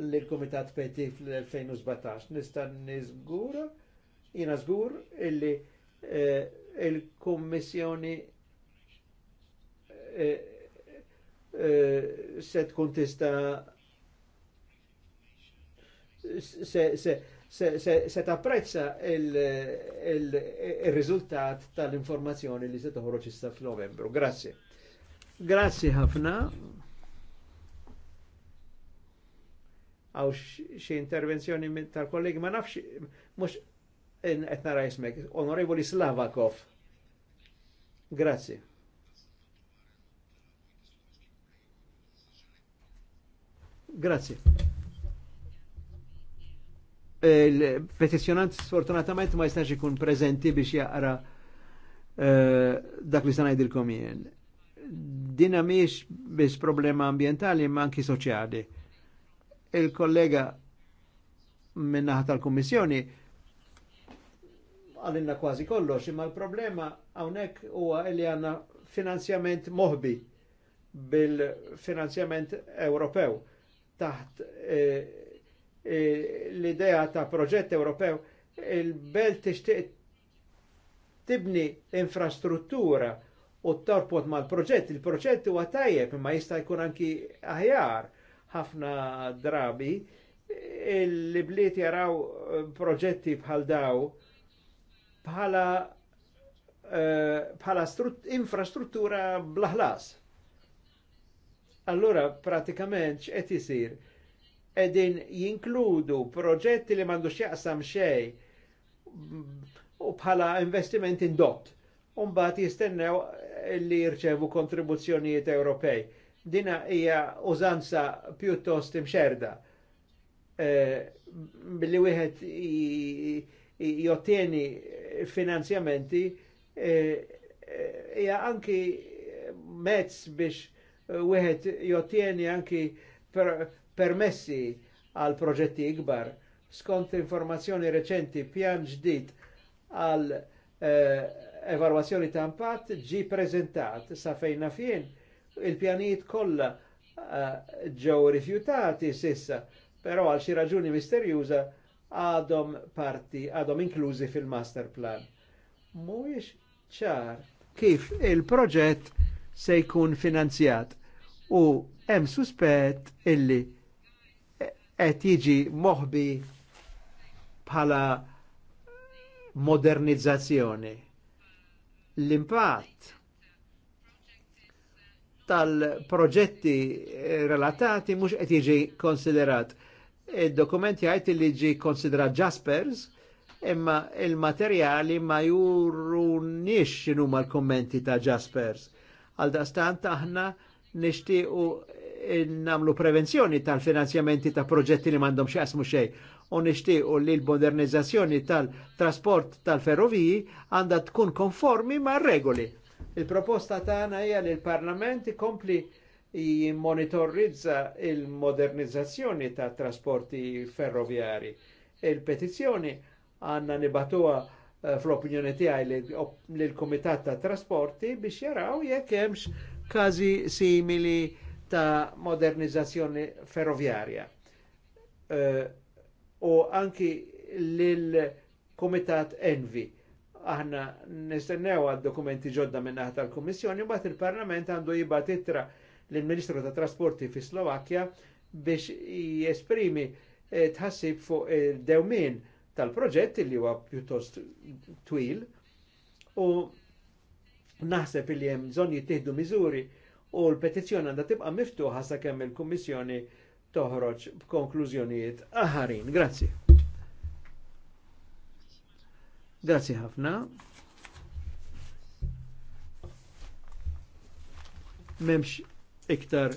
l-Komitat Peti fl-2017. Nista' niżgura Jina zgur illi eh, il-Kommissjoni eh, eh, set tkun se, se, se, se, se tapprezza il rizultat il, il tal-informazzjoni li se toħroġ issa f'Novembru. Grazie. Grazie ħafna. Għaw xie intervenzjoni tal-kollegi, ma nafx, mux qed nara jismek. Onorevoli Slavakov. Grazie. Grazie. Il-petizjonant sfortunatament ma jistax ikun prezenti biex jaqra eh, dak li sanaj dilkom jien. Dina miex biex problema ambientali ma anki soċjali. Il-kollega minnaħat tal-Kommissjoni għalinna kważi kollox, imma l-problema għawnek huwa li għanna finanzjament moħbi bil-finanzjament Ewropew taħt e, e, l-idea ta' proġett Ewropew il-belt tixtieq tibni infrastruttura u torpot mal-proġett. Il-proġett huwa tajjeb imma jista' jkun anki aħjar ħafna drabi il-bliet jaraw proġetti bħal daw bħala eh, bħala infrastruttura blaħlas. Allura pratikament x'qed isir qegħdin jinkludu proġetti li m'għandux jaqsam xej mm, u bħala investiment indott. Umbat jistennew li jirċevu kontribuzzjonijiet Ewropej. Dina hija użanza pjuttost imxerda. Eh, billi wieħed jotteni finanzjamenti eh, eh, hija anki mezz biex eh, wieħed jottieni anki permessi għal proġetti ikbar. Skont informazzjoni reċenti pjan ġdid għal evalwazzjoni ta' impatt ġi prezentat sa' fejna fien il-pjanijiet kollha ġew rifjutati sissa, però għal xi raġuni misterjuża għadhom parti, għadhom inklużi fil-master plan. Mhuwiex ċar kif il-proġett se jkun finanzjat u hemm suspett illi qed jiġi moħbi bħala modernizzazzjoni. L-impatt tal-proġetti relatati mhux qed jiġi konsiderat Il-dokument jgħid li ġi konsidra Jaspers, imma il-materjali ma jurunix x'inhuma l-kommenti ta' Jaspers. Għal dastant aħna nixtiequ namlu prevenzjoni tal-finanzjamenti ta' proġetti li mandom xasmu xejn u nixtiequ li l-modernizzazzjoni tal-trasport tal-ferroviji għandha tkun konformi ma' regoli. Il-proposta tagħna hija li l-Parlament kompli jimmonitorizza il-modernizzazzjoni ta' trasporti ferroviari. Il-petizzjoni għanna nibatuha eh, fl-opinjoni tiegħi lill-Kumitat ta' Trasporti biex jaraw jekk hemmx każi simili ta' modernizzazzjoni ferroviarja. Eh, u anki lill-Kumitat Envi aħna nistennew għad dokumenti ġodda minnaħ tal-Kummissjoni, bat il-Parlament għandu jibat ittra l-Ministru ta' Trasporti fi Slovakkja biex jesprimi eh, tħassib fuq il-dewmin eh, tal-proġett li huwa pjuttost twil u naħseb li hemm bżonn jittieħdu miżuri u l-petizzjoni għandha tibqa' miftuħa sakemm il-Kummissjoni toħroġ b'konklużjonijiet aħarin. Grazzi. Grazzi ħafna. Memx iktar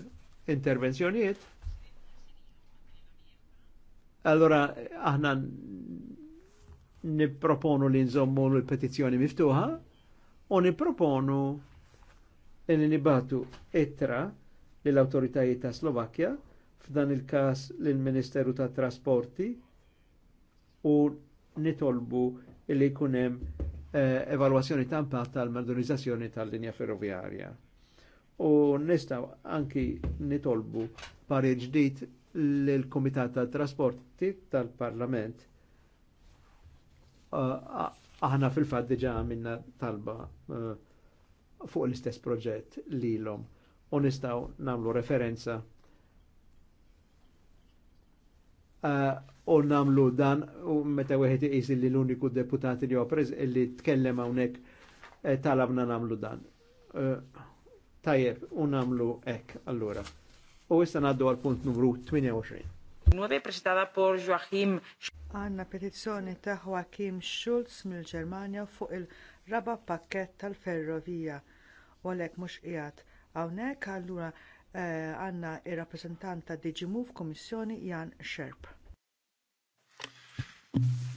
intervenzjonijiet, allora aħna niproponu li nżommu l-petizjoni miftuħa u niproponu li nibatu ittra l-autoritajiet ta' Slovakkja f'dan il-kas l-Ministeru ta' Trasporti u nitolbu li kunem eh, evalwazzjoni ta' impatt tal-modernizzazzjoni tal-linja ferroviarja u nistaw anki nitolbu pari ġdid l-Komitat tal Trasporti tal-Parlament. Aħna fil-fat diġa minna talba eh, fuq l-istess proġett li l-om u nistaw namlu referenza eh, u namlu dan u meta wieħed iqis li l-uniku deputati li li tkellem hawnhekk eh, talabna namlu dan. Uh, Tajjeb, u namlu ek, allura. U issa naddu għal punt numru 28. Nuove presentata por Joachim. Għanna petizzjoni ta' Joachim Schulz mill-Ġermanja fuq il-raba pakket tal-ferrovija. U għalek mux qiegħed hawnhekk allura eh, għanna ir-rappreżentant ta' DigiMove Kommissjoni Jan Sherp.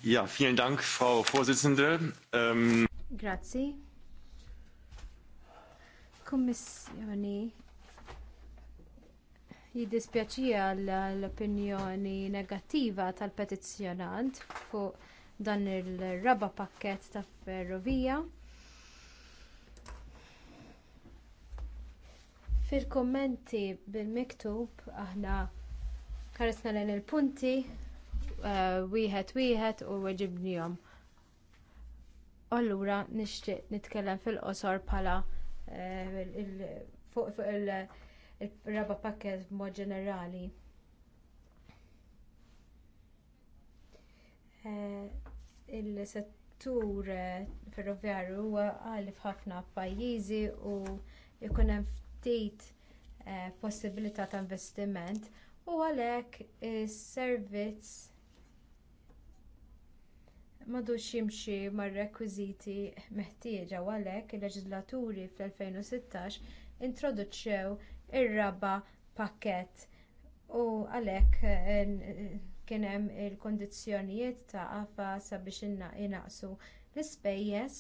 Ja, vielen Dank, Frau Vorsitzende. Ähm... Grazie, Il-Kummissjoni jiddispjaċija l-opinjoni negattiva tal-petizzjonant fuq dan il-raba pakkett ta' ferrovija. fil kummenti bil-miktub aħna karisna l il-punti uh, wieħed wieħed u weġibnijom. Allura nixtieq nitkellem fil-qosor bħala Eh, fuq il-raba pakket b'mod ġenerali. Eh, il-settur eh, ferroviarju huwa għalif ħafna pajjiżi u jkun hemm ftit possibilità ta' investiment u għalhekk is-servizz madux jimxi mar-rekwiżiti meħtieġa u għalhekk il-leġislaturi fl-2016 introduċew ir-raba pakkett u għalhekk eh, kien hemm il kundizzjonijiet ta' għafa sabiex inaqsu l-ispejjeż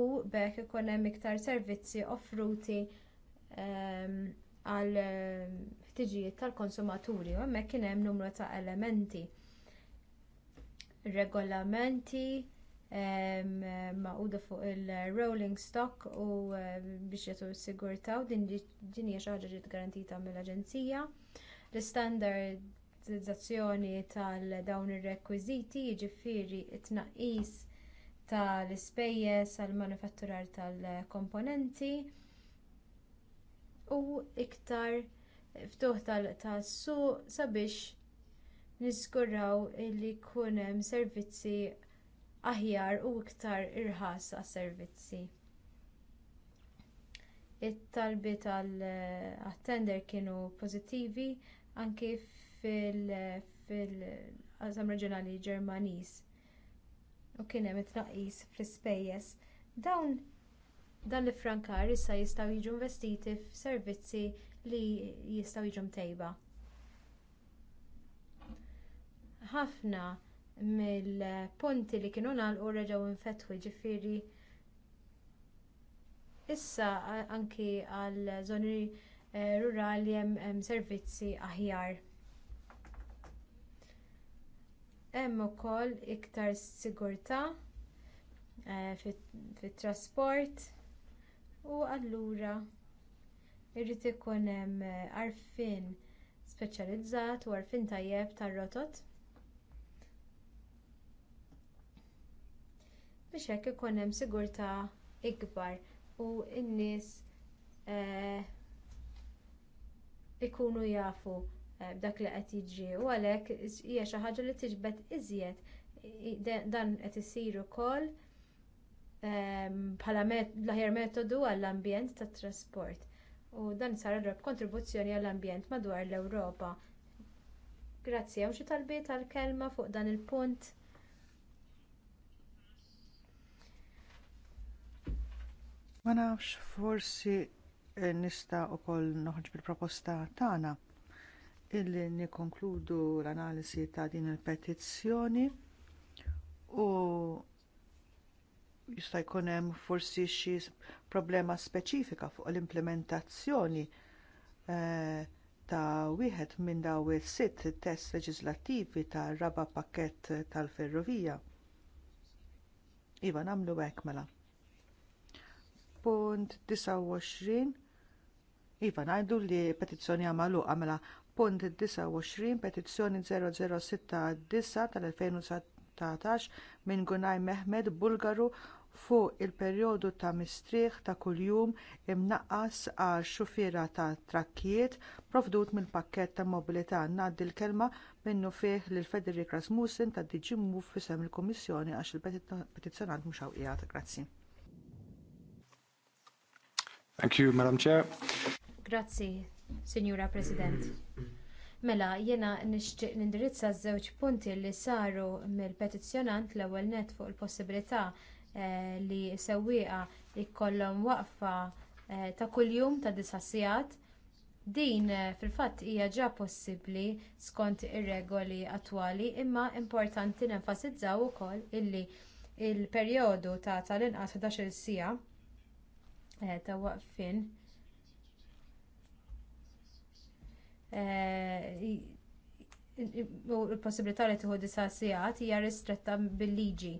u b'hekk ikun hemm iktar servizzi offruti ehm, għal eh, ħtiġijiet tal-konsumaturi u hemmhekk kien hemm numru ta' elementi regolamenti maquda fuq il-rolling stock u biex jagħtu s-sigurtaw din hija xi ħaġa ġiet garantita mill-Aġenzija. L-istandardizzazzjoni tal-dawn ir-rekwiżiti jiġifieri t tnaqqis tal-ispejjeż għall manufatturar tal-komponenti u iktar ftuħ tas-suq sabiex niżguraw li jkun hemm servizzi aħjar u iktar irħas għas servizzi. It-talbi tal-attender kienu pożittivi anke fil-qasam reġjonali Ġermaniż u kien hemm it-tnaqqis fl-ispejjeż. Dawn dan l-ifrankar issa jistgħu jiġu investiti f'servizzi li jistgħu jiġu mtejba ħafna mill-punti li kienu nagħlqu reġgħu infetħu ġifieri issa anki għal żoni eh, rurali hemm servizzi aħjar. Hemm ukoll iktar sigurtà eh, fit-trasport u allura irrid ikun hemm eh, għarfien speċjalizzat u għarfien tajjeb tar-rotot biex hekk ikun hemm sigurtà ikbar u n-nies eh, ikunu jafu eh, b'dak li qed jiġri u għalhekk hija xi ħaġa li tiġbed iżjed dan qed isir ukoll ehm, bħala l-aħjar metodu għall-ambjent tat trasport. U dan sar rob kontribuzzjoni għall-ambjent madwar l-Ewropa. Grazzi, hawn xi talbiet għall kelma fuq dan il-punt. Ma nafx forsi eh, nista' ukoll noħġ bil-proposta tagħna illi nikkonkludu l-analisi ta' din il-petizzjoni u jista' jkun hemm forsi xi problema speċifika fuq l-implementazzjoni eh, ta' wieħed minn daw is-sitt test leġislattivi tar raba pakkett tal-ferrovija. Iva nagħmlu hekk mela punt 29 Iva, ngħidu li petizzjoni għamalu għamela punt 29 petizzjoni 0069 tal-2019 minn Gunaj Mehmed Bulgaru fuq il-perjodu ta' mistrieħ ta' kuljum imnaqqas għal xufiera ta' trakkijiet provdut mill-pakkett ta' mobilità ngħaddi l-kelma minnu fih l Federik Rasmussen ta' DG Move fisem il-Kummissjoni għax il-petizzjonant mhux hawnqiegħed. Grazzi. Thank you, Madam Chair. Grazzi, Signora President. Mela, jiena nixtieq nindirizza żewġ punti li saru mill-petizzjonant l-ewwel nett fuq il-possibilità eh, li sewwieqa jkollhom waqfa eh, ta' kuljum ta' disassijat. Din eh, fil-fatt hija ġa possibbli skont ir-regoli attwali imma importanti nenfasizzaw ukoll illi l il perjodu ta' tal-inqas 11-il sija Eh, ta' waqfin eh, u l-possibilità li tieħu disasijat hija ristretta bil-liġi.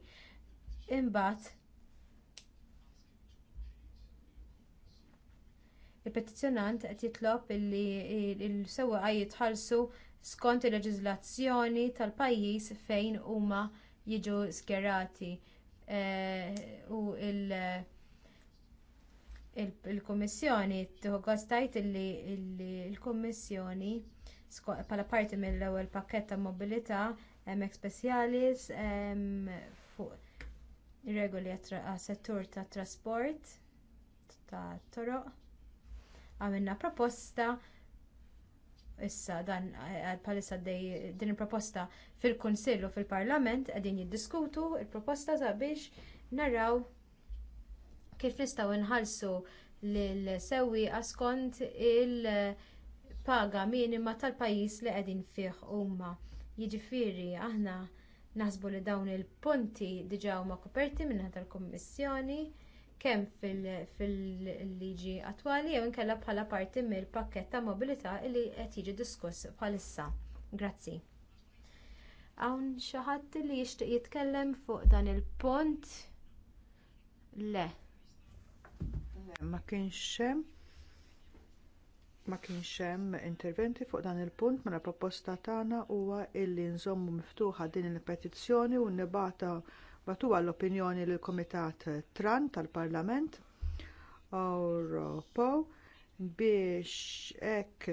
Imbagħad il-petizzjonant qed jitlob li l sewwaqa jitħallsu skont il-leġiżlazzjoni tal-pajjiż fejn huma jiġu skjerati eh, u l- il-Kummissjoni tħoggostajt li l-Kummissjoni bħala parti mill-ewwel pakkett ta' mobilità hemmhekk speċjali fuq regoli għas-settur tat trasport ta' toroq. Għamilna proposta issa dan palissa eh, din il-proposta fil kunsill u fil-Parlament qegħdin jiddiskutu l proposta sabiex naraw kif nistgħu nħallsu lil sewwieqa skont il-paga minima tal-pajjiż li qegħdin fih huma. Jiġifieri aħna naħsbu li dawn il-punti diġà huma koperti minn tal-Kummissjoni kemm fil-liġi attwali jew inkella bħala parti mill-pakkett ta' mobilità li qed jiġi diskuss bħalissa. Grazzi. Hawn xi ħadd li jixtieq jitkellem fuq dan il-punt? Le. Ma kienx hemm ma kienx hemm interventi fuq dan il-punt mela proposta tagħna huwa illi nżommu miftuħa din il-petizzjoni u nibata batuha l-opinjoni lill kumitat Tran tal-Parlament Ewropew biex hekk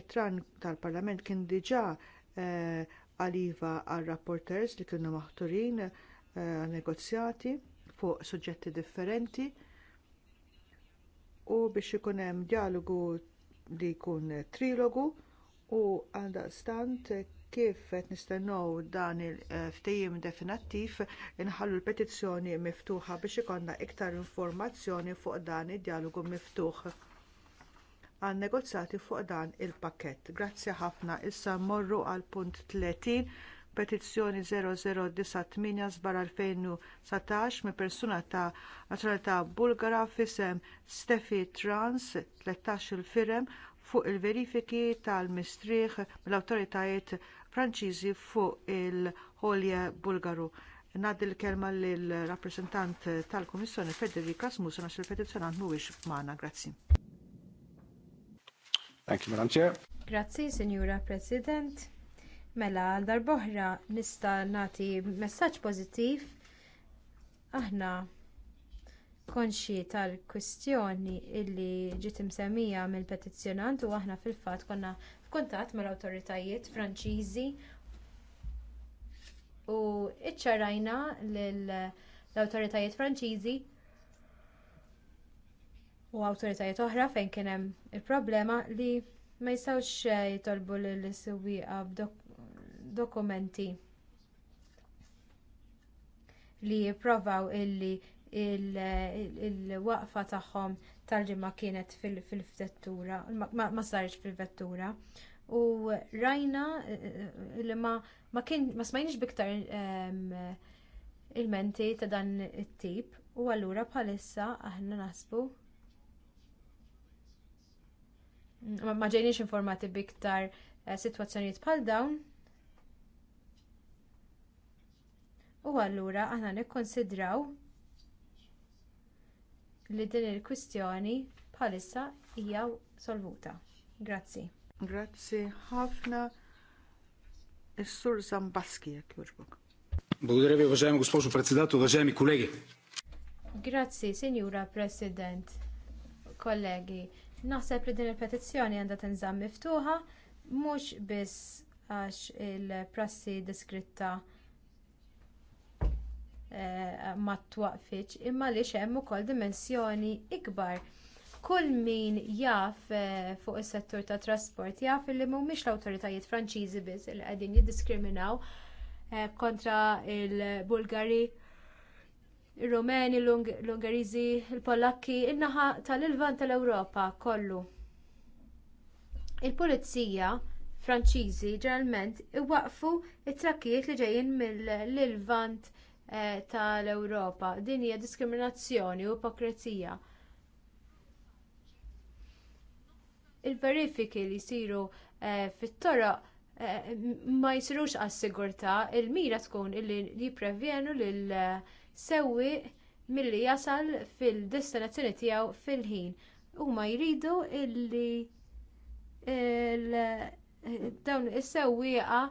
it-Tran tal-Parlament kien diġà eh, għaliva għar għal rapporters li kienu maħturin eh, għal negozjati fuq suġġetti differenti u biex ikun hemm dialogu li jkun trilogu u għandastant kif qed nistennew dan il-ftehim definattiv inħallu l-petizzjoni miftuħa biex ikollna iktar informazzjoni fuq dan id-dialogu miftuħ għan negozjati fuq dan il-pakket. Grazzi ħafna. Issa mmorru għal punt 30 petizzjoni 0098 żbar 2019 minn persuna ta' nazzjonalità Bulgara f'isem Steffi Trans 13 il-firem fuq il-verifiki tal-mistrieħ mill-awtoritajiet Franċiżi fuq il-ħolje Bulgaru. Ngħaddi l-kelma lill rappreżentant tal kummissjoni Federica Smusa għax il-petizzjonant mhuwiex magħna. Grazzi. Thank you, Madam Chair. Grazzi, Signora President. Mela, għal darboħra nista nagħti messaġġ pożittiv aħna konxi tal-kwistjoni illi ġiet imsemmija mill-petizzjonant u aħna fil-fatt konna f'kuntatt mal-awtoritajiet Franċiżi u iċċarajna l-awtoritajiet Franċiżi u awtoritajiet oħra fejn kien hemm il-problema li ma jistgħux jitolbu lill-sewwieqa b'dok dokumenti li jipprovaw illi il-waqfa tagħhom tal ġimgħa kienet fil-vettura, ma sarx fil-vettura. U rajna li eh, eh, ma smajniex biktar il-menti ta' dan it-tip u allura bħalissa aħna nasbu ma ġejniex informati biktar eh, sitwazzjonijiet bħal dawn U allura aħna nikkonsidraw li din il-kwistjoni bħalissa hija solvuta. Grazzi. Grazzi ħafna. Is-sur Zambaski jekk jogħġbok. Благодаря ви, уважаема госпожо председател, уважаеми Grazzi, Sinjura President, kollegi. Naħseb li din il-petizzjoni għandha tinżamm miftuħa mhux biss għax il-prassi deskritta Eh, ma twaqfitx imma li hemm ukoll dimensjoni ikbar. Kull min jaf eh, fuq is-settur tat trasport jaf li mhumiex l-awtoritajiet Franċiżi biss li qegħdin jiddiskriminaw eh, kontra l bulgari il-Rumeni, l-Ungariżi, il-Polakki, in-naħa tal-Ilvan tal-Ewropa kollu. Il-Pulizija Franċiżi ġeneralment iwaqfu t trakkijiet li ġejjin mill-Ilvant Eh, tal-Ewropa. Din hija diskriminazzjoni u ipokrezija. Il-verifiki li jsiru eh, fit-toroq eh, ma jisirux għas-sigurtà, il-mira tkun illi jipprevenu lil sewwi milli jasal fil-destinazzjoni tiegħu fil-ħin. Huma jridu illi dawn is-sewwieqa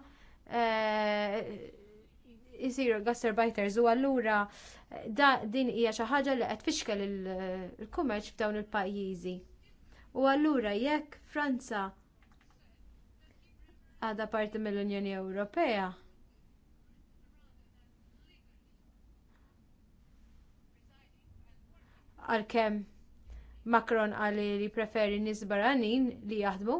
jisiru gastarbajters u allura eh, din hija xi ħaġa li qed fixkel eh, il-kummerċ f'dawn il-pajjiżi. U allura jekk Franza għadha parti mill-Unjoni Ewropea, għalkemm Macron qal li preferi nies barranin li jaħdmu.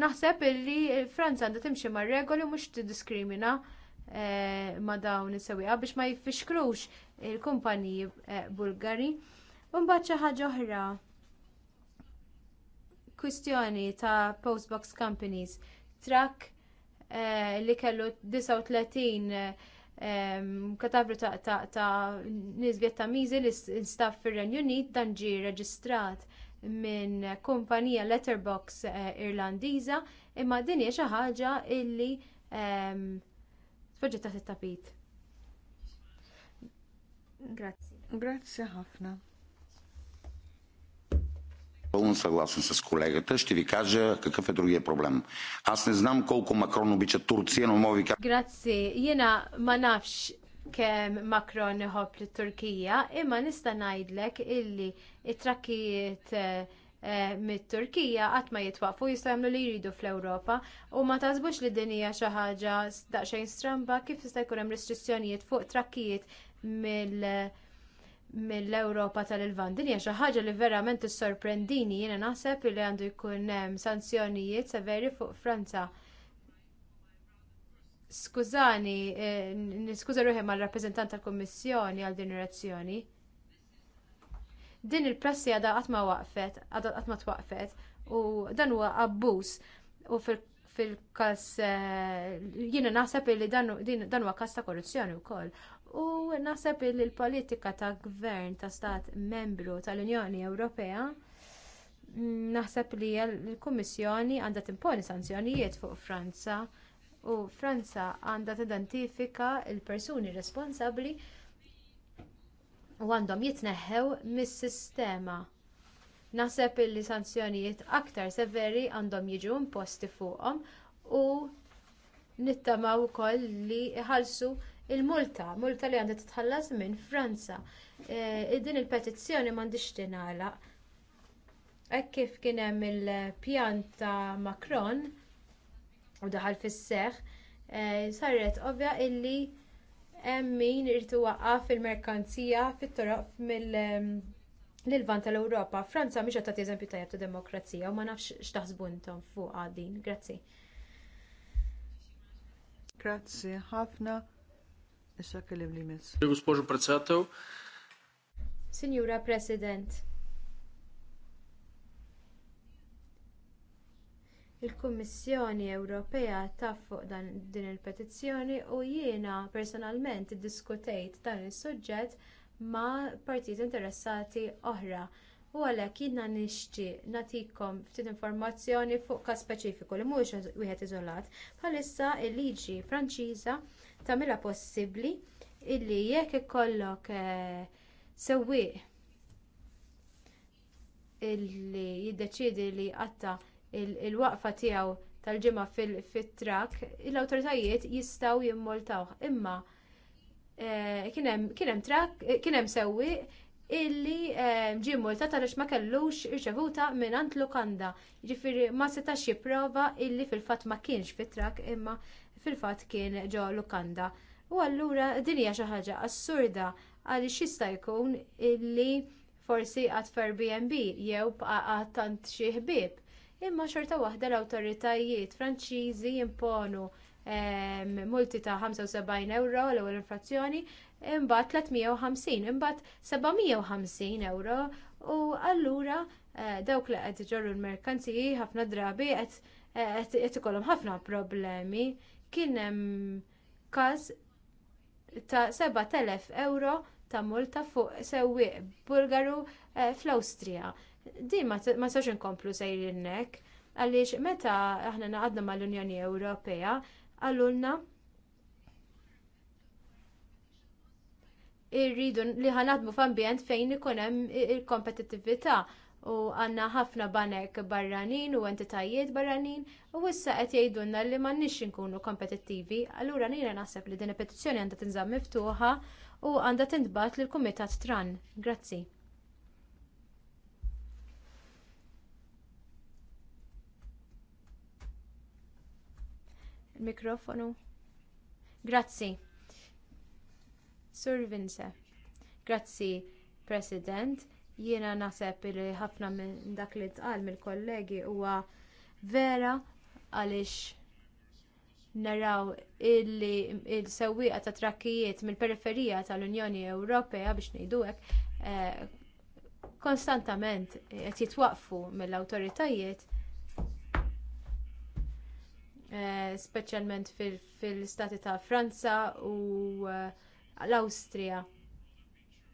Naħseb illi Franza għandha timxi mar regoli mhux tiddiskrimina diskrimina Eh, ma dawn is biex ma jiffixkrux il-kumpaniji eh, Bulgari. Mbagħad xi ħaġa oħra kwistjoni ta' postbox companies. Trak eh, li kellu 39 katavru ta' nizbiet ta' mizi li staff fir-Renju Unit dan ġie reġistrat minn kumpanija letterbox irlandiża imma dinja xi ħaġa illi ehm, Tfoġġi ta' it-tapit. Grazzi. Grazzi ħafna. Пълно съгласен с колегата. Ще ви кажа какъв е другия проблем. Аз не знам колко Макрон обича Турция, но мога ви кажа... Граци, Jena ma nafx kem Macron iħobb li Turkija, imma nista' ngħidlek illi it trakijiet eh, Eh, mit-Turkija qatt ma jitwaqfu jistgħu jagħmlu li jridu fl-Ewropa u ma tażbux li din hija xi ħaġa daqsxejn stramba kif jista' jkun hemm restrizzjonijiet fuq trakkijiet mill ewropa tal-Ilvan. Din hija xi ħaġa li verament sorprendini jiena naħseb li għandu jkun hemm sanzjonijiet severi fuq Franza. Skużani, eh, niskuża ruħi mal-rappreżentant tal-Kummissjoni għal din ir Din il-prassi għadha qatt ma waqfet, għada qatt ma twaqfet u dan huwa abbuż u fil-każ eh, jiena naħseb li dan huwa każ ta' korruzzjoni wkoll. U naħseb li l-politika ta' gvern ta' stat membru tal-Unjoni Ewropea mm, naħseb li l-Kummissjoni għandha timponi sanzjonijiet fuq Franza u Franza għandha tidentifika l persuni responsabbli u għandhom jitneħħew mis-sistema. Naħseb li sanzjonijiet aktar severi għandhom jiġu imposti fuqhom u nittamaw ukoll li iħallsu l multa multa li għandha titħallas minn Franza. E, din il-petizzjoni m'għandix tingħalaq. Hekk kif kien hemm il-pjan ta' Macron u daħal fis seħħ e, saret ovvja illi hemm min irid fil il-merkanzija fit-toroq mill ehm, vant tal-Ewropa. Franza mhix qed eżempju tajjeb ta' demokrazija u ma nafx x'taħsbuntom fuq din. Grazzi. Grazzi ħafna. Issa kellim li miss. President. il-Kummissjoni Ewropea taf fuq dan din il-petizzjoni u jiena personalment iddiskutejt dan is-suġġett ma' partijiet interessati oħra. U għalhekk jiena nixtieq nagħtikom ftit informazzjoni fuq każ speċifiku li mhuwiex wieħed iżolat. Bħalissa il-liġi Franċiża tagħmilha possibbli illi jekk ikollok eh, sewwieq illi jiddeċiedi li qatta' il-waqfa tiegħu tal-ġimgħa fit-trak, l-awtoritajiet jistgħu jimmoltawh. Imma eh, kien hemm trak, kien hemm sewwi illi eh, ġie multat għaliex ma kellux irċevuta mingħand lukanda. Ġifieri ma setax jipprova illi fil-fatt ma kienx fit-trak imma fil-fatt kien ġo lukanda. U allura din hija xi ħaġa assurda għaliex jista' jkun illi forsi fer f'Airbnb jew għad tant xi ħbieb imma xorta waħda l awtoritajiet Franċiżi imponu multi ta' 75 euro l ewwel infrazzjoni, imbagħad 350, imbagħad 750 euro u allura eh, dawk li qed iġorru l-merkanziji ħafna drabi qed ikollhom ħafna problemi. Kien hemm każ ta' 7000 euro ta' multa fuq sewwieq Bulgaru eh, fl-Awstrija. Din ma sax inkomplu sejrinnek, għaliex meta aħna naqadna mal-Unjoni Ewropea, għallulna irridu li ħanadmu f'ambjent fejn ikun hemm il-kompetittività u għandna ħafna banek barranin u entitajiet barranin u issa qed jgħidulna li m'għandniex inkunu kompetittivi, allura nina naħseb li din il-petizzjoni għandha tinżamm miftuħa u għandha tintbagħat lill kumitat Tran. Grazzi. mikrofonu. Grazzi. Sur Vince. Grazzi, President. Jiena naħseb li ħafna minn dak li tqal mill-kollegi huwa vera għaliex naraw illi il-sewwieqa ta' trakkijiet mill-periferija tal-Unjoni Ewropea biex ngħidu hekk eh, konstantament qed jitwaqfu mill-awtoritajiet Eh, speċjalment fil-stati ta' Franza u eh, l austria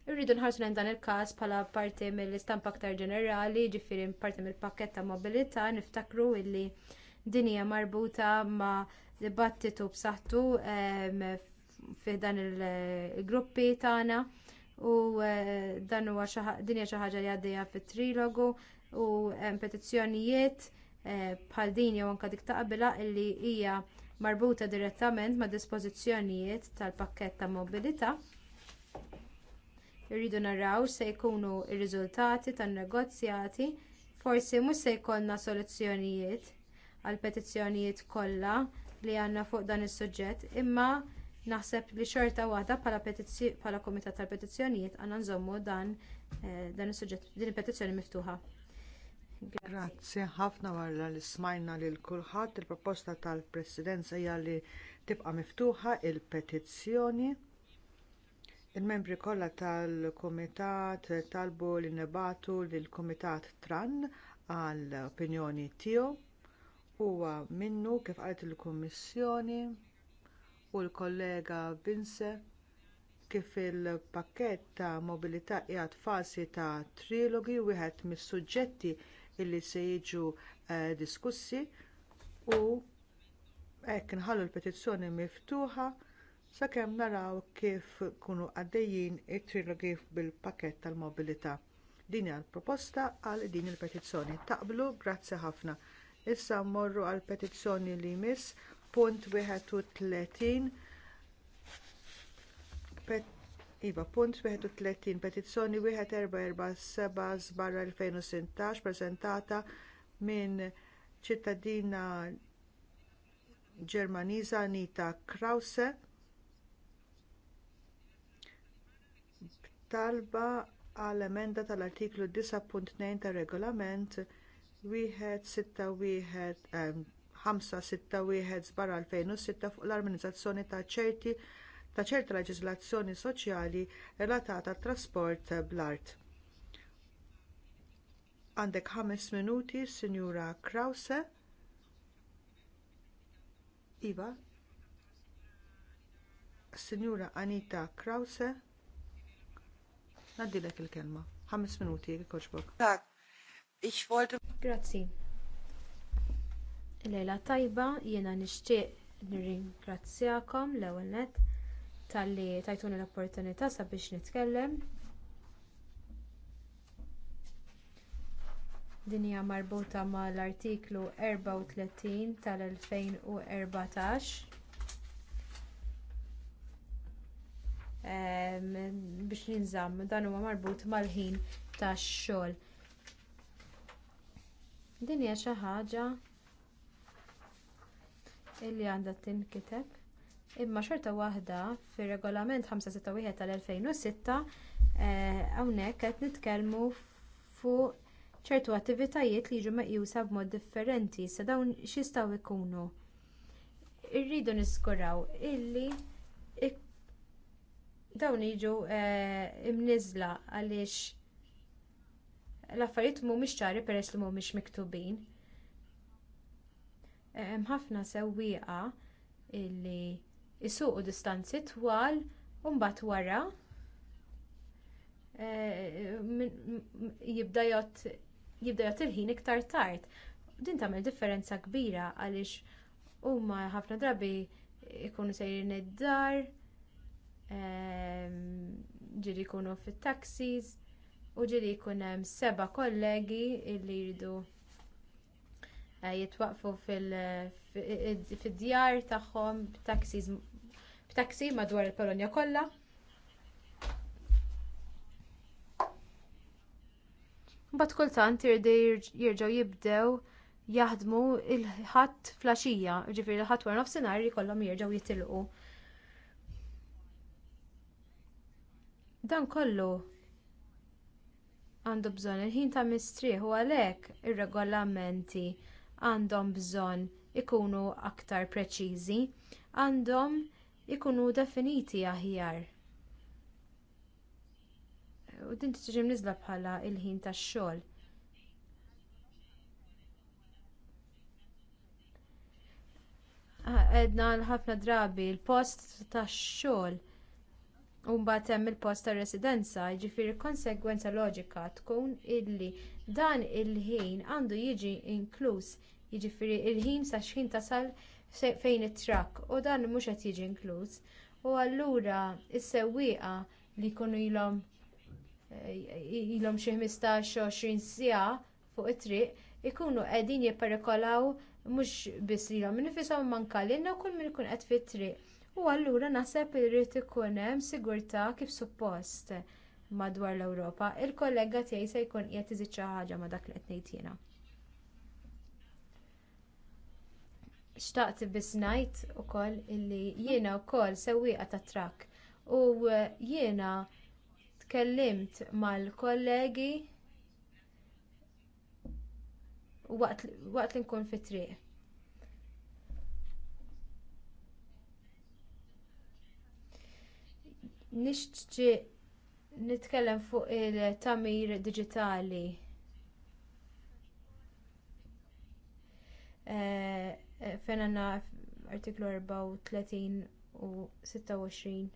Irridu nħarsu lejn dan il-każ bħala parti mill-istampa aktar ġenerali, ġifiri parti mill-pakket ta' mobilità, niftakru illi din hija marbuta ma' dibattitu b'saħħtu ehm, fi dan eh, il-gruppi tagħna u dan huwa din hija xi ħaġa li għaddejja fit-trilogu u petizzjonijiet Eh, bħal din jew anke dik ta' qabilha li hija marbuta direttament mad dispożizzjonijiet tal-pakkett ta' mobilità. Irridu naraw se jkunu r-riżultati tan-negozjati forsi mhux se jkollna soluzzjonijiet għall petizzjonijiet kollha li għandna fuq dan is-suġġett imma naħseb li xorta waħda bħala kumitat tal-petizzjonijiet għandna nżommu dan, eh, dan is-suġġett din il-petizzjoni miftuħa. Grazzi ħafna warla li smajna lil kulħadd il-proposta tal-Presidenza hija li tibqa' miftuħa il-petizzjoni. Il-membri kollha tal-Kumitat talbu li nebatu lill kumitat Tran għall opinjoni tiegħu huwa minnu kif qalet il-Kummissjoni u l-kollega Vince kif il-pakkett ta' mobilità qiegħed fasi ta' trilogi wieħed mis-suġġetti illi se jiġu eh, diskussi u hekk nħallu l-petizzjoni miftuħa sakemm naraw kif kunu għaddejjin it-trilogi bil-pakett tal-mobilità. Din hija l-proposta għal din il-petizzjoni. Taqblu, grazzi ħafna. Issa mmorru għall petizzjoni li jmiss punt 31 Iva, punt 31, petizzjoni 1447 sbarra 2016, prezentata minn ċittadina Ġermaniża Anita Krause talba għal emenda tal-artiklu 9.2 tar regolament 161561 sbar 2006 fuq l-armonizzazzjoni ta' ċerti ta' ċerta leġislazzjoni soċjali relatata tat trasport bl-art. Għandek ħames minuti, Signora Krause. Iva. Signora Anita Krause. Nadilek il-kelma. Ħames minuti, koċbok. Tak, ich wollte... Grazzi. Lejla tajba, jiena nixtieq nirringrazzjakom l-ewwel nett tal-li tajtuni l-opportunità sabiex nitkellem. Din hija marbuta mal-artiklu 34 tal-2014 biex ninżamm dan huwa marbut mal-ħin tax-xogħol. Din hija xi ħaġa illi għandha tinkiteb. Imma xorta waħda fir regolament 561 tal-2006 eh, hawnhekk qed nitkellmu fuq ċertu attivitajiet li jiġu meqjusa b'mod differenti sa dawn x'jistgħu jkunu. Irridu niskuraw illi dawn jiġu eh, imniżla għaliex l-affarijiet mhumiex ċari peress li mhumiex miktubin. Eh, hemm ħafna sewwieqa illi isuqu distanzi twal u mbagħad wara eh, jibda jgħat il-ħin iktar tard. Din tagħmel differenza kbira għaliex huma ħafna drabi ikunu sejrin id-dar, ehm, ġiri jkunu fit-taxis u ġiri jkun hemm seba' kollegi li jridu Eh, jitwaqfu fil-djar tagħhom b'taksi madwar il-Polonja kollha. Mbagħad kultant jirġgħu jibdew jaħdmu il-ħadd flaxija, ġifieri il-ħadd wara nofsinhar jkollhom jerġgħu jitilqu. Dan kollu għandu bżonn il-ħin ta' mistrieħu u għalhekk ir-regolamenti għandhom bżonn ikunu aktar preċiżi, għandhom ikunu definiti aħjar. U din tiġi nizla bħala il-ħin tax-xogħol. Ah, edna l-ħafna drabi l-post tax-xogħol u mbagħad hemm il-post ta' residenza, jiġifieri konsegwenza loġika tkun illi dan il-ħin għandu jiġi inkluż, jiġifieri il-ħin sa xħin tasal fejn it-trakk u dan mhux qed jiġi inkluż. U allura is-sewwieqa li jkunu ilhom eh, xi 15-20 siegħa fuq it-triq ikunu qegħdin jipperikolaw mhux biss lilhom nifisom manka lilna u kull min ikun qed fit-triq u allura naħseb irrid ikun hemm sigurtà kif suppost madwar l-Ewropa. Il-kollega tiegħi se jkun qiegħed iżid xi ħaġa ma' dak li qed ngħid jiena. Xtaqt biss ngħid ukoll illi jiena wkoll sewwieqa ta' trakk u jiena tkellimt mal-kollegi waqt li nkun fit triq nixtġi nitkellem fuq il-tamir digitali. Eh, eh, fejn għandna artiklu 34 u 26.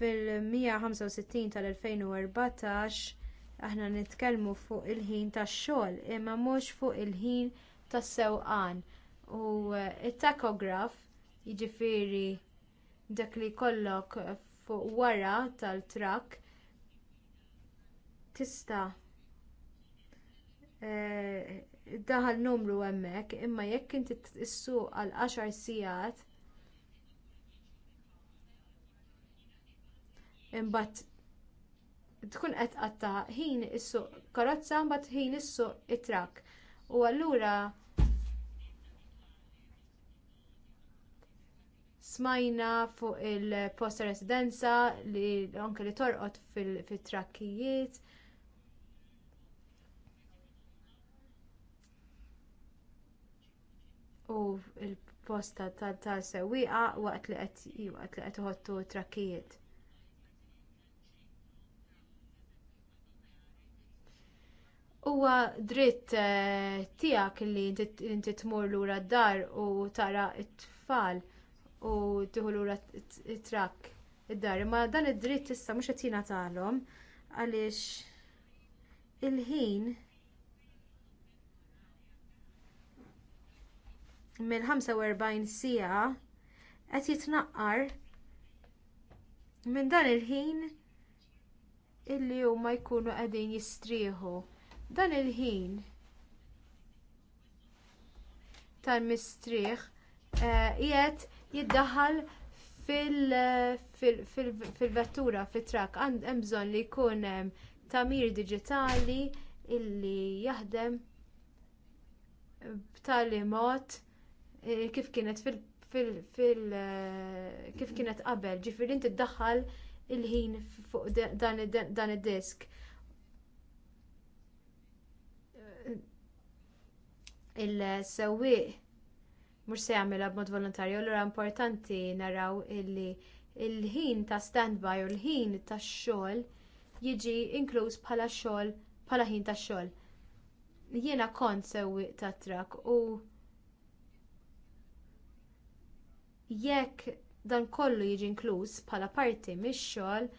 fil-165 tal-2014 aħna nitkellmu fuq il-ħin tax-xogħol imma mhux fuq il-ħin tas-sewqan u eh, it-takograf jiġifieri dak li jkollok fuq wara tal-trakk tista eh, daħal numru hemmhekk imma jekk inti tissuq għal 10 sigħat imbagħad tkun qed qatta' ħin issuq karozza mbagħad ħin issuq it-trakk u allura Smajna fuq il-posta residenza li anke li torqod fit-trakkijiet. U il-posta tal-sewwieqa waqt li qed waqt li qed iħottu trakkijiet. huwa dritt eh, tiegħek li inti tmur lura d-dar u tara t tfal u lura t trak id-dar. Ma dan id-dritt issa mhux qed jingħatalhom għaliex il-ħin mill-45 siegħa qed jitnaqqar minn dan il-ħin illi huma jkunu qegħdin jistrieħu. Dan il-ħin tal-mistrieħ eh, qiegħed jiddaħħal fil-vettura, fit-trak, hemm bżonn li jkun hemm tamir diġitali illi jaħdem b'tali mod e, kif kienet fil- e, kif kienet qabel, ġifieri inti ddaħħal il-ħin fuq dan id-disk. il-sewwieq mux se jagħmilha b'mod volontarju, allura importanti naraw illi l ħin ta' standby u l-ħin tax xogħol jiġi inkluż bħala xogħol bħala ħin tax xogħol. Jiena kont sewwieq ta' trak u jekk dan kollu jiġi inkluż bħala parti mix-xogħol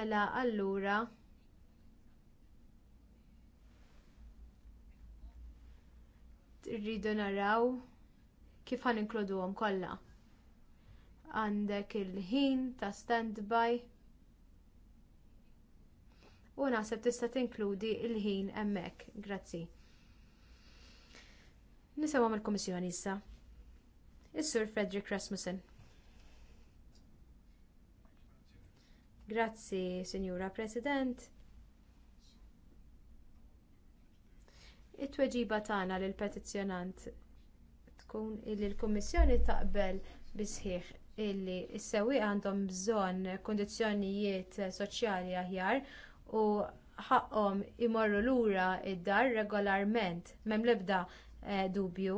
mela allura rridu naraw kif ħan inkluduhom kollha. Għandek il-ħin ta' standby u naħseb tista' tinkludi l ħin hemmhekk. Grazzi. Nisimgħu mill-Kummissjoni issa. Is-Sur Frederick Rasmussen. Grazzi, Sinjura President. it tweġiba tagħna lill petizzjonant jkun illi l-Kummissjoni taqbel bi sħiħ illi s sewwieq għandhom bżonn kundizzjonijiet soċjali aħjar u ħaqhom imorru lura id-dar regolarment, m'hemm l-ebda eh, dubju.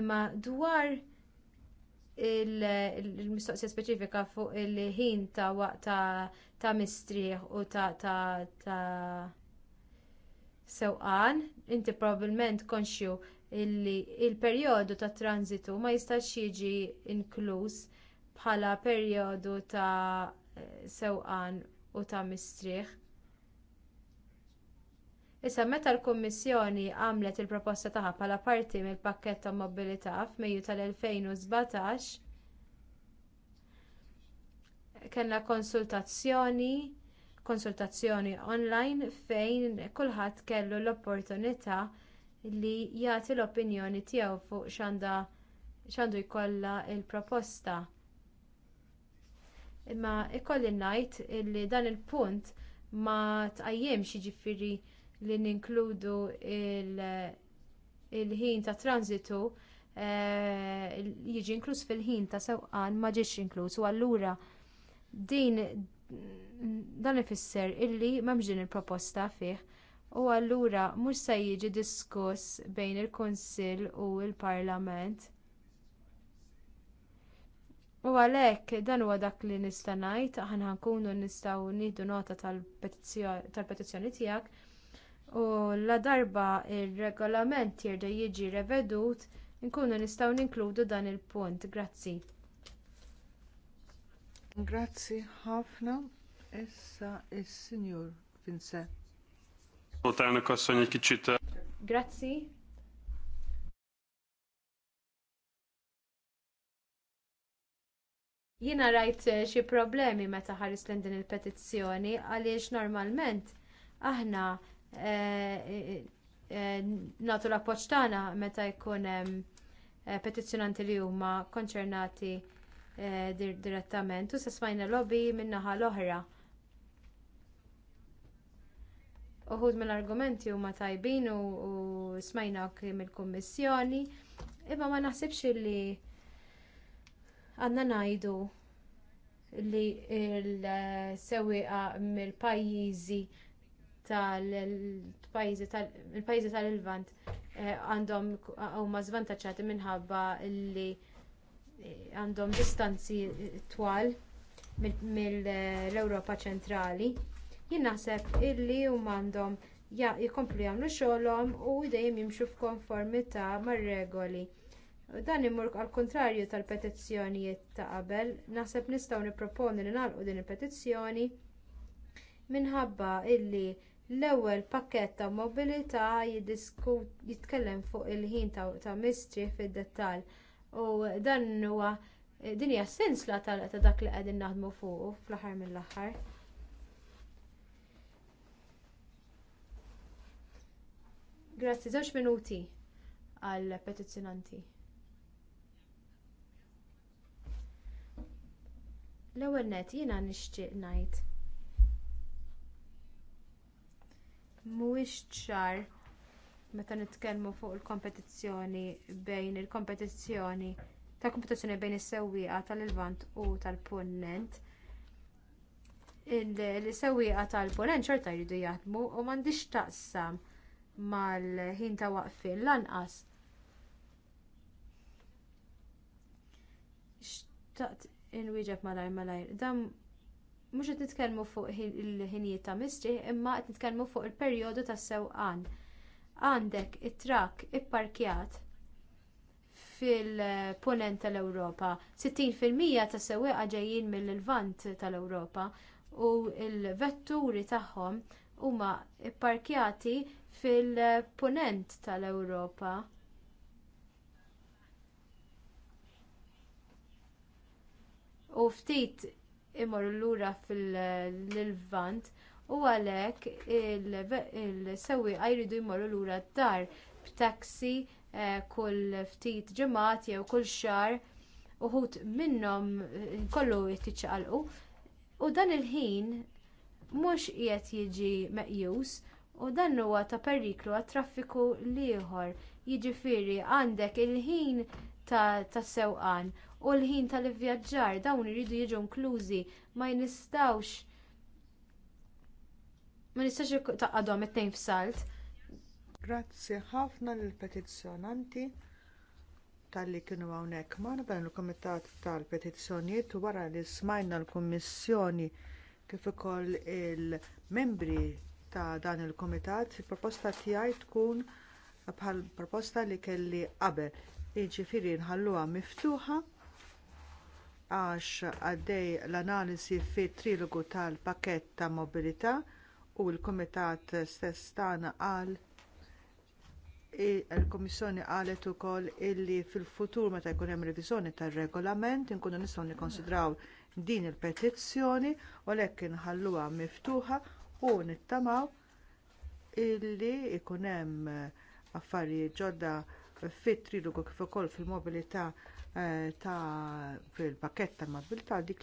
Imma dwar il-mistoqsija speċifika fuq il-ħin ta' waqt ta' mistrieħ u ta' sewqan, inti probabbilment konxju illi il-perjodu ta' transitu ma jistax jiġi inkluż bħala perjodu ta' sewqan u ta' mistrieħ. Issa meta l-Kummissjoni għamlet il-proposta tagħha bħala parti mill-pakkett ta' mobilità f'Mejju tal-2017 kellna konsultazzjoni konsultazzjoni online fejn kulħadd kellu l-opportunità li jagħti l-opinjoni tiegħu fuq x'għandu jkollha l proposta Imma ikolli ngħid li dan il-punt ma tqajjem jiġifieri li ninkludu il-ħin ta' transitu eh, jiġi inkluż fil-ħin ta' sewqan ma ġiex inkluż u allura din dan ifisser illi m'hemmx din il-proposta fih u allura mhux se jiġi diskuss bejn il-Kunsill u l il parlament U għalhekk dan huwa dak li nista' ngħid, aħna nkunu nistgħu nieħdu nota tal-petizzjoni tiegħek u la darba r regolament jirda jiġi revedut nkunu nistgħu ninkludu dan il-punt. Grazzi. Grazzi ħafna. Issa is-Sinjur Vincent. Elnök asszony, Jina rajt xi problemi meta ħaris l din il-petizzjoni għaliex normalment aħna nagħtu l-appoġġ tagħna meta jkun hemm e, petizzjonanti li huma konċernati e, direttament u se smajna lobby min-naħa l-oħra uħud mill-argumenti huma tajbin u, u smajna mill-kummissjoni, imma ma naħsibx li għandna ngħidu li l-sewiqa mill-pajjiżi tal-pajjiżi tal-Ilvant eh, għandhom huma żvantaġġati minħabba li eh, għandhom distanzi twal mill-Ewropa eh, ċentrali. Jien naħseb illi huma għandhom jikomplu jagħmlu xogħolhom u dejjem jimxu f'konformità mar-regoli. Dan imur għal kontrarju tal-petizzjonijiet ta' qabel, naħseb nistgħu nipproponi li nagħlqu din il-petizzjoni minħabba illi l-ewwel pakkett ta' mobilità jitkellem fuq il-ħin ta' mistri fid-dettall u dan huwa din hija sensla ta' dak li qegħdin naħdmu fuq fl-aħħar mill-aħħar. Grazzi, żewġ minuti għal petizzjonanti. L-ewwel net jiena nixtieq ngħid. Mhuwiex ċar meta nitkellmu fuq il-kompetizzjoni bejn il-kompetizzjoni ta' kompetizzjoni bejn is-sewwieqa tal-Ilvant u tal-Punent. il sewwieqa tal-Punent xorta jridu jaħdmu u m'għandix taqsam mal-ħin ta' waqfin lanqas. Xtaqt inwieġeb malajr malajr. Dan mhux qed nitkellmu fuq il-ħinijiet ta' mistri, imma qed nitkellmu fuq il-perjodu tas sewqan. Għandek it-trak ipparkjat fil-ponent tal-Ewropa. 60% tas sewwieqa ġejjin mill-Lvant tal-Ewropa u l-vetturi tagħhom huma ipparkjati fil-punent tal-Ewropa. U ftit imorru lura fil-Lvant u għalhekk il-sewwieqa jridu jmorru lura d-dar b'taksi eh, kull ftit ġimgħat jew kull xahar uħud minnhom kollu jittiċċaqalqu u dan il-ħin mhux qiegħed jiġi meqjus u dan huwa ta' periklu għat traffiku ieħor. Jiġifieri għandek il-ħin tas-sewqan u l-ħin tal-ivvjaġġar dawn iridu jiġu inklużi ma jinistawx ma nistax taqadhom it-tejn f'salt. Grazzi ħafna lill petizzjonanti tal-li kienu hawnhekk magħna dan il-Kumitat tal-Petizzjonijiet wara li smajna l-Kummissjoni kif ukoll il-membri ta' dan il kumitat il-proposta tiegħi tkun bħal proposta li kelli qabel. Jiġifieri nħalluha miftuħa għax għaddej l-analisi fit trilogu tal-pakett ta' mobilità u l kumitat stess tagħna qal il-Komissjoni qalet ukoll illi fil-futur meta jkun hemm revizjoni tar-regolament inkunu nistgħu nikkonsidraw din il-petizzjoni u għalhekk inħalluha miftuħa u nittamaw illi ikun hemm affarijiet ġodda fit trilogu kif ukoll fil-mobilità eh, ta' fil-pakett tal-mobilità dik